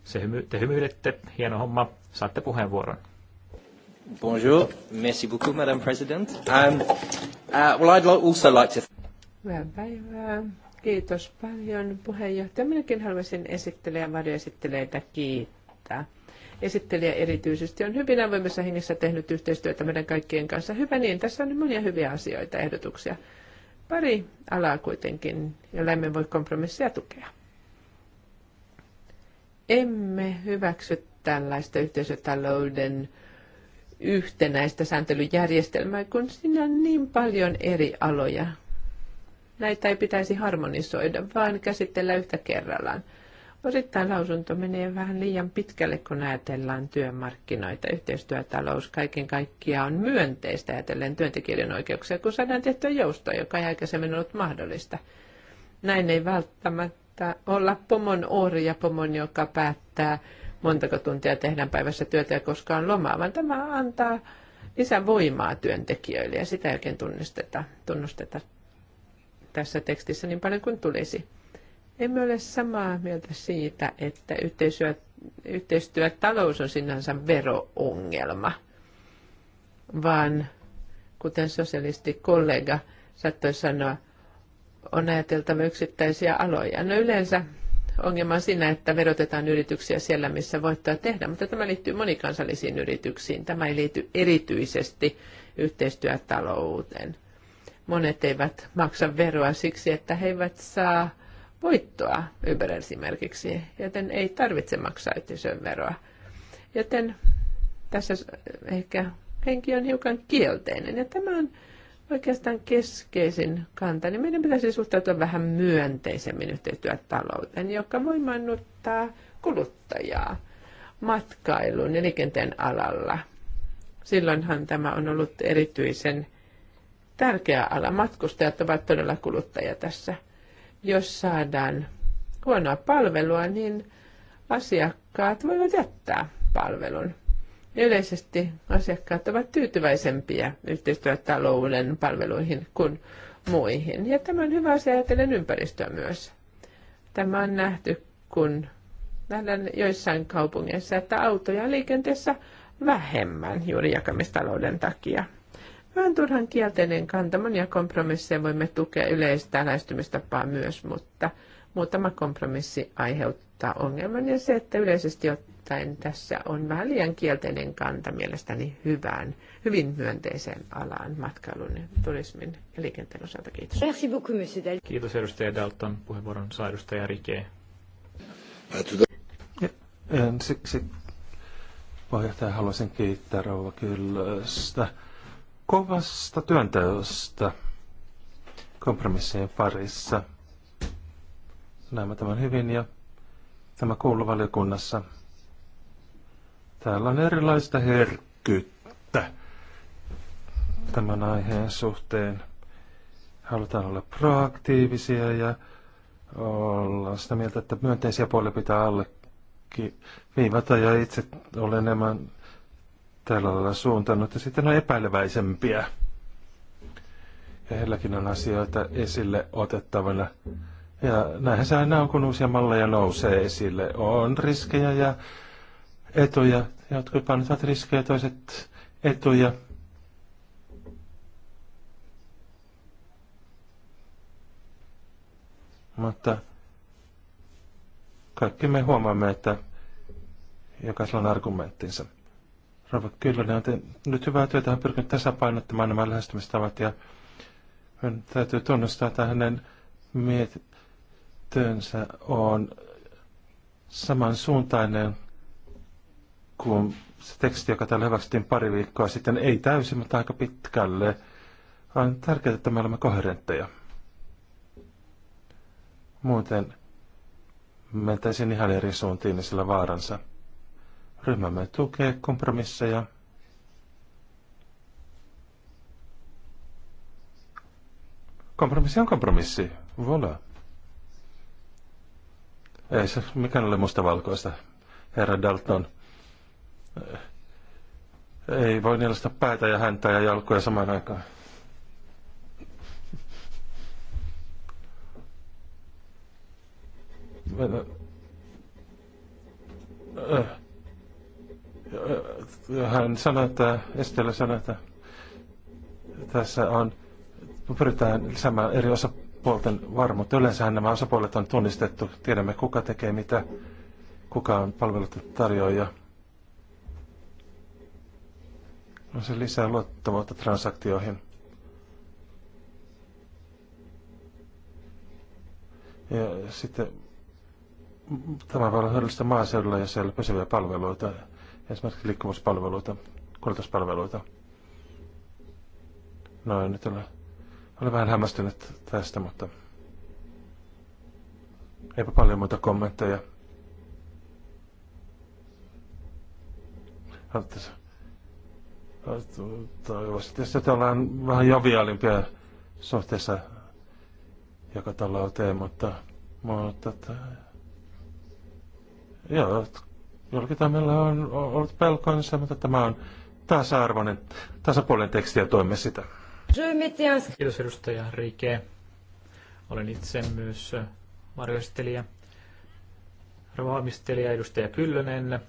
Se hymy, te hymyilette, hieno homma. Saatte puheenvuoron. Bonjour, merci beaucoup, Madame President. Um, Uh, well, I'd also like to... Hyvää päivää. Kiitos paljon puheenjohtaja. Minäkin haluaisin esittelijä varjoesittelijöitä kiittää. Esittelijä erityisesti on hyvin avoimessa hengessä tehnyt yhteistyötä meidän kaikkien kanssa. Hyvä niin, tässä on monia hyviä asioita, ehdotuksia. Pari alaa kuitenkin, jolla emme voi kompromissia tukea. Emme hyväksy tällaista yhteisötalouden yhtenäistä sääntelyjärjestelmää, kun siinä on niin paljon eri aloja. Näitä ei pitäisi harmonisoida, vaan käsitellä yhtä kerrallaan. Osittain lausunto menee vähän liian pitkälle, kun ajatellaan työmarkkinoita. Yhteistyötalous kaiken kaikkiaan on myönteistä ajatellen työntekijöiden oikeuksia, kun saadaan tehtyä joustoa, joka ei aikaisemmin ollut mahdollista. Näin ei välttämättä olla pomon orja, pomon, joka päättää montako tuntia tehdään päivässä työtä ja koska on lomaa, vaan tämä antaa lisää voimaa työntekijöille ja sitä ei oikein tunnusteta, tunnusteta tässä tekstissä niin paljon kuin tulisi. Emme ole samaa mieltä siitä, että yhteistyö, yhteistyötalous on sinänsä veroongelma, vaan kuten sosialisti kollega saattoi sanoa, on ajateltava yksittäisiä aloja. No yleensä ongelma on siinä, että verotetaan yrityksiä siellä, missä voittaa tehdä, mutta tämä liittyy monikansallisiin yrityksiin. Tämä ei liity erityisesti yhteistyötalouteen. Monet eivät maksa veroa siksi, että he eivät saa voittoa Uber esimerkiksi, joten ei tarvitse maksaa yhteisön veroa. Joten tässä ehkä henki on hiukan kielteinen ja tämä on oikeastaan keskeisin kanta, niin meidän pitäisi suhtautua vähän myönteisemmin yhteistyötalouteen, joka voimannuttaa kuluttajaa matkailun ja liikenteen alalla. Silloinhan tämä on ollut erityisen tärkeä ala. Matkustajat ovat todella kuluttajia tässä. Jos saadaan huonoa palvelua, niin asiakkaat voivat jättää palvelun yleisesti asiakkaat ovat tyytyväisempiä yhteistyötalouden palveluihin kuin muihin. Ja tämä on hyvä asia ajatellen ympäristöä myös. Tämä on nähty, kun nähdään joissain kaupungeissa, että autoja on liikenteessä vähemmän juuri jakamistalouden takia. Vähän turhan kielteinen kantaman ja kompromisseja voimme tukea yleistä lähestymistapaa myös, mutta muutama kompromissi aiheuttaa tunnistaa ongelman ja se, että yleisesti ottaen tässä on vähän liian kielteinen kanta mielestäni hyvään, hyvin myönteiseen alaan matkailun, turismin ja liikenteen osalta. Kiitos. Merci beaucoup, monsieur Dalton. Kiitos edustaja Dalton. Puheenvuoron saa edustaja Rike. Siksi puheenjohtaja haluaisin kiittää Rouva Kyllöstä kovasta työnteosta kompromissien parissa. Näemme tämän hyvin ja tämä kouluvaliokunnassa. Täällä on erilaista herkkyyttä tämän aiheen suhteen. Halutaan olla proaktiivisia ja olla sitä mieltä, että myönteisiä puolia pitää allekin viivata ja itse olen enemmän tällä lailla suuntannut ja sitten on epäileväisempiä. Ja heilläkin on asioita esille otettavana. Ja näinhän se aina on, kun uusia malleja nousee esille. On riskejä ja etuja. Jotkut painottavat riskejä, toiset etuja. Mutta kaikki me huomaamme, että jokaisella on argumenttinsa. Rova Kyllönen on nyt hyvää työtä, hän pyrkinyt tasapainottamaan nämä lähestymistavat ja hän täytyy tunnustaa, että hänen miet- työnsä on samansuuntainen kuin se teksti, joka täällä hyväksyttiin pari viikkoa sitten, ei täysin, mutta aika pitkälle. On tärkeää, että me olemme koherentteja. Muuten mentäisiin ihan eri suuntiin, niin sillä vaaransa. Ryhmämme tukee kompromisseja. Kompromissi on kompromissi. Voilà. Ei se mikään ole mustavalkoista, herra Dalton. Ei voi nielasta päätä ja häntä ja jalkoja samaan aikaan. Hän sanoi, että Estelle sanoi, että tässä on, pyritään lisäämään eri osa osapuolten varmuutta. Yleensähän nämä osapuolet on tunnistettu. Tiedämme, kuka tekee mitä, kuka on palvelut tarjoaja. No se lisää luottavuutta transaktioihin. Ja sitten tämä voi olla hyödyllistä maaseudulla, ja siellä pysyviä palveluita, esimerkiksi liikkuvuuspalveluita, kuljetuspalveluita. No ei nyt ole olen vähän hämmästynyt tästä, mutta eipä paljon muita kommentteja. Toivoisin tietysti, että ollaan vähän joviaalimpia suhteessa joka talouteen, mutta, mutta että, joo, jollakin meillä on ollut pelkonsa, mutta tämä on tasa-arvoinen, tasapuolinen teksti ja toimme sitä. Kiitos edustaja Rike. Olen itse myös äh, varjoistelija, valmistelija edustaja Kyllönen.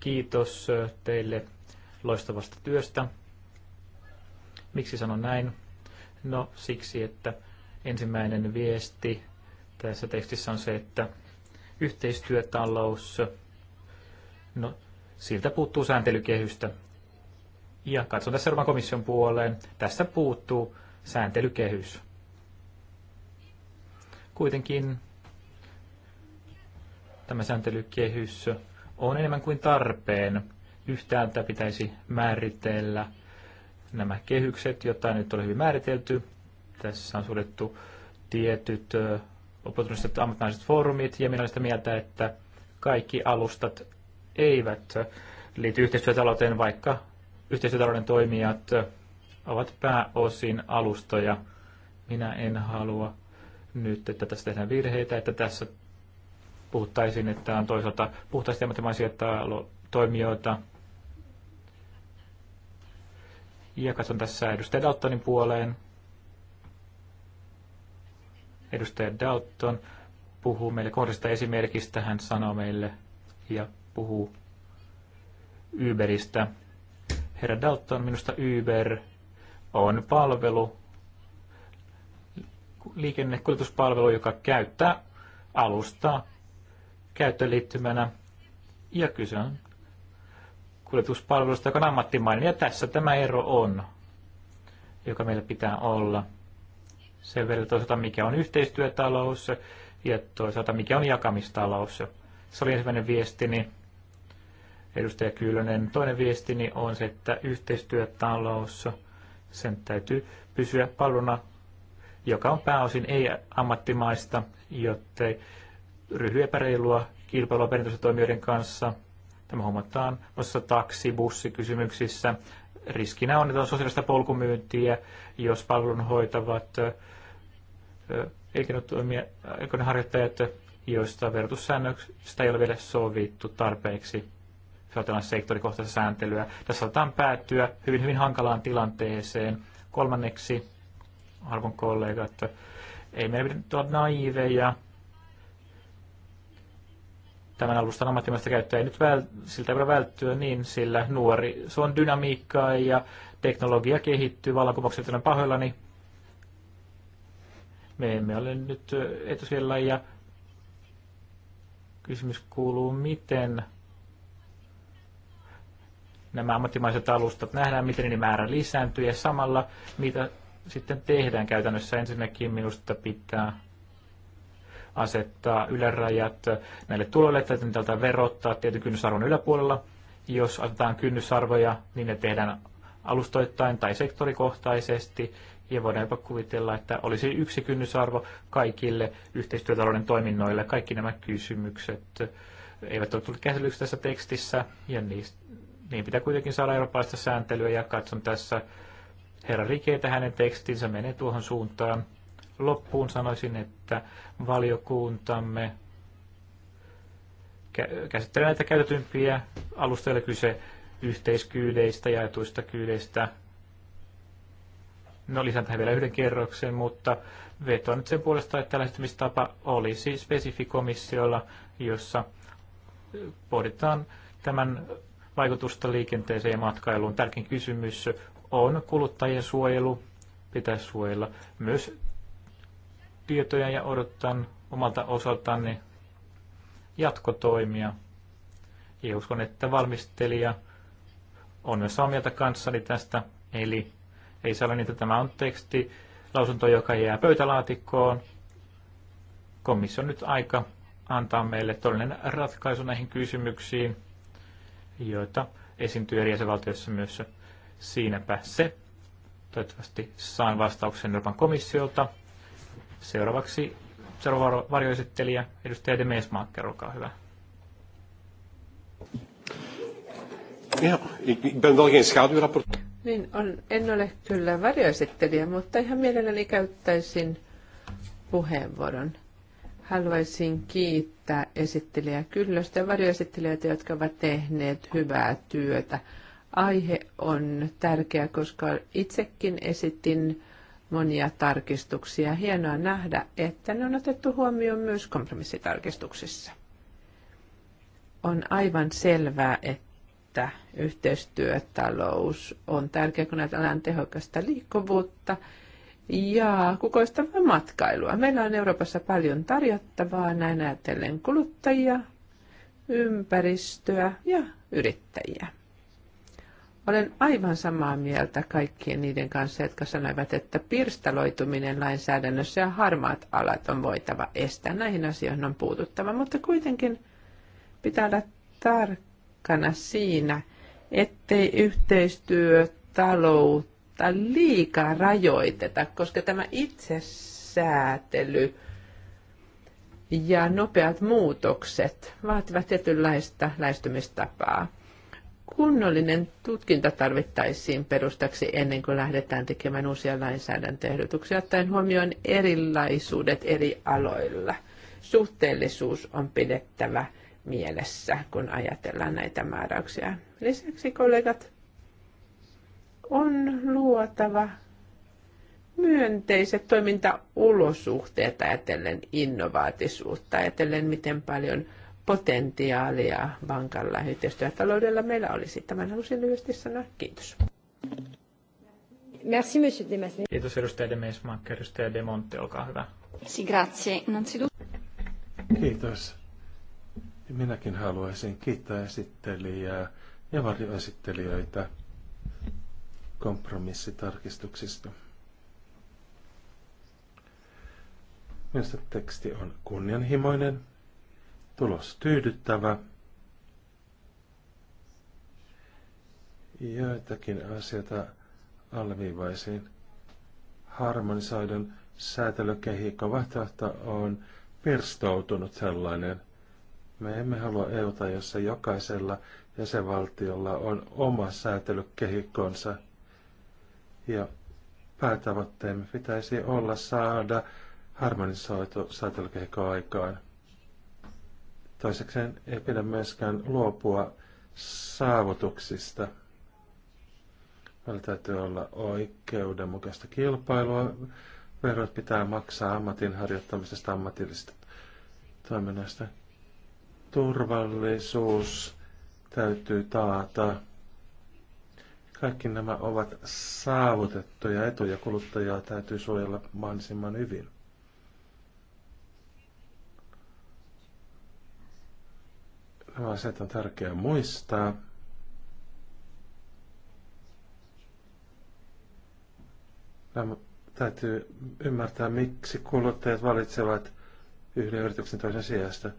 Kiitos äh, teille loistavasta työstä. Miksi sanon näin? No siksi, että ensimmäinen viesti tässä tekstissä on se, että yhteistyötalous, no siltä puuttuu sääntelykehystä. Ja katson tässä Euroopan komission puoleen. Tästä puuttuu sääntelykehys. Kuitenkin tämä sääntelykehys on enemmän kuin tarpeen. Yhtäältä pitäisi määritellä nämä kehykset, joita nyt on hyvin määritelty. Tässä on suljettu tietyt opportunistiset ammattilaiset foorumit, ja minä olen sitä mieltä, että kaikki alustat eivät liity yhteistyötalouteen, vaikka yhteisötalouden toimijat ovat pääosin alustoja. Minä en halua nyt, että tässä tehdään virheitä, että tässä puhuttaisiin, että on toisaalta puhtaasti ammattimaisia toimijoita. Ja katson tässä edustaja Daltonin puoleen. Edustaja Dalton puhuu meille kohdasta esimerkistä, hän sanoo meille ja puhuu Uberistä Herra Dalton, minusta Uber on palvelu, liikennekuljetuspalvelu, joka käyttää alustaa käyttöliittymänä. Ja kyse on kuljetuspalvelusta, joka on ammattimainen. Ja tässä tämä ero on, joka meillä pitää olla. Sen verran toisaalta, mikä on yhteistyötalous ja toisaalta, mikä on jakamistalous. Se oli ensimmäinen viestini. Niin edustaja Kyylönen. Toinen viestini on se, että yhteistyötalous, sen täytyy pysyä paluna joka on pääosin ei-ammattimaista, jotta ryhdy epäreilua kilpailua toimijoiden kanssa. Tämä huomataan osassa taksi- bussikysymyksissä. Riskinä on, että on sosiaalista polkumyyntiä, jos palvelun hoitavat elinkeinoharjoittajat, joista verotussäännöksistä ei ole vielä sovittu tarpeeksi jos ajatellaan sektorikohtaista sääntelyä. Tässä saatetaan päätyä hyvin, hyvin hankalaan tilanteeseen. Kolmanneksi, arvon kollegat, ei meidän pidä olla naiveja. Tämän alustan ammattimaista käyttöä ei nyt väl, siltä ei välttyä niin, sillä nuori, se on dynamiikkaa ja teknologia kehittyy vallankumoukset olen pahoillani. Me emme ole nyt etusijalla ja kysymys kuuluu, miten nämä ammattimaiset alustat, nähdään miten niiden määrä lisääntyy ja samalla mitä sitten tehdään käytännössä. Ensinnäkin minusta pitää asettaa ylärajat näille tuloille, että niitä verottaa tietyn kynnysarvon yläpuolella. Jos asetetaan kynnysarvoja, niin ne tehdään alustoittain tai sektorikohtaisesti, ja voidaan jopa kuvitella, että olisi yksi kynnysarvo kaikille yhteistyötalouden toiminnoille. Kaikki nämä kysymykset eivät ole tulleet käsitellyksi tässä tekstissä, ja niistä niin pitää kuitenkin saada eurooppalaista sääntelyä ja katson tässä herra Rikeitä hänen tekstinsä menee tuohon suuntaan. Loppuun sanoisin, että valiokuntamme käsittelee näitä käytetympiä alustoilla kyse yhteiskyydeistä, etuista kyydeistä. No lisään tähän vielä yhden kerroksen, mutta vetoan nyt sen puolesta, että lähestymistapa olisi spesifikomissiolla, jossa pohditaan tämän vaikutusta liikenteeseen ja matkailuun. Tärkein kysymys on kuluttajien suojelu. Pitäisi suojella myös tietoja ja odotan omalta osaltani jatkotoimia. Ja uskon, että valmistelija on myös samaa mieltä kanssani tästä. Eli ei saa niitä, tämä on teksti, lausunto, joka jää pöytälaatikkoon. Komissio on nyt aika antaa meille todellinen ratkaisu näihin kysymyksiin joita esiintyy eri jäsenvaltioissa myös siinäpä se. Toivottavasti saan vastauksen Euroopan komissiolta. Seuraavaksi seuraava varjoesittelijä, edustaja Demesmaker, olkaa hyvä. Niin, on, en ole kyllä varjoesittelijä, mutta ihan mielelläni käyttäisin puheenvuoron. Haluaisin kiittää esittelijä Kyllöstä ja varjoesittelijöitä, jotka ovat tehneet hyvää työtä. Aihe on tärkeä, koska itsekin esitin monia tarkistuksia. Hienoa nähdä, että ne on otettu huomioon myös kompromissitarkistuksissa. On aivan selvää, että yhteistyötalous on tärkeä, kun ajatellaan tehokasta liikkuvuutta – ja kukoistavaa matkailua. Meillä on Euroopassa paljon tarjottavaa näin ajatellen kuluttajia, ympäristöä ja yrittäjiä. Olen aivan samaa mieltä kaikkien niiden kanssa, jotka sanoivat, että pirstaloituminen lainsäädännössä ja harmaat alat on voitava estää. Näihin asioihin on puututtava, mutta kuitenkin pitää olla tarkkana siinä, ettei yhteistyö, talout oikeastaan liikaa rajoiteta, koska tämä itsesäätely ja nopeat muutokset vaativat tietynlaista lähestymistapaa. Kunnollinen tutkinta tarvittaisiin perustaksi ennen kuin lähdetään tekemään uusia lainsäädäntöehdotuksia, ottaen huomioon erilaisuudet eri aloilla. Suhteellisuus on pidettävä mielessä, kun ajatellaan näitä määräyksiä. Lisäksi kollegat on luotava myönteiset toimintaolosuhteet ajatellen innovaatisuutta, ajatellen miten paljon potentiaalia vankalla yhteistyötaloudella meillä olisi. Tämän halusin lyhyesti sanoa. Kiitos. Merci, monsieur Kiitos edustaja Demesmaker. Edustaja Demonte, olkaa hyvä. Si, grazie. Kiitos. Minäkin haluaisin kiittää esittelijää ja varjoesittelijöitä kompromissitarkistuksista. Minusta teksti on kunnianhimoinen, tulos tyydyttävä. Joitakin asioita alleviivaisiin. Harmonisoidun säätelykehikko vaihtoehto on pirstoutunut sellainen. Me emme halua EUta, jossa jokaisella jäsenvaltiolla on oma säätelykehikkonsa – ja päätavoitteemme pitäisi olla saada harmonisoitu säätelykehikko aikaan. Toisekseen ei pidä myöskään luopua saavutuksista. Meillä täytyy olla oikeudenmukaista kilpailua. Verot pitää maksaa ammatin harjoittamisesta, ammatillisesta toiminnasta. Turvallisuus täytyy taata. Kaikki nämä ovat saavutettuja etuja. Kuluttajaa täytyy suojella mahdollisimman hyvin. Nämä asiat on tärkeää muistaa. Nämä täytyy ymmärtää, miksi kuluttajat valitsevat yhden yrityksen toisen sijasta.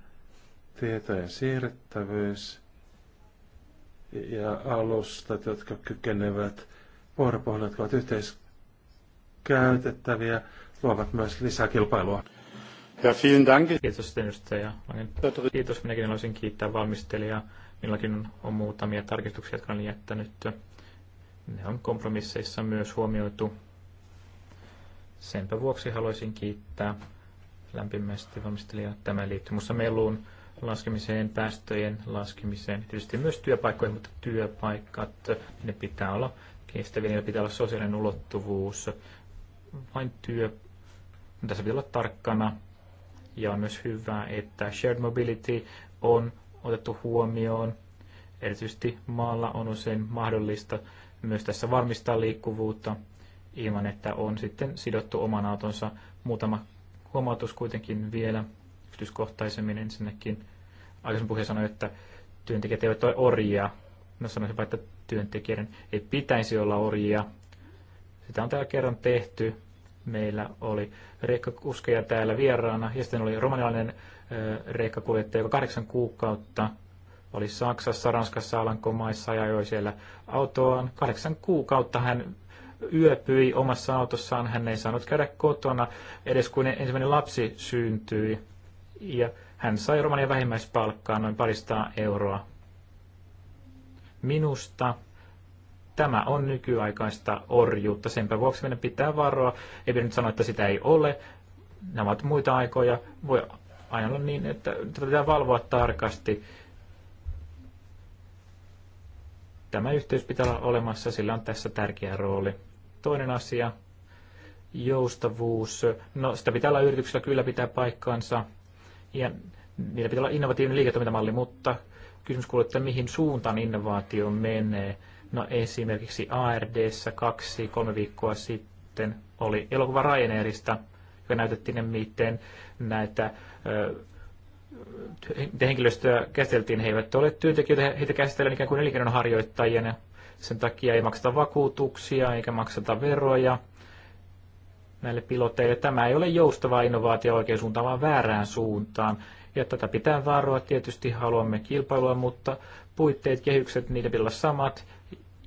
Tietojen siirrettävyys – ja alustat, jotka kykenevät vuoropohjille, jotka ovat yhteiskäytettäviä, luovat myös lisää kilpailua. Ja vielen dank. Kiitos edustaja. Kiitos. Minäkin haluaisin kiittää valmistelijaa. Minullakin on, on muutamia tarkistuksia, jotka olen jättänyt. Ne on kompromisseissa myös huomioitu. Senpä vuoksi haluaisin kiittää lämpimästi valmistelijaa. Tämä liittyy minussa meluun laskemiseen, päästöjen laskemiseen, tietysti myös työpaikkoihin, mutta työpaikat, ne pitää olla kestäviä, niillä pitää olla sosiaalinen ulottuvuus, vain työ, tässä pitää olla tarkkana, ja on myös hyvä, että shared mobility on otettu huomioon, erityisesti maalla on usein mahdollista myös tässä varmistaa liikkuvuutta ilman, että on sitten sidottu oman autonsa. Muutama huomautus kuitenkin vielä yksityiskohtaisemmin ensinnäkin aikaisemmin puhuja sanoi, että työntekijät eivät ole orjia. No sanoisinpa, että työntekijöiden ei pitäisi olla orjia. Sitä on täällä kerran tehty. Meillä oli rekkakuskeja täällä vieraana ja sitten oli romanialainen rekkakuljettaja, joka kahdeksan kuukautta oli Saksassa, Ranskassa, Alankomaissa ja ajoi siellä autoaan. Kahdeksan kuukautta hän yöpyi omassa autossaan, hän ei saanut käydä kotona edes kun ensimmäinen lapsi syntyi. Ja hän sai romania vähimmäispalkkaa noin parista euroa. Minusta tämä on nykyaikaista orjuutta. Senpä vuoksi meidän pitää varoa. Ei pidä nyt sanoa, että sitä ei ole. Nämä ovat muita aikoja. Voi aina olla niin, että tätä pitää valvoa tarkasti. Tämä yhteys pitää olla olemassa, sillä on tässä tärkeä rooli. Toinen asia, joustavuus. No, sitä pitää olla yrityksellä kyllä pitää paikkaansa, ja niillä pitää olla innovatiivinen liiketoimintamalli, mutta kysymys kuuluu, että mihin suuntaan innovaatio menee. No esimerkiksi ARDssä kaksi, kolme viikkoa sitten oli elokuva Ryanairista, joka näytettiin, miten näitä henkilöstöä käsiteltiin, he eivät ole työntekijöitä, heitä käsitellään ikään kuin elinkeinonharjoittajien. Sen takia ei makseta vakuutuksia eikä makseta veroja näille piloteille. Tämä ei ole joustava innovaatio oikein suuntaan, vaan väärään suuntaan. Ja tätä pitää varoa. Tietysti haluamme kilpailua, mutta puitteet, kehykset, niiden pitää olla samat.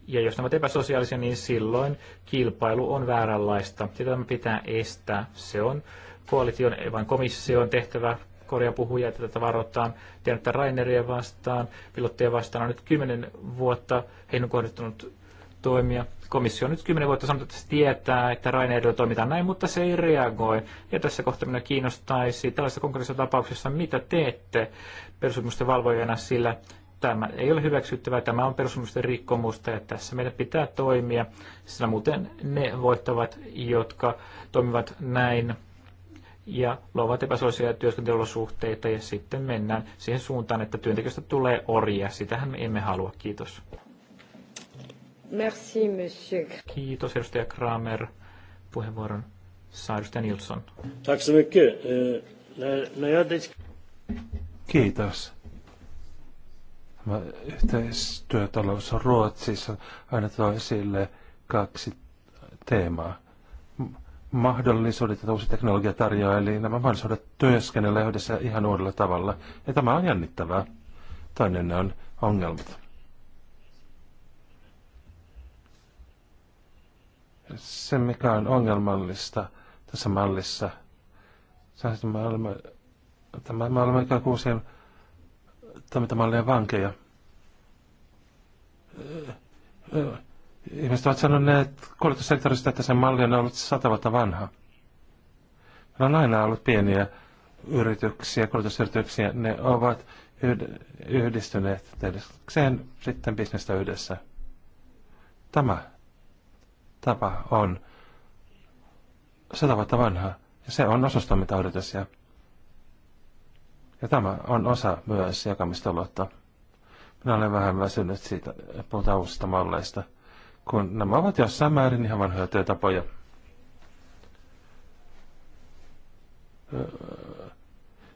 Ja jos ne ovat epäsosiaalisia, niin silloin kilpailu on vääränlaista. Ja tämä pitää estää. Se on koalition, ei vain komission tehtävä korja-puhuja että tätä varoittaa, Tiedän, että Raineria vastaan, pilotteja vastaan on nyt kymmenen vuotta heihin on kohdistunut toimia. Komissio on nyt kymmenen vuotta sanonut, että se tietää, että Raineerilla toimitaan näin, mutta se ei reagoi. Ja tässä kohtaa minä kiinnostaisi tällaisessa konkreettisessa tapauksessa, mitä teette perussopimusten valvojana, sillä tämä ei ole hyväksyttävää, tämä on perussopimusten rikkomusta ja tässä meidän pitää toimia, sillä muuten ne voittavat, jotka toimivat näin ja luovat epäsoisia työskentelyolosuhteita ja sitten mennään siihen suuntaan, että työntekijöistä tulee orjia. Sitähän me emme halua. Kiitos. Merci, monsieur. Kiitos, edustaja Kramer. Puheenvuoron saa edustaja Nilsson. Eh, Kiitos. Tämä Ruotsissa aina tuo esille kaksi teemaa. Mahdollisuudet, että uusi teknologia tarjoaa, eli nämä mahdollisuudet työskennellä yhdessä ihan uudella tavalla. Ja tämä on jännittävää. Toinen on ongelmat. se, mikä on ongelmallista tässä mallissa. Se on, että me olemme, tämä, me olemme ikään kuin usein toimintamallien vankeja. Ihmiset ovat sanoneet kuljetussektorista, että se malli on ollut sata vuotta vanha. Meillä on aina ollut pieniä yrityksiä, kuljetusyrityksiä. Ne ovat yhdistyneet tehdäkseen sitten bisnestä yhdessä. Tämä tapa on sata vuotta vanha. Ja se on osastoimintaodotus ja, ja tämä on osa myös jakamistaloutta. Minä olen vähän väsynyt siitä puhutaan uusista malleista, kun nämä ovat jossain määrin ihan vanhoja työtapoja.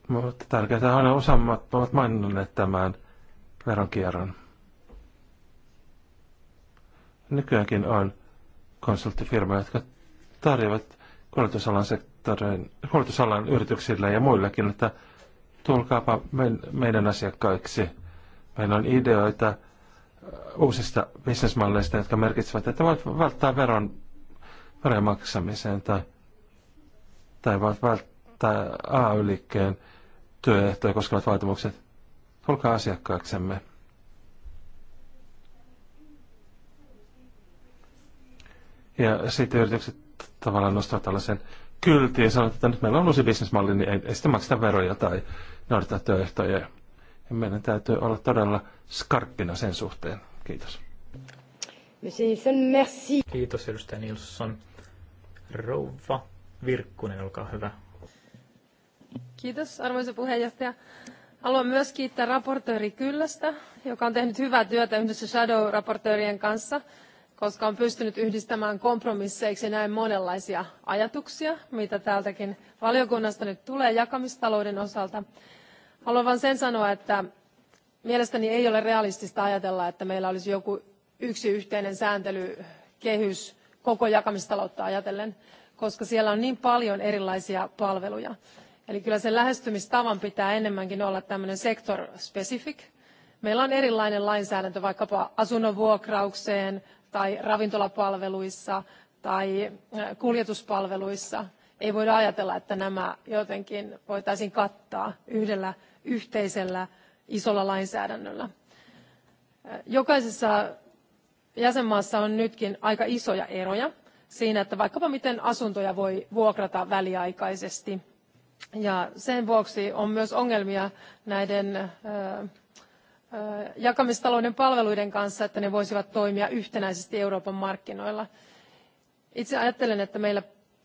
Mutta tärkeää on, useammat ovat maininneet tämän veronkierron. Nykyäänkin on konsulttifirmoja, jotka tarjoavat koulutusalan, sektoreen, koulutusalan yrityksille ja muillekin, että tulkaapa meidän asiakkaiksi. Meillä on ideoita äh, uusista bisnesmalleista, jotka merkitsevät, että voit välttää veron, veron maksamiseen tai, tai voit välttää AY-liikkeen työehtoja koskevat vaatimukset. Tulkaa asiakkaaksemme. Ja sitten yritykset tavallaan nostaa tällaisen kyltiin ja sanovat, että nyt meillä on uusi bisnesmalli, niin ei, ei sitten makseta veroja tai noudata työehtoja. Ja meidän täytyy olla todella skarppina sen suhteen. Kiitos. Merci. Kiitos edustaja Nilsson. Rouva Virkkunen, olkaa hyvä. Kiitos arvoisa puheenjohtaja. Haluan myös kiittää raportööri Kyllästä, joka on tehnyt hyvää työtä yhdessä shadow-raportöörien kanssa koska on pystynyt yhdistämään kompromisseiksi näin monenlaisia ajatuksia, mitä täältäkin valiokunnasta nyt tulee jakamistalouden osalta. Haluan vain sen sanoa, että mielestäni ei ole realistista ajatella, että meillä olisi joku yksi yhteinen sääntelykehys koko jakamistaloutta ajatellen, koska siellä on niin paljon erilaisia palveluja. Eli kyllä sen lähestymistavan pitää enemmänkin olla tämmöinen sektor specific. Meillä on erilainen lainsäädäntö vaikkapa asunnon vuokraukseen, tai ravintolapalveluissa tai kuljetuspalveluissa ei voida ajatella, että nämä jotenkin voitaisiin kattaa yhdellä yhteisellä isolla lainsäädännöllä. Jokaisessa jäsenmaassa on nytkin aika isoja eroja siinä, että vaikkapa miten asuntoja voi vuokrata väliaikaisesti. Ja sen vuoksi on myös ongelmia näiden jakamistalouden palveluiden kanssa, että ne voisivat toimia yhtenäisesti Euroopan markkinoilla. Itse ajattelen, että meillä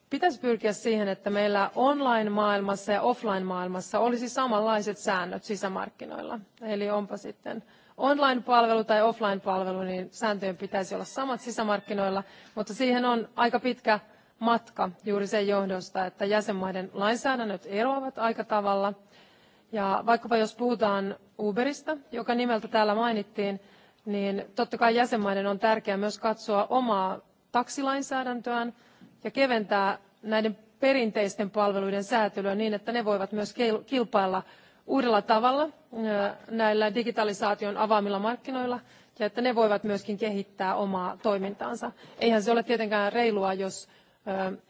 pitäisi pyrkiä siihen, että meillä online-maailmassa ja offline-maailmassa olisi samanlaiset säännöt sisämarkkinoilla. Eli onpa sitten online-palvelu tai offline-palvelu, niin sääntöjen pitäisi olla samat sisämarkkinoilla, mutta siihen on aika pitkä matka juuri sen johdosta, että jäsenmaiden lainsäädännöt eroavat aika tavalla – ja vaikkapa jos puhutaan Uberista, joka nimeltä täällä mainittiin, niin totta kai jäsenmaiden on tärkeää myös katsoa omaa taksilainsäädäntöään ja keventää näiden perinteisten palveluiden säätelyä niin, että ne voivat myös kilpailla uudella tavalla näillä digitalisaation avaamilla markkinoilla ja että ne voivat myöskin kehittää omaa toimintaansa. Eihän se ole tietenkään reilua, jos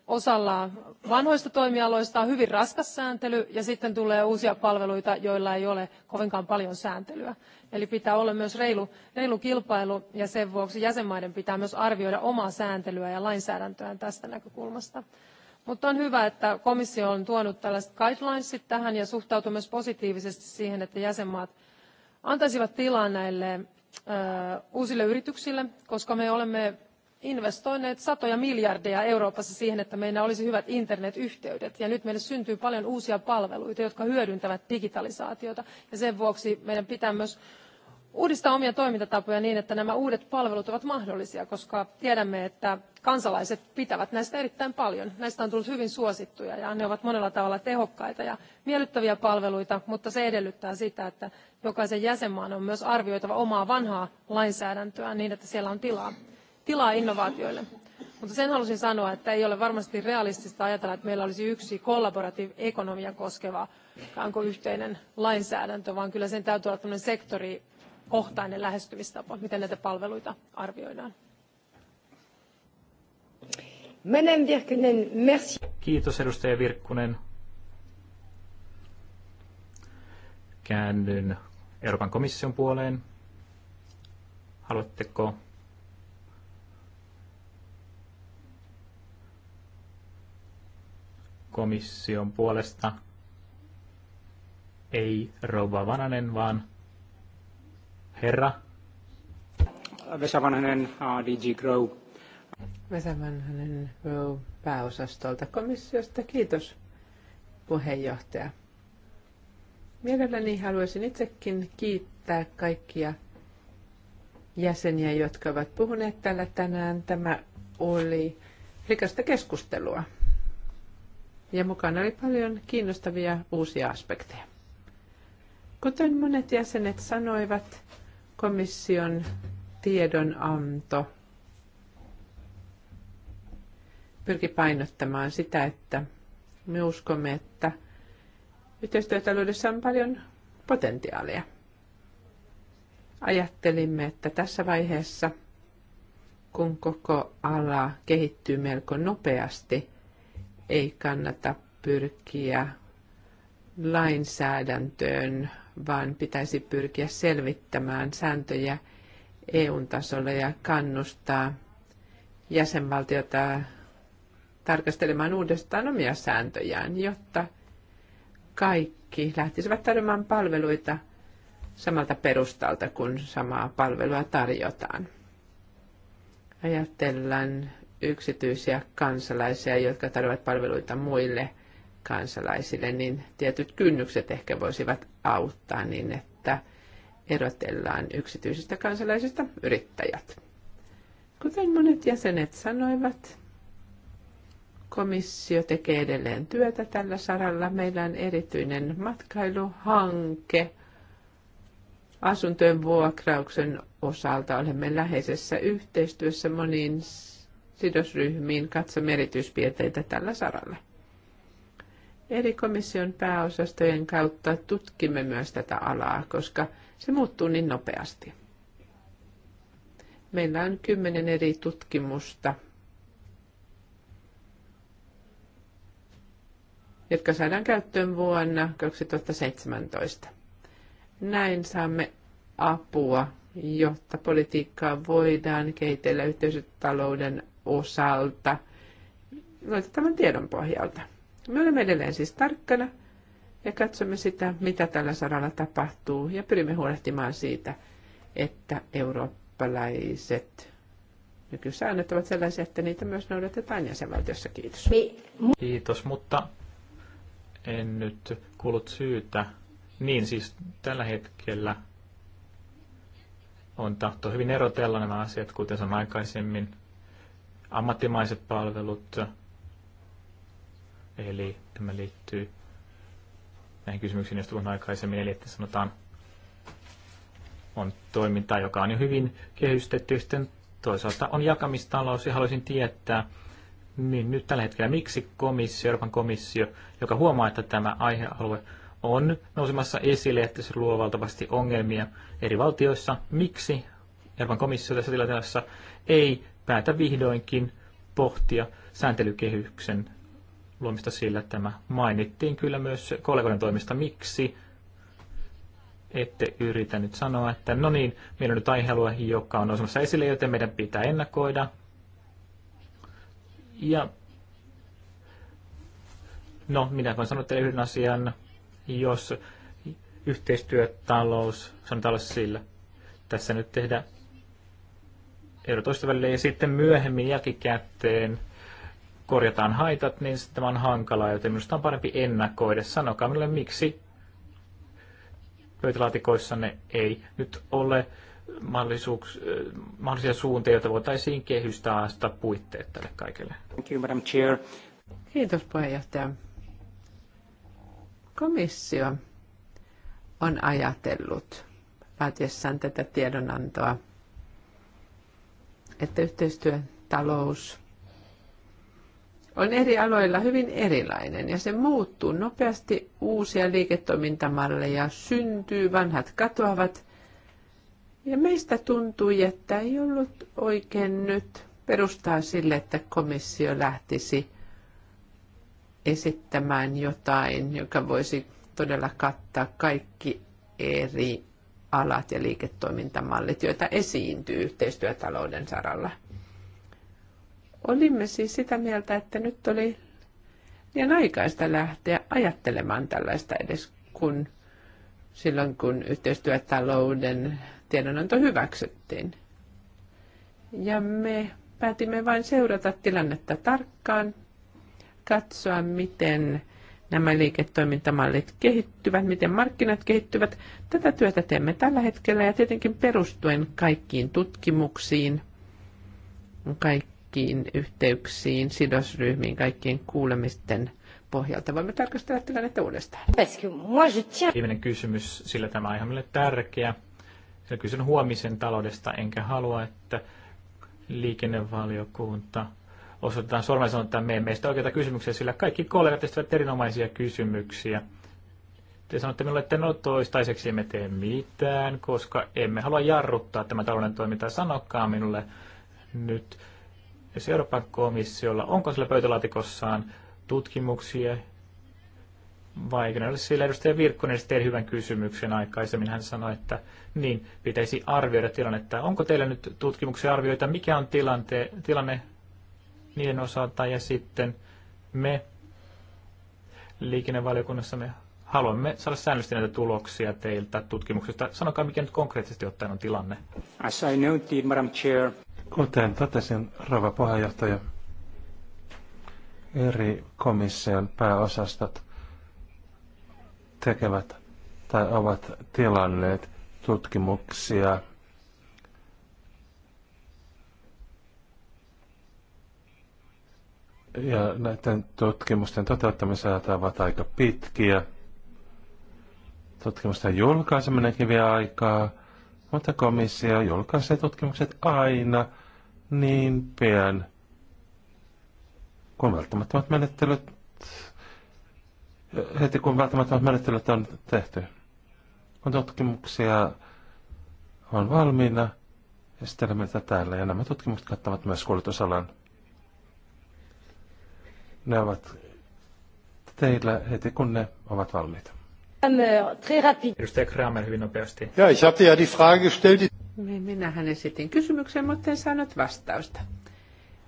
osalla vanhoista toimialoista on hyvin raskas sääntely ja sitten tulee uusia palveluita, joilla ei ole kovinkaan paljon sääntelyä. Eli pitää olla myös reilu, reilu kilpailu ja sen vuoksi jäsenmaiden pitää myös arvioida omaa sääntelyä ja lainsäädäntöään tästä näkökulmasta. Mutta on hyvä, että komissio on tuonut tällaiset guidelinesit tähän ja suhtautuu myös positiivisesti siihen, että jäsenmaat antaisivat tilaa näille ö, uusille yrityksille, koska me olemme investoineet satoja miljardeja Euroopassa siihen, että meillä olisi hyvät internetyhteydet. Ja nyt meille syntyy paljon uusia palveluita, jotka hyödyntävät digitalisaatiota. Ja sen vuoksi meidän pitää myös uudistaa omia toimintatapoja niin, että nämä uudet palvelut ovat mahdollisia, koska tiedämme, että kansalaiset pitävät näistä erittäin paljon. Näistä on tullut hyvin suosittuja ja ne ovat monella tavalla tehokkaita ja miellyttäviä palveluita, mutta se edellyttää sitä, että jokaisen jäsenmaan on myös arvioitava omaa vanhaa lainsäädäntöä niin, että siellä on tilaa tilaa innovaatioille. Mutta sen halusin sanoa, että ei ole varmasti realistista ajatella, että meillä olisi yksi ekonomia koskeva onko yhteinen lainsäädäntö, vaan kyllä sen täytyy olla tämmöinen sektorikohtainen lähestymistapa, miten näitä palveluita arvioidaan. Virkkunen, merci. Kiitos edustaja Virkkunen. Käännyn Euroopan komission puoleen. Haluatteko komission puolesta. Ei rouva Vananen, vaan herra. Vesa Vanhanen, DG Grow. Vesa Vanhanen Grow pääosastolta komissiosta. Kiitos puheenjohtaja. Mielelläni haluaisin itsekin kiittää kaikkia jäseniä, jotka ovat puhuneet täällä tänään. Tämä oli rikasta keskustelua ja mukana oli paljon kiinnostavia uusia aspekteja. Kuten monet jäsenet sanoivat, komission tiedonanto pyrki painottamaan sitä, että me uskomme, että yhteistyötaloudessa on paljon potentiaalia. Ajattelimme, että tässä vaiheessa, kun koko ala kehittyy melko nopeasti – ei kannata pyrkiä lainsäädäntöön, vaan pitäisi pyrkiä selvittämään sääntöjä EU-tasolla ja kannustaa jäsenvaltiota tarkastelemaan uudestaan omia sääntöjään, jotta kaikki lähtisivät tarjoamaan palveluita samalta perustalta, kun samaa palvelua tarjotaan. Ajatellaan yksityisiä kansalaisia, jotka tarvitsevat palveluita muille kansalaisille, niin tietyt kynnykset ehkä voisivat auttaa niin, että erotellaan yksityisistä kansalaisista yrittäjät. Kuten monet jäsenet sanoivat, komissio tekee edelleen työtä tällä saralla. Meillä on erityinen matkailuhanke. Asuntojen vuokrauksen osalta olemme läheisessä yhteistyössä moniin sidosryhmiin, katsomme erityispiirteitä tällä saralla. Eri komission pääosastojen kautta tutkimme myös tätä alaa, koska se muuttuu niin nopeasti. Meillä on kymmenen eri tutkimusta, jotka saadaan käyttöön vuonna 2017. Näin saamme apua, jotta politiikkaa voidaan kehitellä yhteisötalouden osalta luotettavan tiedon pohjalta. Me olemme edelleen siis tarkkana ja katsomme sitä, mitä tällä saralla tapahtuu ja pyrimme huolehtimaan siitä, että eurooppalaiset nykysäännöt ovat sellaisia, että niitä myös noudatetaan jäsenvaltiossa. Kiitos. Kiitos, mutta en nyt kuullut syytä. Niin siis tällä hetkellä on tahto hyvin erotella nämä asiat, kuten sanoin aikaisemmin ammattimaiset palvelut. Eli tämä liittyy näihin kysymyksiin, joista on aikaisemmin, eli että sanotaan on toimintaa, joka on jo hyvin kehystetty, sitten toisaalta on jakamistalous, ja haluaisin tietää, niin nyt tällä hetkellä miksi komissio, Euroopan komissio, joka huomaa, että tämä aihealue on nousemassa esille, että se luo valtavasti ongelmia eri valtioissa, miksi Euroopan komissio tässä tilanteessa ei päätä vihdoinkin pohtia sääntelykehyksen luomista sillä, että tämä mainittiin kyllä myös kollegoiden toimista. Miksi ette yritä nyt sanoa, että no niin, meillä on nyt aihealue, joka on nousemassa esille, joten meidän pitää ennakoida. Ja no, minä voin sanoa teille yhden asian, jos yhteistyötalous, sanotaan olla sillä, tässä nyt tehdään erotoista välillä ja sitten myöhemmin jälkikäteen korjataan haitat, niin sitten tämä on hankalaa, joten minusta on parempi ennakoida. Sanokaa minulle, miksi pöytälaatikoissanne ei nyt ole mahdollisuus, äh, mahdollisia suuntia, joita voitaisiin kehystää sitä puitteet tälle kaikille. Thank you, Madam Chair. Kiitos puheenjohtaja. Komissio on ajatellut laatiessaan tätä tiedonantoa – että yhteistyötalous on eri aloilla hyvin erilainen ja se muuttuu nopeasti. Uusia liiketoimintamalleja syntyy, vanhat katoavat. Ja meistä tuntui, että ei ollut oikein nyt perustaa sille, että komissio lähtisi esittämään jotain, joka voisi todella kattaa kaikki eri alat ja liiketoimintamallit, joita esiintyy yhteistyötalouden saralla. Olimme siis sitä mieltä, että nyt oli liian aikaista lähteä ajattelemaan tällaista edes, kun silloin kun yhteistyötalouden tiedonanto hyväksyttiin. Ja me päätimme vain seurata tilannetta tarkkaan, katsoa miten nämä liiketoimintamallit kehittyvät, miten markkinat kehittyvät. Tätä työtä teemme tällä hetkellä ja tietenkin perustuen kaikkiin tutkimuksiin, kaikkiin yhteyksiin, sidosryhmiin, kaikkien kuulemisten pohjalta. Voimme tarkastella tilannetta uudestaan. Viimeinen kysymys, sillä tämä on ihan meille tärkeä. Sillä kysyn huomisen taloudesta, enkä halua, että liikennevaliokunta osoitetaan sormella sanotaan, että me emme meistä oikeita kysymyksiä, sillä kaikki kollegat esittävät erinomaisia kysymyksiä. Te sanotte minulle, että no toistaiseksi emme tee mitään, koska emme halua jarruttaa tämä talouden toimintaa. Sanokaa minulle nyt, jos Euroopan komissiolla, onko sillä pöytälaatikossaan tutkimuksia, vai eikö ne ole sillä edustaja Virkkonen sitten hyvän kysymyksen aikaisemmin. Hän sanoi, että niin, pitäisi arvioida tilannetta. Onko teillä nyt tutkimuksia arvioita, mikä on tilante, tilanne niiden osalta ja sitten me liikennevaliokunnassa me haluamme saada säännöllisesti näitä tuloksia teiltä tutkimuksesta. Sanokaa, mikä nyt konkreettisesti ottaen on tilanne. As I noted, Madam Chair. Kuten totesin, Rova puheenjohtaja, eri komission pääosastot tekevät tai ovat tilanneet tutkimuksia Ja näiden tutkimusten toteuttamiset ovat aika pitkiä. Tutkimusten julkaiseminenkin vie aikaa, mutta komissio julkaisee tutkimukset aina niin pian, kun välttämättömät menettelyt, heti kun välttämättömät menettelyt on tehty. Kun tutkimuksia on valmiina, esittelemme tätä täällä ja nämä tutkimukset kattavat myös kuljetusalan ne ovat teillä heti, kun ne ovat valmiita. Edustaja Kramer hyvin nopeasti. Ja, ich hatte ja die Frage gestellt. Niin, minähän esitin kysymyksen, mutta en saanut vastausta.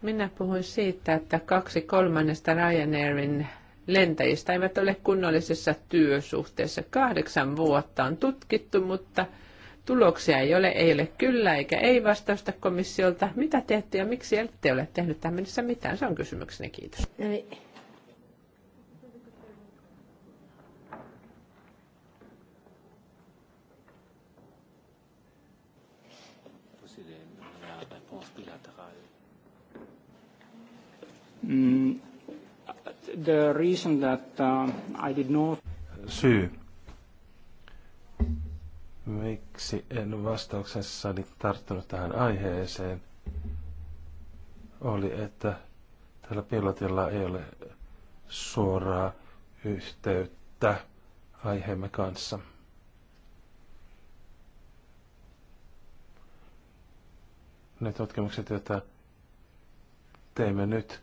Minä puhuin siitä, että kaksi kolmannesta Ryanairin lentäjistä eivät ole kunnollisessa työsuhteessa. Kahdeksan vuotta on tutkittu, mutta Tuloksia ei ole, ei ole kyllä eikä ei vastausta komissiolta. Mitä teette ja miksi ette ole tehnyt tähän mennessä mitään? Se on kysymykseni. Kiitos. No niin. mm, the reason that uh, I did not... Syy, miksi en vastauksessani tarttunut tähän aiheeseen, oli, että tällä pilotilla ei ole suoraa yhteyttä aiheemme kanssa. Ne tutkimukset, joita teemme nyt,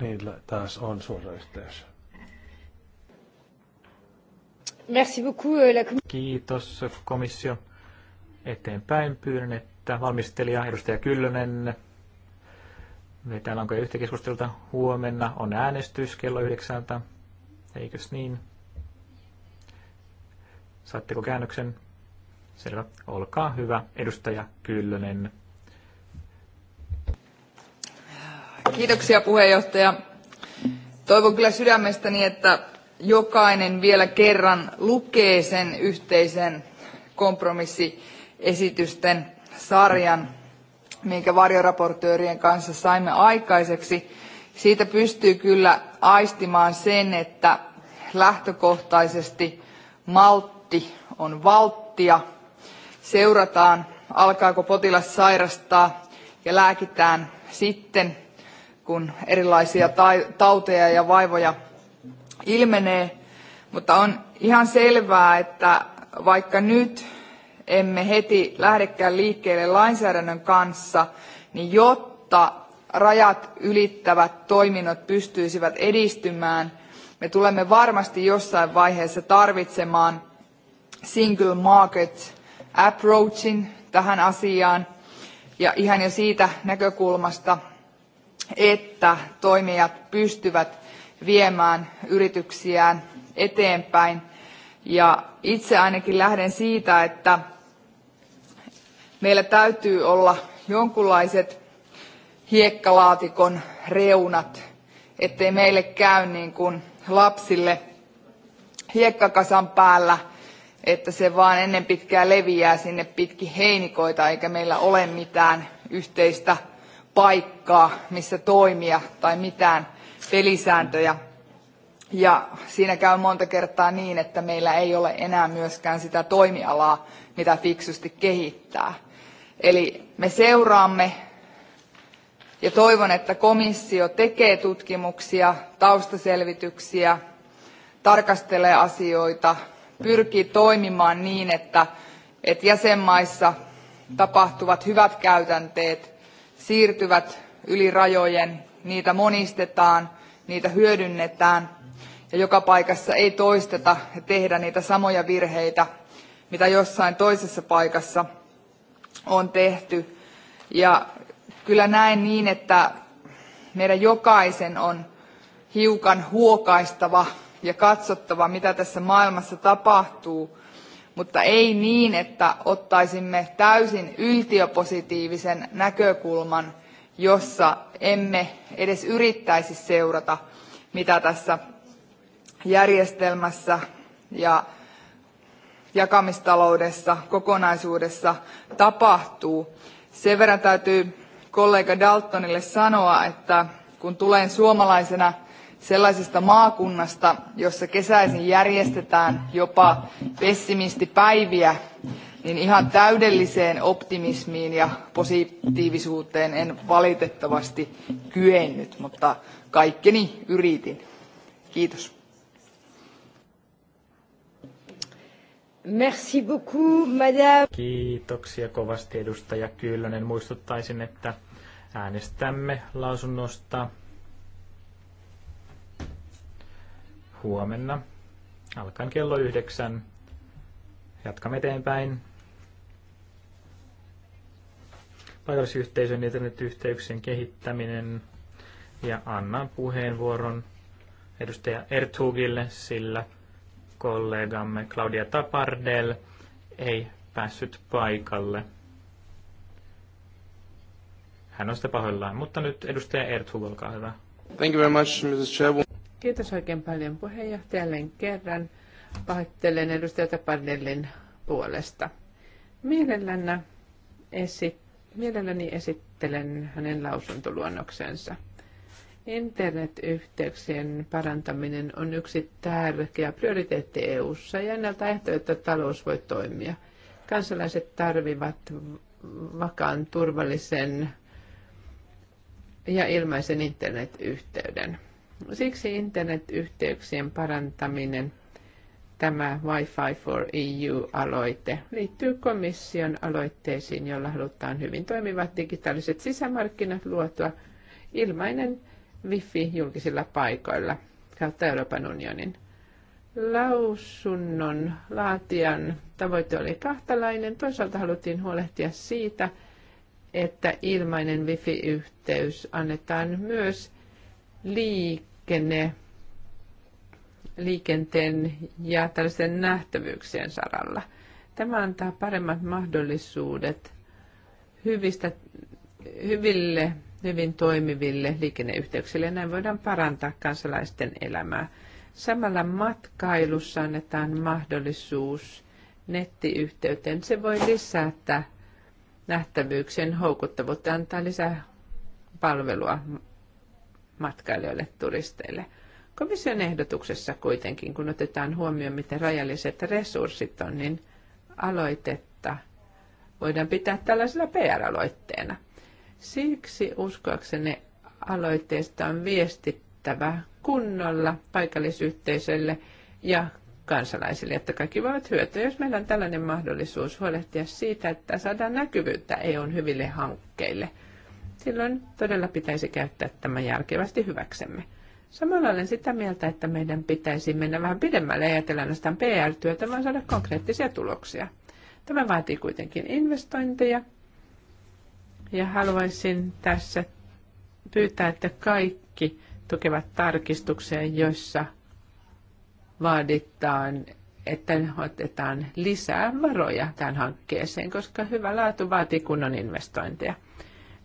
niillä taas on suora yhteys. Merci beaucoup, euh, la... Kiitos komissio. Eteenpäin pyydän, että valmistelija edustaja Kyllönen täällä onko yhtä keskustelta huomenna. On äänestys kello yhdeksältä. Eikös niin? Saatteko käännöksen? Selvä. Olkaa hyvä, edustaja Kyllönen. Kiitoksia puheenjohtaja. Toivon kyllä sydämestäni, että jokainen vielä kerran lukee sen yhteisen kompromissiesitysten sarjan, minkä varjoraportöörien kanssa saimme aikaiseksi. Siitä pystyy kyllä aistimaan sen, että lähtökohtaisesti maltti on valttia. Seurataan, alkaako potilas sairastaa ja lääkitään sitten, kun erilaisia tauteja ja vaivoja ilmenee, mutta on ihan selvää, että vaikka nyt emme heti lähdekään liikkeelle lainsäädännön kanssa, niin jotta rajat ylittävät toiminnot pystyisivät edistymään, me tulemme varmasti jossain vaiheessa tarvitsemaan single market approachin tähän asiaan. Ja ihan jo siitä näkökulmasta, että toimijat pystyvät viemään yrityksiään eteenpäin. Ja itse ainakin lähden siitä, että meillä täytyy olla jonkunlaiset hiekkalaatikon reunat, ettei meille käy niin kuin lapsille hiekkakasan päällä, että se vaan ennen pitkää leviää sinne pitkin heinikoita, eikä meillä ole mitään yhteistä paikkaa, missä toimia tai mitään pelisääntöjä. Ja siinä käy monta kertaa niin, että meillä ei ole enää myöskään sitä toimialaa, mitä fiksusti kehittää. Eli me seuraamme ja toivon, että komissio tekee tutkimuksia, taustaselvityksiä, tarkastelee asioita, pyrkii toimimaan niin, että, että jäsenmaissa tapahtuvat hyvät käytänteet siirtyvät yli rajojen niitä monistetaan, niitä hyödynnetään ja joka paikassa ei toisteta ja tehdä niitä samoja virheitä, mitä jossain toisessa paikassa on tehty. Ja kyllä näen niin, että meidän jokaisen on hiukan huokaistava ja katsottava, mitä tässä maailmassa tapahtuu, mutta ei niin, että ottaisimme täysin yltiöpositiivisen näkökulman jossa emme edes yrittäisi seurata, mitä tässä järjestelmässä ja jakamistaloudessa kokonaisuudessa tapahtuu. Sen verran täytyy kollega Daltonille sanoa, että kun tulen suomalaisena sellaisesta maakunnasta, jossa kesäisin järjestetään jopa pessimistipäiviä niin ihan täydelliseen optimismiin ja positiivisuuteen en valitettavasti kyennyt, mutta kaikkeni yritin. Kiitos. Merci beaucoup, madame. Kiitoksia kovasti edustaja Kyllönen. Muistuttaisin, että äänestämme lausunnosta huomenna alkaen kello yhdeksän. Jatkamme eteenpäin. paikallisyhteisön internetyhteyksien kehittäminen. Ja annan puheenvuoron edustaja Ertugille, sillä kollegamme Claudia Tapardel ei päässyt paikalle. Hän on sitä pahoillaan, mutta nyt edustaja Ertug, olkaa hyvä. Thank you very much, Mrs. Chairwoman. Kiitos oikein paljon puheenjohtajalle kerran. Pahoittelen edustaja Tapardellin puolesta. Mielellänä esittää Mielelläni esittelen hänen lausuntoluonnoksensa. Internetyhteyksien parantaminen on yksi tärkeä prioriteetti EU-ssa ja ennaltaehto, että talous voi toimia. Kansalaiset tarvivat vakaan, turvallisen ja ilmaisen internetyhteyden. Siksi internetyhteyksien parantaminen tämä Wi-Fi for EU-aloite liittyy komission aloitteisiin, jolla halutaan hyvin toimivat digitaaliset sisämarkkinat luotua ilmainen wifi julkisilla paikoilla kautta Euroopan unionin. Lausunnon laatijan tavoite oli kahtalainen. Toisaalta haluttiin huolehtia siitä, että ilmainen wifi-yhteys annetaan myös liikenne liikenteen ja tällaisen nähtävyyksien saralla. Tämä antaa paremmat mahdollisuudet hyvistä, hyville, hyvin toimiville liikenneyhteyksille. Näin voidaan parantaa kansalaisten elämää. Samalla matkailussa annetaan mahdollisuus nettiyhteyteen. Se voi lisätä nähtävyyksien houkuttavuutta, antaa lisää palvelua matkailijoille, turisteille – Komission ehdotuksessa kuitenkin, kun otetaan huomioon, miten rajalliset resurssit on, niin aloitetta voidaan pitää tällaisella PR-aloitteena. Siksi uskoakseni aloitteesta on viestittävä kunnolla paikallisyhteisölle ja kansalaisille, että kaikki voivat hyötyä, jos meillä on tällainen mahdollisuus huolehtia siitä, että saadaan näkyvyyttä EUn hyville hankkeille. Silloin todella pitäisi käyttää tämä järkevästi hyväksemme. Samalla olen sitä mieltä, että meidän pitäisi mennä vähän pidemmälle ajatella ainoastaan PR-työtä, vaan saada konkreettisia tuloksia. Tämä vaatii kuitenkin investointeja. Ja haluaisin tässä pyytää, että kaikki tukevat tarkistukseen, joissa vaaditaan, että otetaan lisää varoja tähän hankkeeseen, koska hyvä laatu vaatii kunnon investointeja.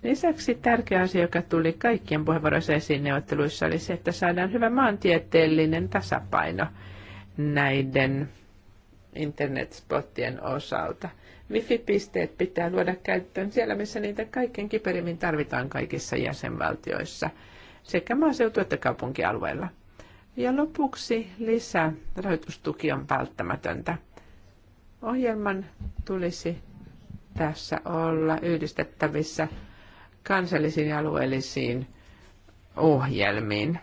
Lisäksi tärkeä asia, joka tuli kaikkien puheenvuoroissa esiin neuvotteluissa, oli se, että saadaan hyvä maantieteellinen tasapaino näiden internetspottien osalta. Wifi-pisteet pitää luoda käyttöön siellä, missä niitä kaikkein kiperimmin tarvitaan kaikissa jäsenvaltioissa, sekä maaseutu- että kaupunkialueilla. Ja lopuksi lisää rahoitustuki on välttämätöntä. Ohjelman tulisi tässä olla yhdistettävissä – kansallisiin ja alueellisiin ohjelmiin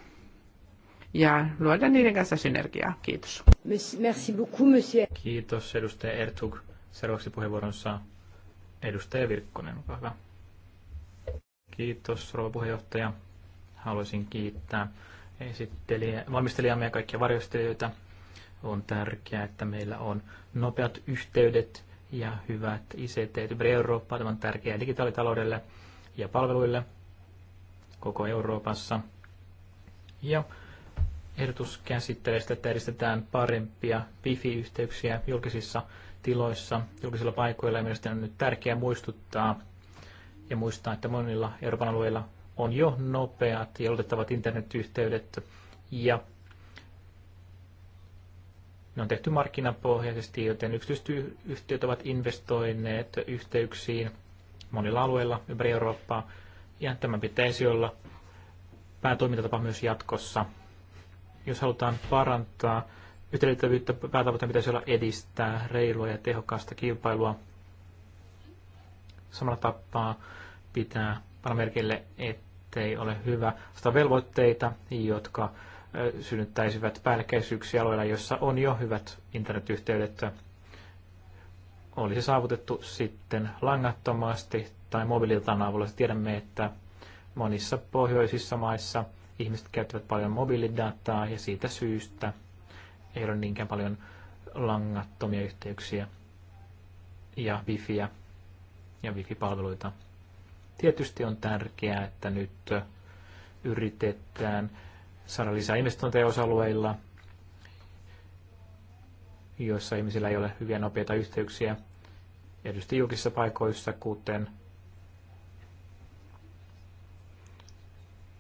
ja luoda niiden kanssa synergiaa. Kiitos. Merci beaucoup, monsieur. Kiitos edustaja Ertug. Seuraavaksi saa edustaja Virkkonen, olkaa hyvä. Kiitos rouva puheenjohtaja. Haluaisin kiittää esittelijä, valmistelijamme ja kaikkia varjostelijoita. On tärkeää, että meillä on nopeat yhteydet ja hyvät ICT ympäri Eurooppaa. Tämä on tärkeää digitaalitaloudelle ja palveluille koko Euroopassa. Ja ehdotus käsittelee sitä, että edistetään parempia wifi-yhteyksiä julkisissa tiloissa, julkisilla paikoilla. Ja mielestäni on nyt tärkeää muistuttaa ja muistaa, että monilla Euroopan alueilla on jo nopeat ja luotettavat internetyhteydet ja ne on tehty markkinapohjaisesti, joten yksityiset yhtiöt ovat investoineet yhteyksiin – monilla alueilla ympäri Eurooppaa, ja tämä pitäisi olla päätoimintatapa myös jatkossa. Jos halutaan parantaa yhteydettävyyttä, päätavoitteen pitäisi olla edistää reilua ja tehokasta kilpailua. Samalla tapaa pitää panna merkille, ettei ole hyvä sitä velvoitteita, jotka synnyttäisivät päällekkäisyyksiä alueilla, joissa on jo hyvät internetyhteydet olisi saavutettu sitten langattomasti tai mobiililtaan avulla. Siis tiedämme, että monissa pohjoisissa maissa ihmiset käyttävät paljon mobiilidataa ja siitä syystä ei ole niinkään paljon langattomia yhteyksiä ja wifiä ja wifi-palveluita. Tietysti on tärkeää, että nyt yritetään saada lisää investointeja osa-alueilla, joissa ihmisillä ei ole hyviä nopeita yhteyksiä, erityisesti julkisissa paikoissa, kuten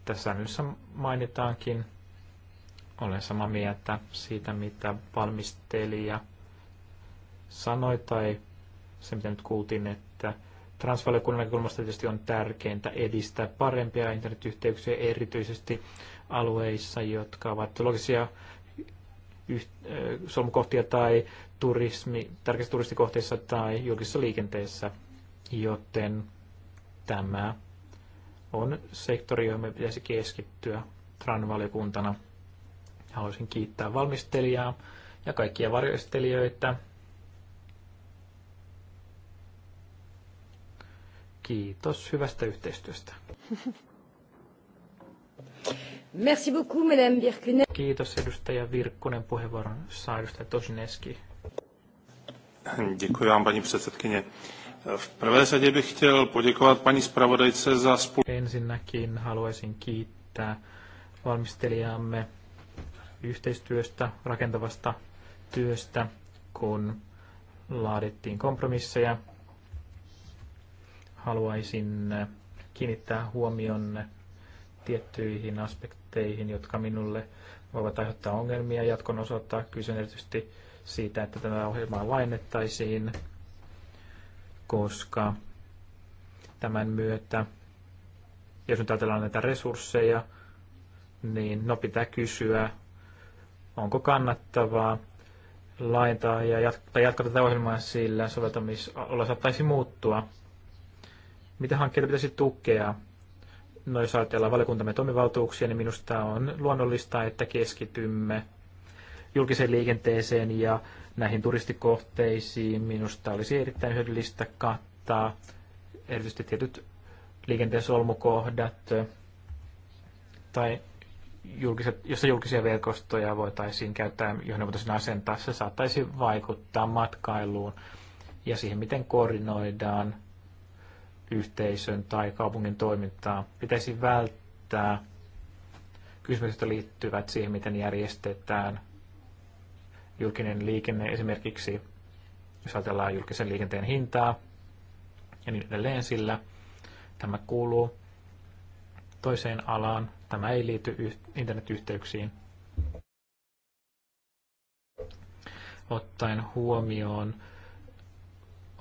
tässä nyt mainitaankin. Olen samaa mieltä siitä, mitä valmistelija sanoi tai se, mitä nyt kuultiin, että transvaliokunnan näkökulmasta tietysti on tärkeintä edistää parempia internetyhteyksiä erityisesti alueissa, jotka ovat logisia solmukohtia tai turismi, tärkeissä turistikohteissa tai julkisessa liikenteessä, joten tämä on sektori, johon me pitäisi keskittyä TRAN-valiokuntana. Haluaisin kiittää valmistelijaa ja kaikkia varjoistelijoita. Kiitos hyvästä yhteistyöstä. [LAUGHS] Merci beaucoup, Madame Virkkunen. Kiitos edustaja Virkkunen puheenvuoron saa edustaja Tosineski. Děkuji vám, paní předsedkyně. V prvé řadě bych chtěl poděkovat paní zpravodajce za spolu... Ensinnäkin haluaisin kiittää valmistelijamme yhteistyöstä, rakentavasta työstä, kun laadittiin kompromisseja. Haluaisin kiinnittää huomionne tiettyihin aspekteihin, jotka minulle voivat aiheuttaa ongelmia jatkon osoittaa. Kysyn erityisesti siitä, että tämä ohjelma lainettaisiin, koska tämän myötä, jos nyt ajatellaan näitä resursseja, niin no pitää kysyä, onko kannattavaa laintaa ja jatkaa, jatkaa tätä ohjelmaa sillä soveltamisolla saattaisi muuttua. Mitä hankkeita pitäisi tukea? No jos ajatellaan valiokuntamme toimivaltuuksia, niin minusta on luonnollista, että keskitymme julkiseen liikenteeseen ja näihin turistikohteisiin. Minusta olisi erittäin hyödyllistä kattaa erityisesti tietyt liikenteen solmukohdat tai julkiset, jossa julkisia verkostoja voitaisiin käyttää, johon ne voitaisiin asentaa, se saattaisi vaikuttaa matkailuun ja siihen, miten koordinoidaan yhteisön tai kaupungin toimintaa. Pitäisi välttää kysymykset, jotka liittyvät siihen, miten järjestetään julkinen liikenne esimerkiksi, jos ajatellaan julkisen liikenteen hintaa ja niin edelleen sillä. Tämä kuuluu toiseen alaan. Tämä ei liity internetyhteyksiin. Ottaen huomioon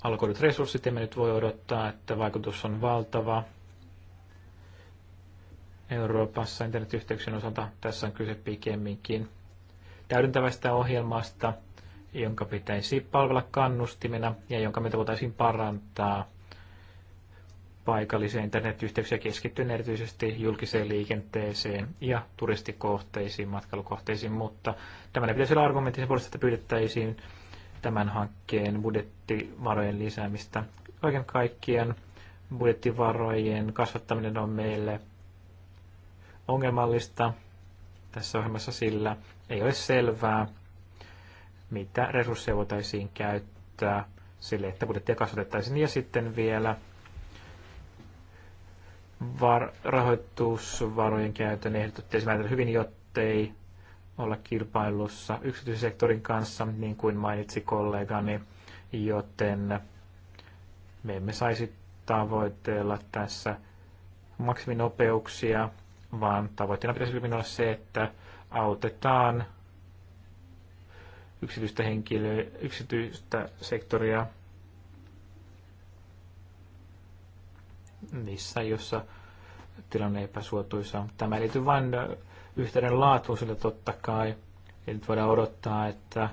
alkoidut resurssit, emme nyt voi odottaa, että vaikutus on valtava. Euroopassa internetyhteyksien osalta tässä on kyse pikemminkin täydentävästä ohjelmasta, jonka pitäisi palvella kannustimena ja jonka me voitaisiin parantaa paikalliseen internetyhteyksiä keskittyen erityisesti julkiseen liikenteeseen ja turistikohteisiin, matkailukohteisiin, mutta tämä pitäisi olla argumentti sen puolesta, että pyydettäisiin tämän hankkeen budjettivarojen lisäämistä. Kaiken kaikkien budjettivarojen kasvattaminen on meille ongelmallista tässä ohjelmassa, sillä ei ole selvää, mitä resursseja voitaisiin käyttää sille, että budjettia kasvatettaisiin. Ja sitten vielä var- rahoitusvarojen käytön ehdotettiin hyvin, jottei olla kilpailussa yksityissektorin kanssa, niin kuin mainitsi kollegani, joten me emme saisi tavoitella tässä maksiminopeuksia, vaan tavoitteena pitäisi hyvin olla se, että autetaan yksityistä, henkilöä, yksityistä sektoria niissä, jossa tilanne epäsuotuisa. Tämä liittyy vain yhteyden laatuisille totta kai. Eli nyt voidaan odottaa, että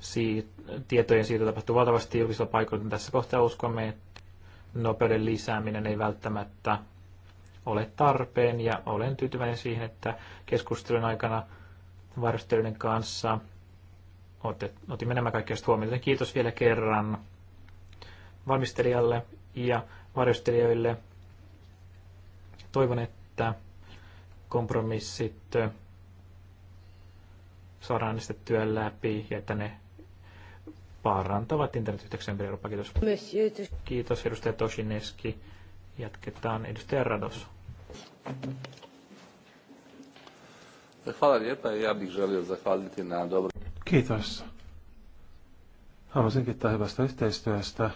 siit, tietojen siirto tapahtuu valtavasti julkisilla paikoilla. Tässä kohtaa uskomme, että nopeuden lisääminen ei välttämättä ole tarpeen ja olen tyytyväinen siihen, että keskustelun aikana varustelijoiden kanssa Otin otimme nämä kaikki huomioon. Kiitos vielä kerran valmistelijalle ja varustelijoille Toivon, että kompromissit saadaan estettyä läpi ja että ne parantavat internetyhteyksien Eurooppaa. Kiitos. Kiitos edustaja Tosineski. Jatketaan edustaja Rados. ja Kiitos. Haluaisin kiittää hyvästä yhteistyöstä.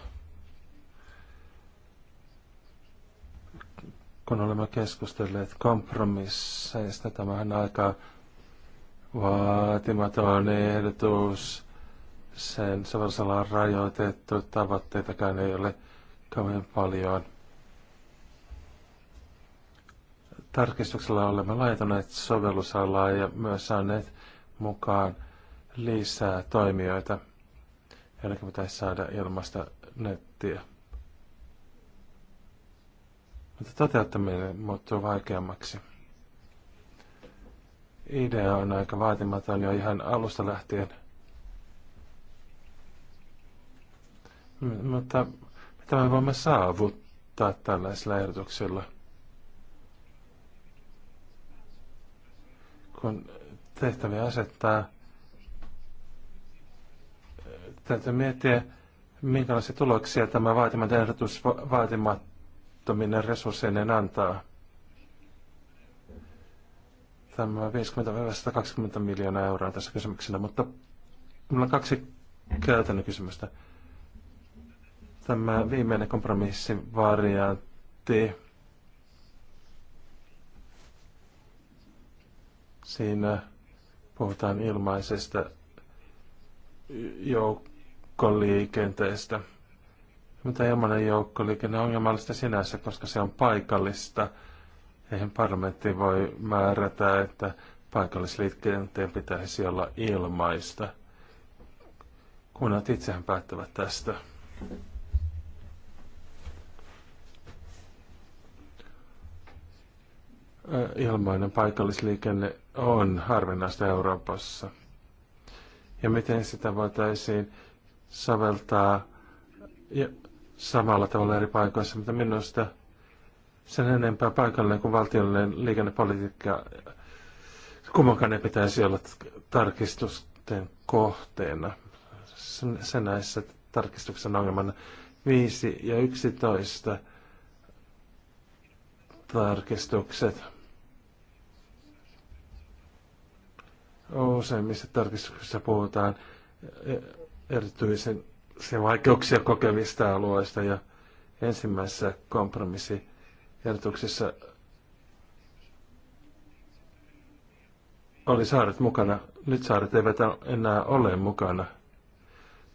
kun olemme keskustelleet kompromisseista. Tämähän aika vaatimaton ehdotus. Sen sovellusala on rajoitettu, tavoitteitakaan ei ole kauhean paljon. Tarkistuksella olemme laitaneet sovellusalaa ja myös saaneet mukaan lisää toimijoita, joiden pitäisi saada ilmasta nettiä mutta toteuttaminen muuttuu vaikeammaksi. Idea on aika vaatimaton jo ihan alusta lähtien. M- mutta mitä me voimme saavuttaa tällaisilla ehdotuksilla? Kun tehtäviä asettaa, täytyy miettiä, minkälaisia tuloksia tämä vaatimaton ehdotus va- vaatimatta rajoittaminen resursseinen antaa. Tämä 50-120 miljoonaa euroa tässä kysymyksenä, mutta minulla on kaksi käytännön kysymystä. Tämä viimeinen kompromissivariantti. Siinä puhutaan ilmaisesta joukkoliikenteestä. Mutta ilmanen joukkoliikenne on ongelmallista sinänsä, koska se on paikallista. Eihän parlamentti voi määrätä, että paikallisliikenteen pitäisi olla ilmaista. Kunnat itsehän päättävät tästä. Ilmainen paikallisliikenne on harvinaista Euroopassa. Ja miten sitä voitaisiin soveltaa samalla tavalla eri paikoissa, mutta minusta sen enempää paikallinen kuin valtiollinen liikennepolitiikka kummankaan ei pitäisi olla tarkistusten kohteena. Sen, sen näissä tarkistuksen ongelmana 5 ja 11 tarkistukset. Useimmissa tarkistuksissa puhutaan e- erityisen se vaikeuksia kokevista alueista ja ensimmäisessä kompromissiehdotuksessa oli saaret mukana. Nyt saaret eivät enää ole mukana.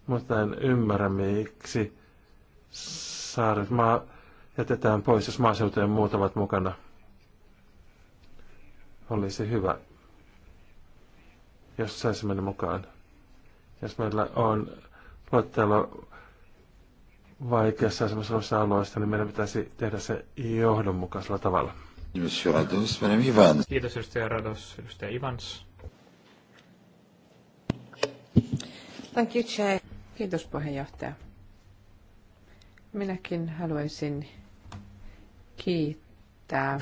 Mutta en ymmärrä, miksi saaret maa jätetään pois, jos maaseutujen muut ovat mukana. Olisi hyvä, jos saisimme ne mukaan. Jos meillä on luettelo vaikeassa asemassa olevissa alueista, niin meidän pitäisi tehdä se johdonmukaisella tavalla. Kiitos, edustaja Rados. Edustaja Ivans. Thank you, Chair. Kiitos, puheenjohtaja. Minäkin haluaisin kiittää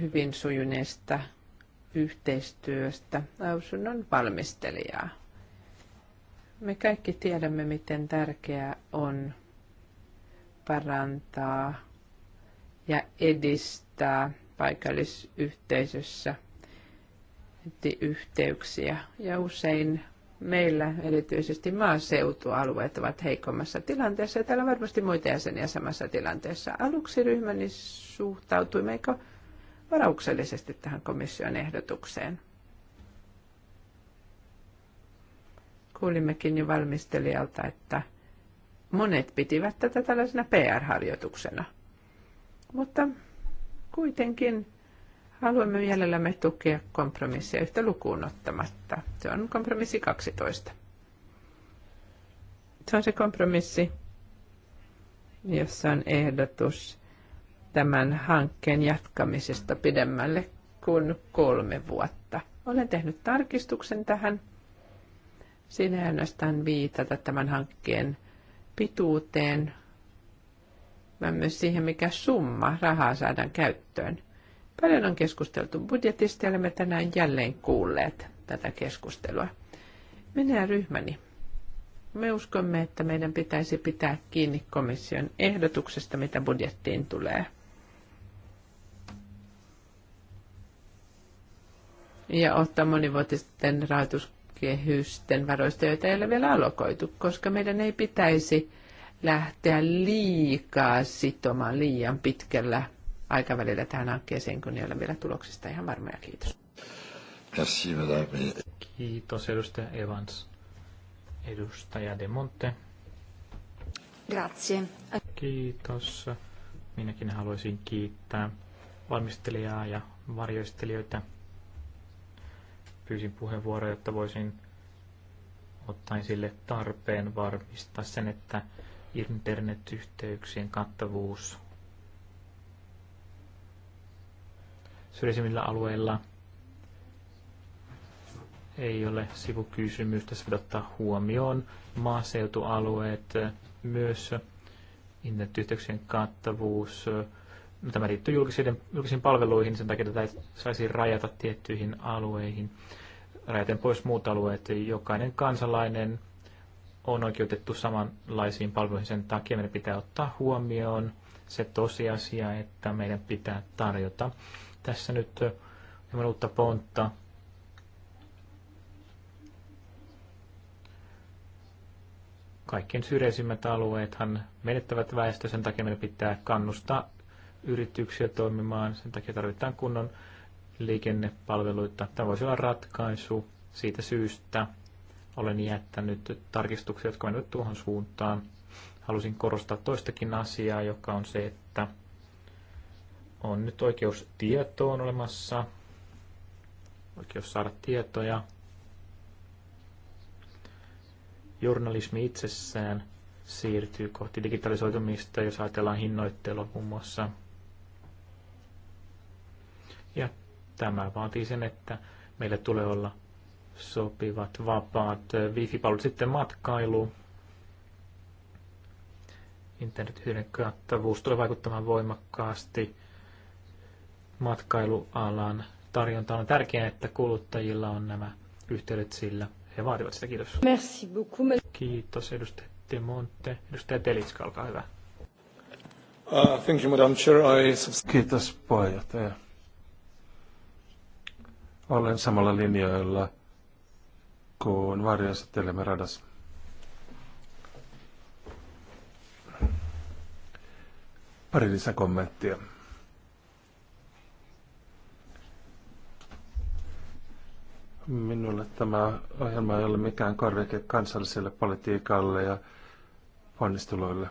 hyvin sujuneesta yhteistyöstä lausunnon valmistelijaa. Me kaikki tiedämme, miten tärkeää on parantaa ja edistää paikallisyhteisössä yhteyksiä. Ja usein meillä erityisesti maaseutualueet ovat heikommassa tilanteessa ja täällä on varmasti muita jäseniä samassa tilanteessa. Aluksi ryhmäni suhtautui meikö varauksellisesti tähän komission ehdotukseen. Kuulimmekin jo valmistelijalta, että monet pitivät tätä tällaisena PR-harjoituksena. Mutta kuitenkin haluamme mielellämme tukea kompromissia yhtä lukuun ottamatta. Se on kompromissi 12. Se on se kompromissi, jossa on ehdotus tämän hankkeen jatkamisesta pidemmälle kuin kolme vuotta. Olen tehnyt tarkistuksen tähän – Siinä ei ainoastaan viitata tämän hankkeen pituuteen, vaan myös siihen, mikä summa rahaa saadaan käyttöön. Paljon on keskusteltu budjetista ja olemme tänään jälleen kuulleet tätä keskustelua. Minä ja ryhmäni. Me uskomme, että meidän pitäisi pitää kiinni komission ehdotuksesta, mitä budjettiin tulee. Ja ottaa monivuotisten rahoitus kehysten varoista, joita ei ole vielä alokoitu, koska meidän ei pitäisi lähteä liikaa sitomaan liian pitkällä aikavälillä tähän hankkeeseen, kun ei ole vielä tuloksista ihan varmoja. Kiitos. Merci, madame. Kiitos, edustaja Evans. Edustaja De Monte. Grazie. Kiitos. Minäkin haluaisin kiittää valmistelijaa ja varjoistelijoita pyysin puheenvuoroa, jotta voisin ottaa sille tarpeen varmistaa sen, että internetyhteyksien kattavuus syrjäisimmillä alueilla ei ole sivukysymys. Tässä pitää ottaa huomioon maaseutualueet, myös internetyhteyksien kattavuus, tämä liittyy julkisiin, julkisiin palveluihin, sen takia tätä saisi rajata tiettyihin alueihin, rajaten pois muut alueet. Jokainen kansalainen on oikeutettu samanlaisiin palveluihin, sen takia meidän pitää ottaa huomioon se tosiasia, että meidän pitää tarjota tässä nyt hieman uutta pontta. Kaikkien syrjäisimmät alueethan menettävät väestö, sen takia meidän pitää kannustaa yrityksiä toimimaan. Sen takia tarvitaan kunnon liikennepalveluita. Tämä voisi olla ratkaisu siitä syystä. Olen jättänyt tarkistuksia, jotka menivät tuohon suuntaan. Halusin korostaa toistakin asiaa, joka on se, että on nyt oikeus tietoon olemassa, oikeus saada tietoja. Journalismi itsessään siirtyy kohti digitalisoitumista, jos ajatellaan hinnoittelua muun muassa Tämä vaatii sen, että meille tulee olla sopivat vapaat wifi-palvelut. Sitten matkailu, internethyödyn kattavuus tulee vaikuttamaan voimakkaasti matkailualan tarjontaan. On tärkeää, että kuluttajilla on nämä yhteydet sillä. He vaativat sitä. Kiitos. Merci beaucoup. Kiitos edustaja Demonte. Edustaja Delitska, olkaa hyvä. Uh, thank you, Madam Chair. I... Kiitos puheenjohtaja olen samalla linjoilla kuin varjoesittelemme radas. Pari kommenttia. Minulle tämä ohjelma ei ole mikään korveke kansalliselle politiikalle ja ponnisteluille.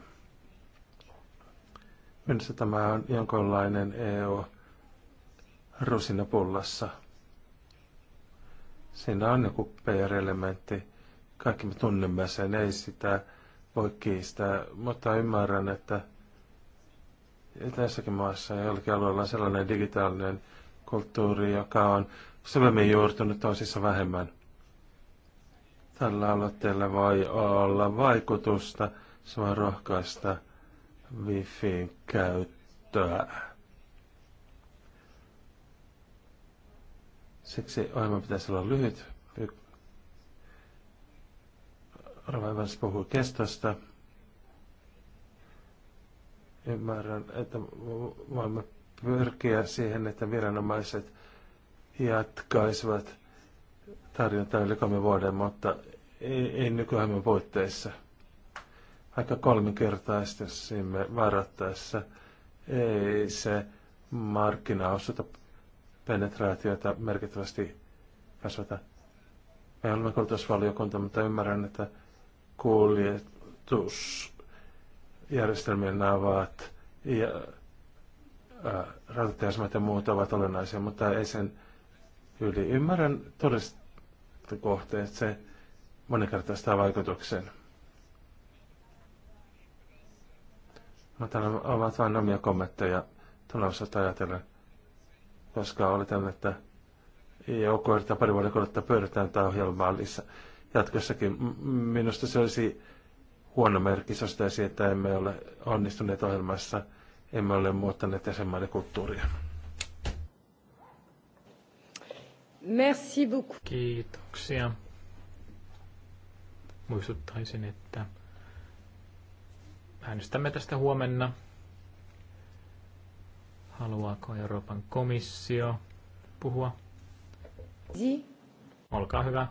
Minusta tämä on jonkinlainen EU rusinapullassa. pullassa – Siinä on joku PR-elementti. Kaikki me tunnemme sen, ei sitä voi kiistää, mutta ymmärrän, että tässäkin maassa ja jollakin alueella on sellainen digitaalinen kulttuuri, joka on syvemmin juurtunut toisissa vähemmän. Tällä aloitteella voi olla vaikutusta, se voi rohkaista wifi käyttöä. Siksi ohjelma pitäisi olla lyhyt. Ravaivansa puhuu kestosta. Ymmärrän, että voimme pyrkiä siihen, että viranomaiset jatkaisivat tarjontaa yli kolme vuoden, mutta ei, ei nykyajan puitteissa. Aika kolminkertaisesti me varattaessa ei se markkinaosuutta penetraatiota merkittävästi kasvata. Me olemme koulutusvaliokunta, mutta ymmärrän, että kuljetusjärjestelmien ovat ja rautatieasemat ja muut ovat olennaisia, mutta ei sen yli. Ymmärrän kohteet se monikertaistaa vaikutuksen. Mutta nämä ovat vain omia kommentteja tulossa ajatellen koska tämmöinen, että joku yrittää pari vuoden kuluttua pyörittää tätä ohjelmaa lisää. Jatkossakin minusta se olisi huono merkki, se olisi, että emme ole onnistuneet ohjelmassa, emme ole muuttaneet jäsenmaiden kulttuuria. Merci beaucoup. Kiitoksia. Muistuttaisin, että äänestämme tästä huomenna Haluaako Euroopan komissio puhua? Si. Olkaa hyvä.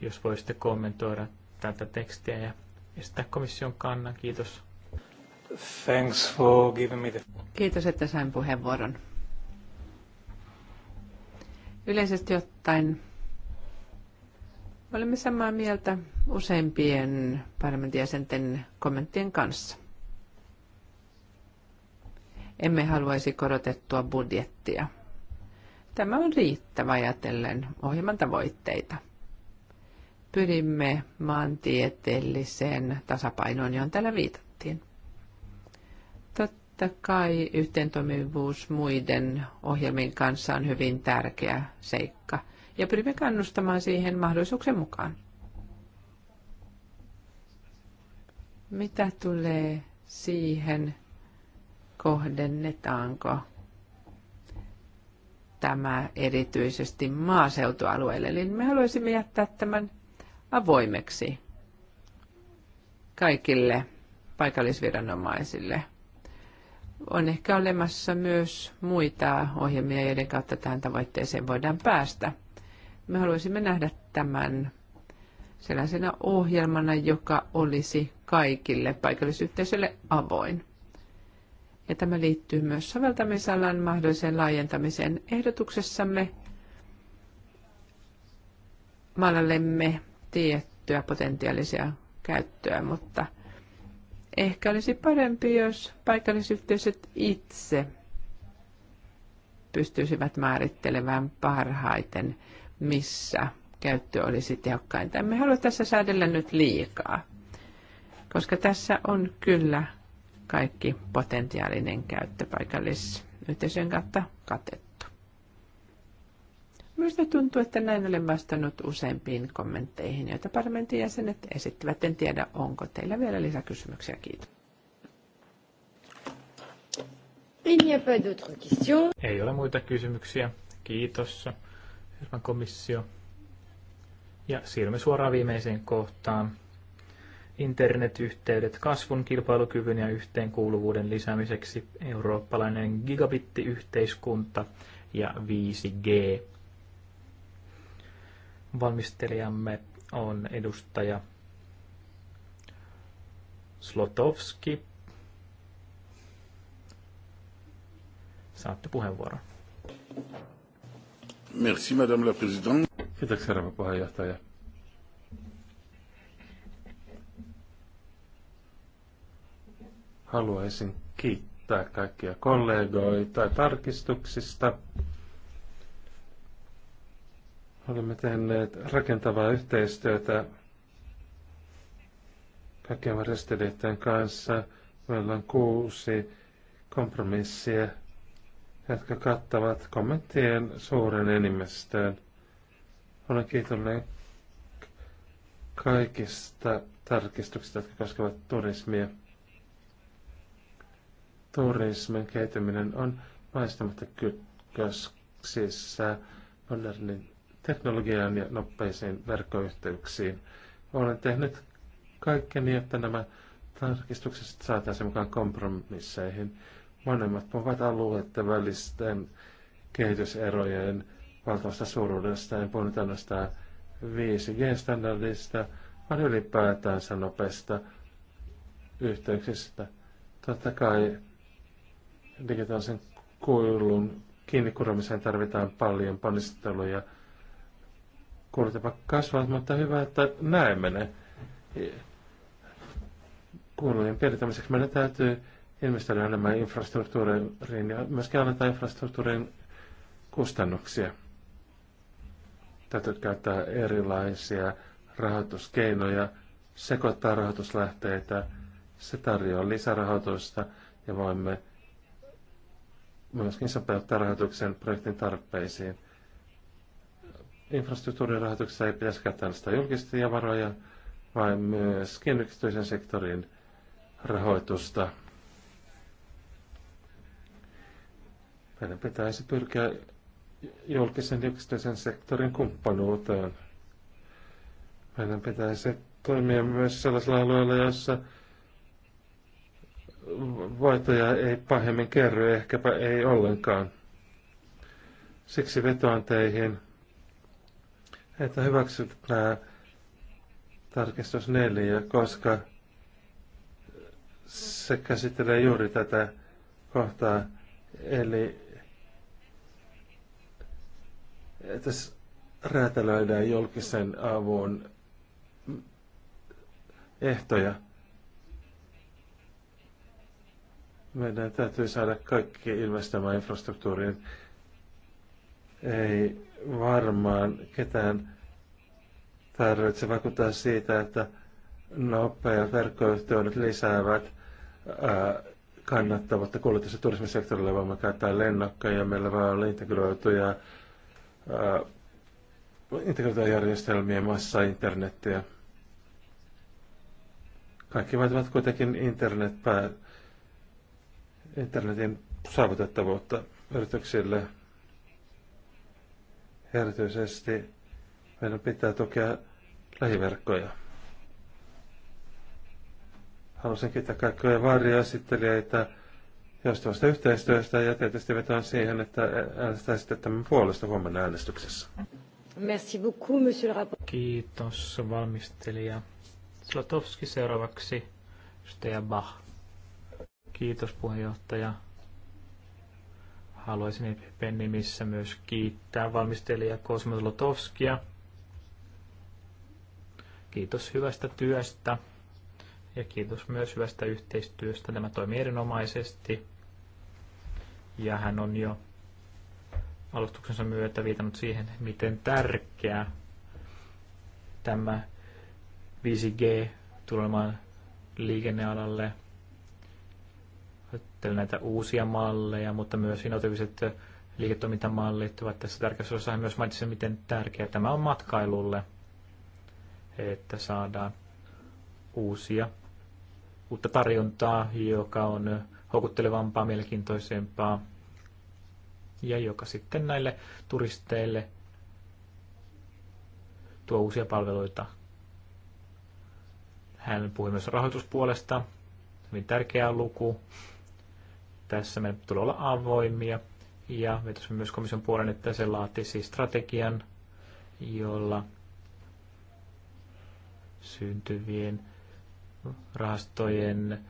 Jos voisitte kommentoida tätä tekstiä ja estää komission kannan. Kiitos. Thanks for giving me the... Kiitos, että sain puheenvuoron. Yleisesti ottaen olemme samaa mieltä useimpien parlamentin jäsenten kommenttien kanssa emme haluaisi korotettua budjettia. Tämä on riittävä ajatellen ohjelman tavoitteita. Pyrimme maantieteelliseen tasapainoon, johon täällä viitattiin. Totta kai yhteentoimivuus muiden ohjelmien kanssa on hyvin tärkeä seikka, ja pyrimme kannustamaan siihen mahdollisuuksien mukaan. Mitä tulee siihen, kohdennetaanko tämä erityisesti maaseutualueille. Eli me haluaisimme jättää tämän avoimeksi kaikille paikallisviranomaisille. On ehkä olemassa myös muita ohjelmia, joiden kautta tähän tavoitteeseen voidaan päästä. Me haluaisimme nähdä tämän sellaisena ohjelmana, joka olisi kaikille paikallisyhteisölle avoin ja tämä liittyy myös soveltamisalan mahdolliseen laajentamiseen ehdotuksessamme. maalallemme tiettyä potentiaalisia käyttöä, mutta ehkä olisi parempi, jos paikallisyhteisöt itse pystyisivät määrittelemään parhaiten, missä käyttö olisi tehokkainta. Me halua tässä säädellä nyt liikaa, koska tässä on kyllä kaikki potentiaalinen käyttö paikallisyhteisön kautta katettu. Minusta tuntuu, että näin olen vastannut useimpiin kommentteihin, joita parlamentin jäsenet esittivät. En tiedä, onko teillä vielä lisäkysymyksiä. Kiitos. Ei ole muita kysymyksiä. Kiitos, Euroopan komissio. Ja siirrymme suoraan viimeiseen kohtaan internetyhteydet kasvun, kilpailukyvyn ja yhteenkuuluvuuden lisäämiseksi, eurooppalainen gigabittiyhteiskunta ja 5G. Valmistelijamme on edustaja Slotowski. Saatte puheenvuoron. Merci, Madame la Présidente. Kiitoksia, herra puheenjohtaja. Haluaisin kiittää kaikkia kollegoita tarkistuksista. Olemme tehneet rakentavaa yhteistyötä kaikkien varjostelijoiden kanssa. Meillä on kuusi kompromissia, jotka kattavat kommenttien suuren enimmästön. Olen kiitollinen kaikista tarkistuksista, jotka koskevat turismia turismin kehittäminen on väistämättä kytköksissä modernin teknologiaan ja nopeisiin verkkoyhteyksiin. Olen tehnyt kaikkeni, että nämä tarkistukset saataisiin mukaan kompromisseihin. Monemmat ovat alueiden välisten kehityserojen valtavasta suuruudesta, ja puhunut ainoastaan 5G-standardista, vaan ylipäätään nopeista yhteyksistä. Totta kai digitaalisen kuilun kiinnikuromiseen tarvitaan paljon ponnisteluja. Kuulut kasvavat, mutta hyvä, että näemme ne. Kuulujen pienentämiseksi meidän täytyy investoida enemmän infrastruktuuriin ja myöskin annetaan infrastruktuurin kustannuksia. Täytyy käyttää erilaisia rahoituskeinoja, sekoittaa rahoituslähteitä, se tarjoaa lisärahoitusta ja voimme myöskin sopeuttaa rahoituksen projektin tarpeisiin. Infrastruktuurirahoituksessa ei pitäisi käyttää sitä julkisia varoja, vaan myöskin yksityisen sektorin rahoitusta. Meidän pitäisi pyrkiä julkisen ja yksityisen sektorin kumppanuuteen. Meidän pitäisi toimia myös sellaisilla alueilla, joissa voittoja ei pahemmin kerry, ehkäpä ei ollenkaan. Siksi vetoan teihin, että hyväksyt nämä tarkistus neljä, koska se käsittelee juuri tätä kohtaa. Eli että räätälöidään julkisen avun ehtoja – Meidän täytyy saada kaikki ilmestämään infrastruktuuriin. Ei varmaan ketään tarvitse vaikuttaa siitä, että nopea verkkoyhteydet lisäävät kannattavuutta kuljetus- ja turismisektorilla, vaan me lennokkeja, meillä voi olla integroituja, integroituja järjestelmiä, massa internettiä. Kaikki vaativat kuitenkin internetpää internetin saavutettavuutta yrityksille. Erityisesti meidän pitää tukea lähiverkkoja. Haluaisin kiittää kaikkia varjoesittelijöitä joustavasta yhteistyöstä ja tietysti vetoan siihen, että äänestäisitte tämän puolesta huomenna äänestyksessä. Merci beaucoup, monsieur le rapport. Kiitos valmistelija. Slotowski seuraavaksi, Steja Bach. Kiitos puheenjohtaja. Haluaisin EPPn nimissä myös kiittää valmistelija Kosmo Lotovskia. Kiitos hyvästä työstä ja kiitos myös hyvästä yhteistyöstä. Tämä toimii erinomaisesti ja hän on jo alustuksensa myötä viitannut siihen, miten tärkeä tämä 5G tulemaan liikennealalle – näitä uusia malleja, mutta myös innovatiiviset liiketoimintamallit ovat tässä tärkeässä osassa. Hän myös mainitsi, miten tärkeää tämä on matkailulle, että saadaan uusia, uutta tarjontaa, joka on houkuttelevampaa, mielenkiintoisempaa ja joka sitten näille turisteille tuo uusia palveluita. Hän puhui myös rahoituspuolesta, hyvin tärkeä luku, tässä meidän tulee olla avoimia ja vetosimme myös komission puolen, että se laatisi strategian, jolla syntyvien rahastojen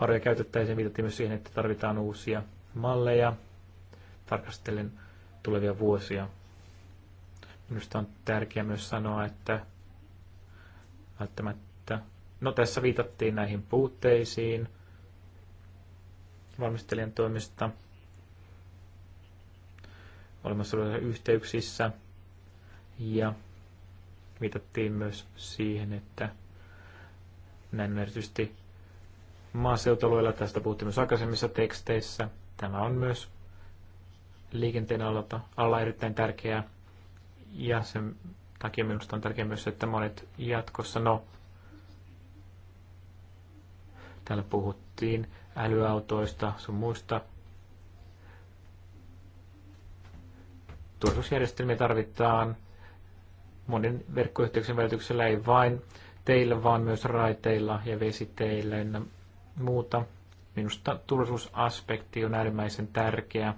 varoja käytettäisiin. Viitattiin myös siihen, että tarvitaan uusia malleja. Tarkastelen tulevia vuosia. Minusta on tärkeää myös sanoa, että välttämättä, no tässä viitattiin näihin puutteisiin, valmistelijan toimesta olemassa olevissa yhteyksissä. Ja viitattiin myös siihen, että näin erityisesti maaseutualueilla, tästä puhuttiin myös aikaisemmissa teksteissä. Tämä on myös liikenteen alalta, alla erittäin tärkeää. Ja sen takia minusta on tärkeää myös, että monet jatkossa, no, täällä puhuttiin älyautoista, sun muista. Turvallisuusjärjestelmiä tarvitaan monen verkkoyhteyksien välityksellä, ei vain teillä, vaan myös raiteilla ja vesiteillä ja muuta. Minusta turvallisuusaspekti on äärimmäisen tärkeä.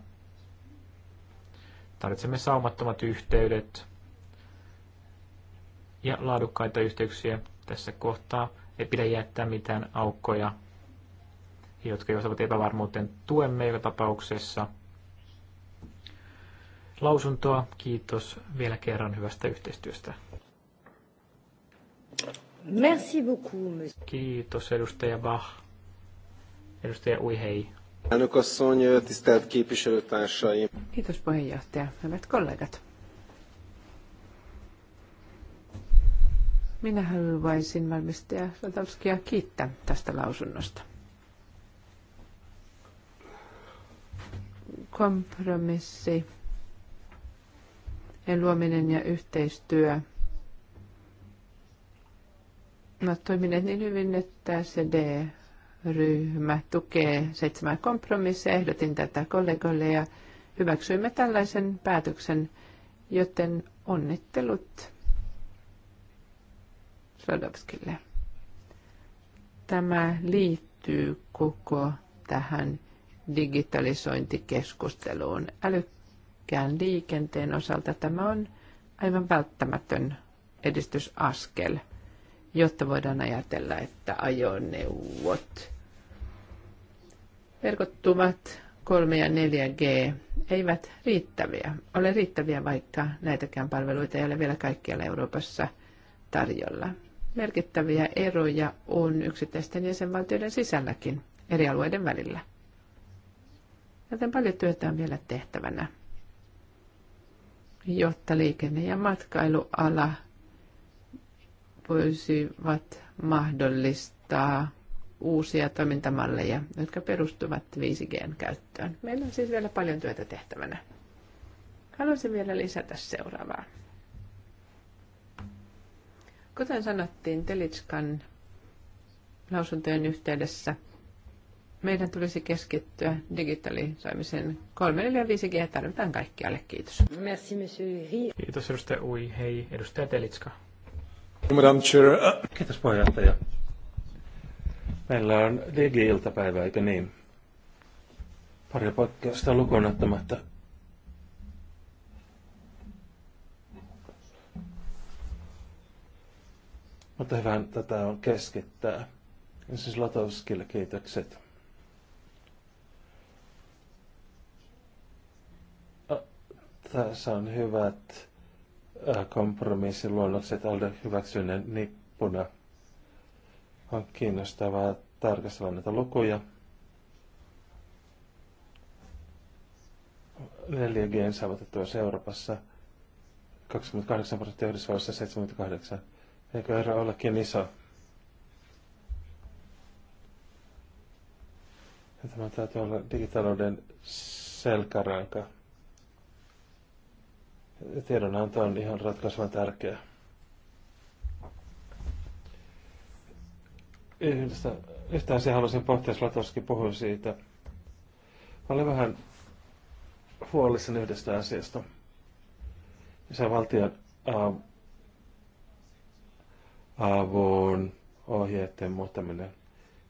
Tarvitsemme saumattomat yhteydet ja laadukkaita yhteyksiä tässä kohtaa. Ei pidä jättää mitään aukkoja jotka johtavat epävarmuuteen. Tuen meillä tapauksessa lausuntoa. Kiitos vielä kerran hyvästä yhteistyöstä. Merci beaucoup, monsieur. Kiitos, edustaja Bach. Edustaja Uihei. Kiitos puheenjohtaja, hyvät kollegat! Minä haluaisin valmistaja Sotalskia kiittää tästä lausunnosta. kompromissi ja luominen ja yhteistyö ovat toimineet niin hyvin, että CD-ryhmä tukee seitsemän kompromissia. Ehdotin tätä kollegoille ja hyväksyimme tällaisen päätöksen, joten onnittelut Sladovskille. Tämä liittyy koko tähän digitalisointikeskusteluun. Älykkään liikenteen osalta tämä on aivan välttämätön edistysaskel, jotta voidaan ajatella, että ajoneuvot verkottuvat 3 ja 4G eivät riittäviä. Ole riittäviä, vaikka näitäkään palveluita ei ole vielä kaikkialla Euroopassa tarjolla. Merkittäviä eroja on yksittäisten jäsenvaltioiden sisälläkin eri alueiden välillä. Joten paljon työtä on vielä tehtävänä, jotta liikenne- ja matkailuala voisivat mahdollistaa uusia toimintamalleja, jotka perustuvat 5Gn käyttöön. Meillä on siis vielä paljon työtä tehtävänä. Haluaisin vielä lisätä seuraavaa. Kuten sanottiin Telitskan lausuntojen yhteydessä, meidän tulisi keskittyä digitalisoimiseen. 3, 4 5 G tarvitaan kaikkialle. Kiitos. Merci, monsieur. Kiitos, edustaja Ui. Hei, edustaja Telitska. Madame Chair. Uh, Kiitos, puheenjohtaja. Meillä on digi-iltapäivä, eikö niin? Pari poikkeusta lukuun ottamatta. Mutta hyvä, tätä on keskittää. Siis Latovskille kiitokset. Tässä on hyvät äh, kompromissiluonnokset Alde hyväksyneen nippuna. On kiinnostavaa tarkastella näitä lukuja. 4G saavutettavuus Euroopassa 28 prosenttia Yhdysvalloissa 78. Eikö ero olekin iso? Ja tämä täytyy olla digitalouden selkäranka tiedonanto on ihan ratkaisevan tärkeä. Yhdestä, yhtä asiaa haluaisin pohtia, Latoski puhui siitä. Mä olen vähän huolissani yhdestä asiasta. Se valtion avun ohjeiden muuttaminen.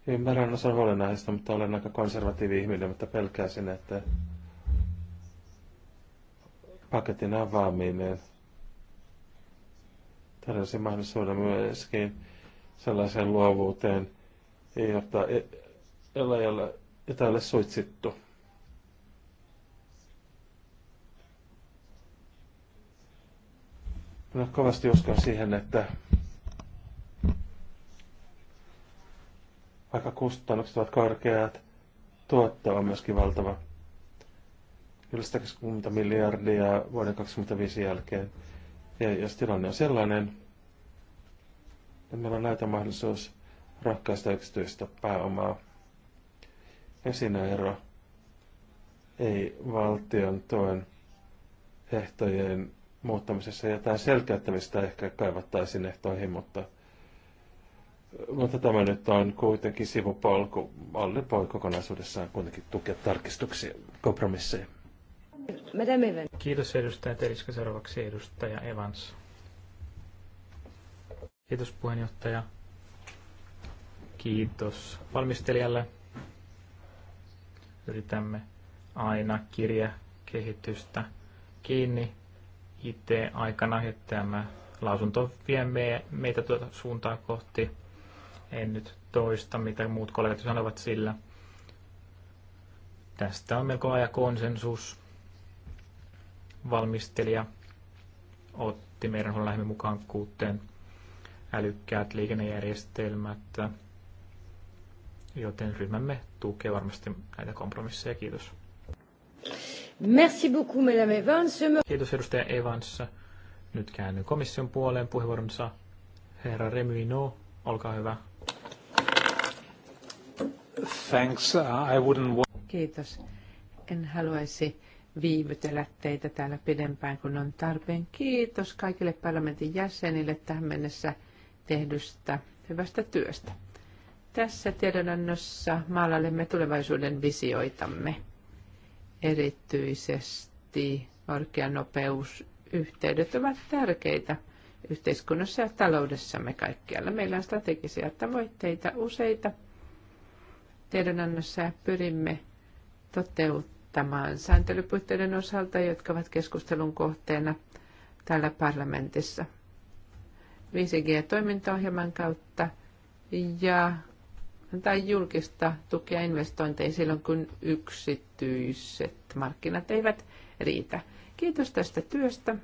Ymmärrän osan huolenaiheesta, mutta olen aika konservatiivi ihminen, mutta pelkäsin, että paketin avaaminen tarjosi mahdollisuuden myöskin sellaiseen luovuuteen, jota eläjällä jota ei ole suitsittu. Minä kovasti uskon siihen, että vaikka kustannukset ovat korkeat, tuotto on myöskin valtava. 120 miljardia vuoden 2025 jälkeen. Ja jos tilanne on sellainen, niin meillä on näitä mahdollisuus rahkaista yksityistä pääomaa. Ja siinä ero ei valtion tuen ehtojen muuttamisessa jotain selkeyttämistä ehkä kaivattaisiin ehtoihin, mutta, mutta tämä nyt on kuitenkin sivupolku. Alle voi kokonaisuudessaan kuitenkin tukea tarkistuksia, kompromisseja. Kiitos edustaja Teriska. Seuraavaksi edustaja Evans. Kiitos puheenjohtaja. Kiitos valmistelijalle. Yritämme aina kirja kehitystä kiinni IT-aikana ja tämä lausunto vie me, meitä tuota suuntaa kohti. En nyt toista, mitä muut kollegat sanovat sillä. Tästä on melko ajakonsensus. konsensus valmistelija otti meidän huolemme mukaan kuuteen älykkäät liikennejärjestelmät, joten ryhmämme tukee varmasti näitä kompromisseja. Kiitos. Merci beaucoup, Madame Evans. Kiitos edustaja Evans. Nyt käännyn komission puoleen puheenvuoronsa. Herra Remuino, olkaa hyvä. Thanks. Uh, I wouldn't... Kiitos. En haluaisi viivytellä teitä täällä pidempään kuin on tarpeen. Kiitos kaikille parlamentin jäsenille tähän mennessä tehdystä hyvästä työstä. Tässä tiedonannossa maalailemme tulevaisuuden visioitamme, erityisesti korkeanopeusyhteydet ovat tärkeitä yhteiskunnassa ja taloudessamme kaikkialla. Meillä on strategisia tavoitteita useita tiedonannossa ja pyrimme toteuttamaan saavuttamaan sääntelypuitteiden osalta, jotka ovat keskustelun kohteena täällä parlamentissa 5G-toimintaohjelman kautta ja antaa julkista tukea investointeihin silloin, kun yksityiset markkinat eivät riitä. Kiitos tästä työstä.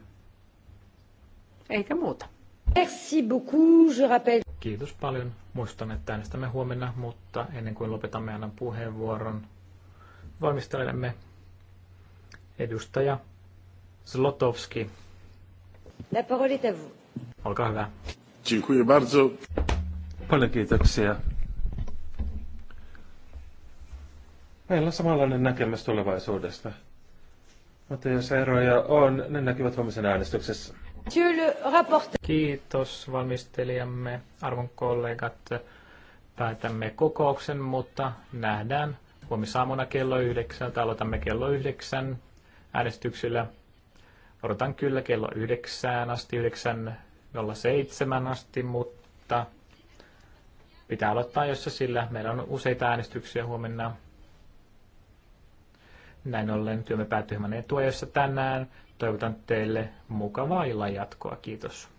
Eikä muuta. Merci beaucoup, je rappelle. Kiitos paljon. Muistan, että äänestämme huomenna, mutta ennen kuin lopetamme, annan puheenvuoron valmistelijamme edustaja Zlotowski. La parole est à vous. Olkaa hyvä. Dziękuję bardzo. Paljon kiitoksia. Meillä on samanlainen näkemys tulevaisuudesta. Mutta jos eroja on, ne näkyvät huomisen äänestyksessä. Kiitos valmistelijamme, arvon kollegat. Päätämme kokouksen, mutta nähdään huomisaamuna kello yhdeksältä. Aloitamme kello yhdeksän äänestyksillä. Odotan kyllä kello yhdeksään asti, yhdeksän seitsemän asti, mutta pitää aloittaa jossa sillä. Meillä on useita äänestyksiä huomenna. Näin ollen työmme päättyy hieman etuajassa tänään. Toivotan teille mukavaa illan jatkoa. Kiitos.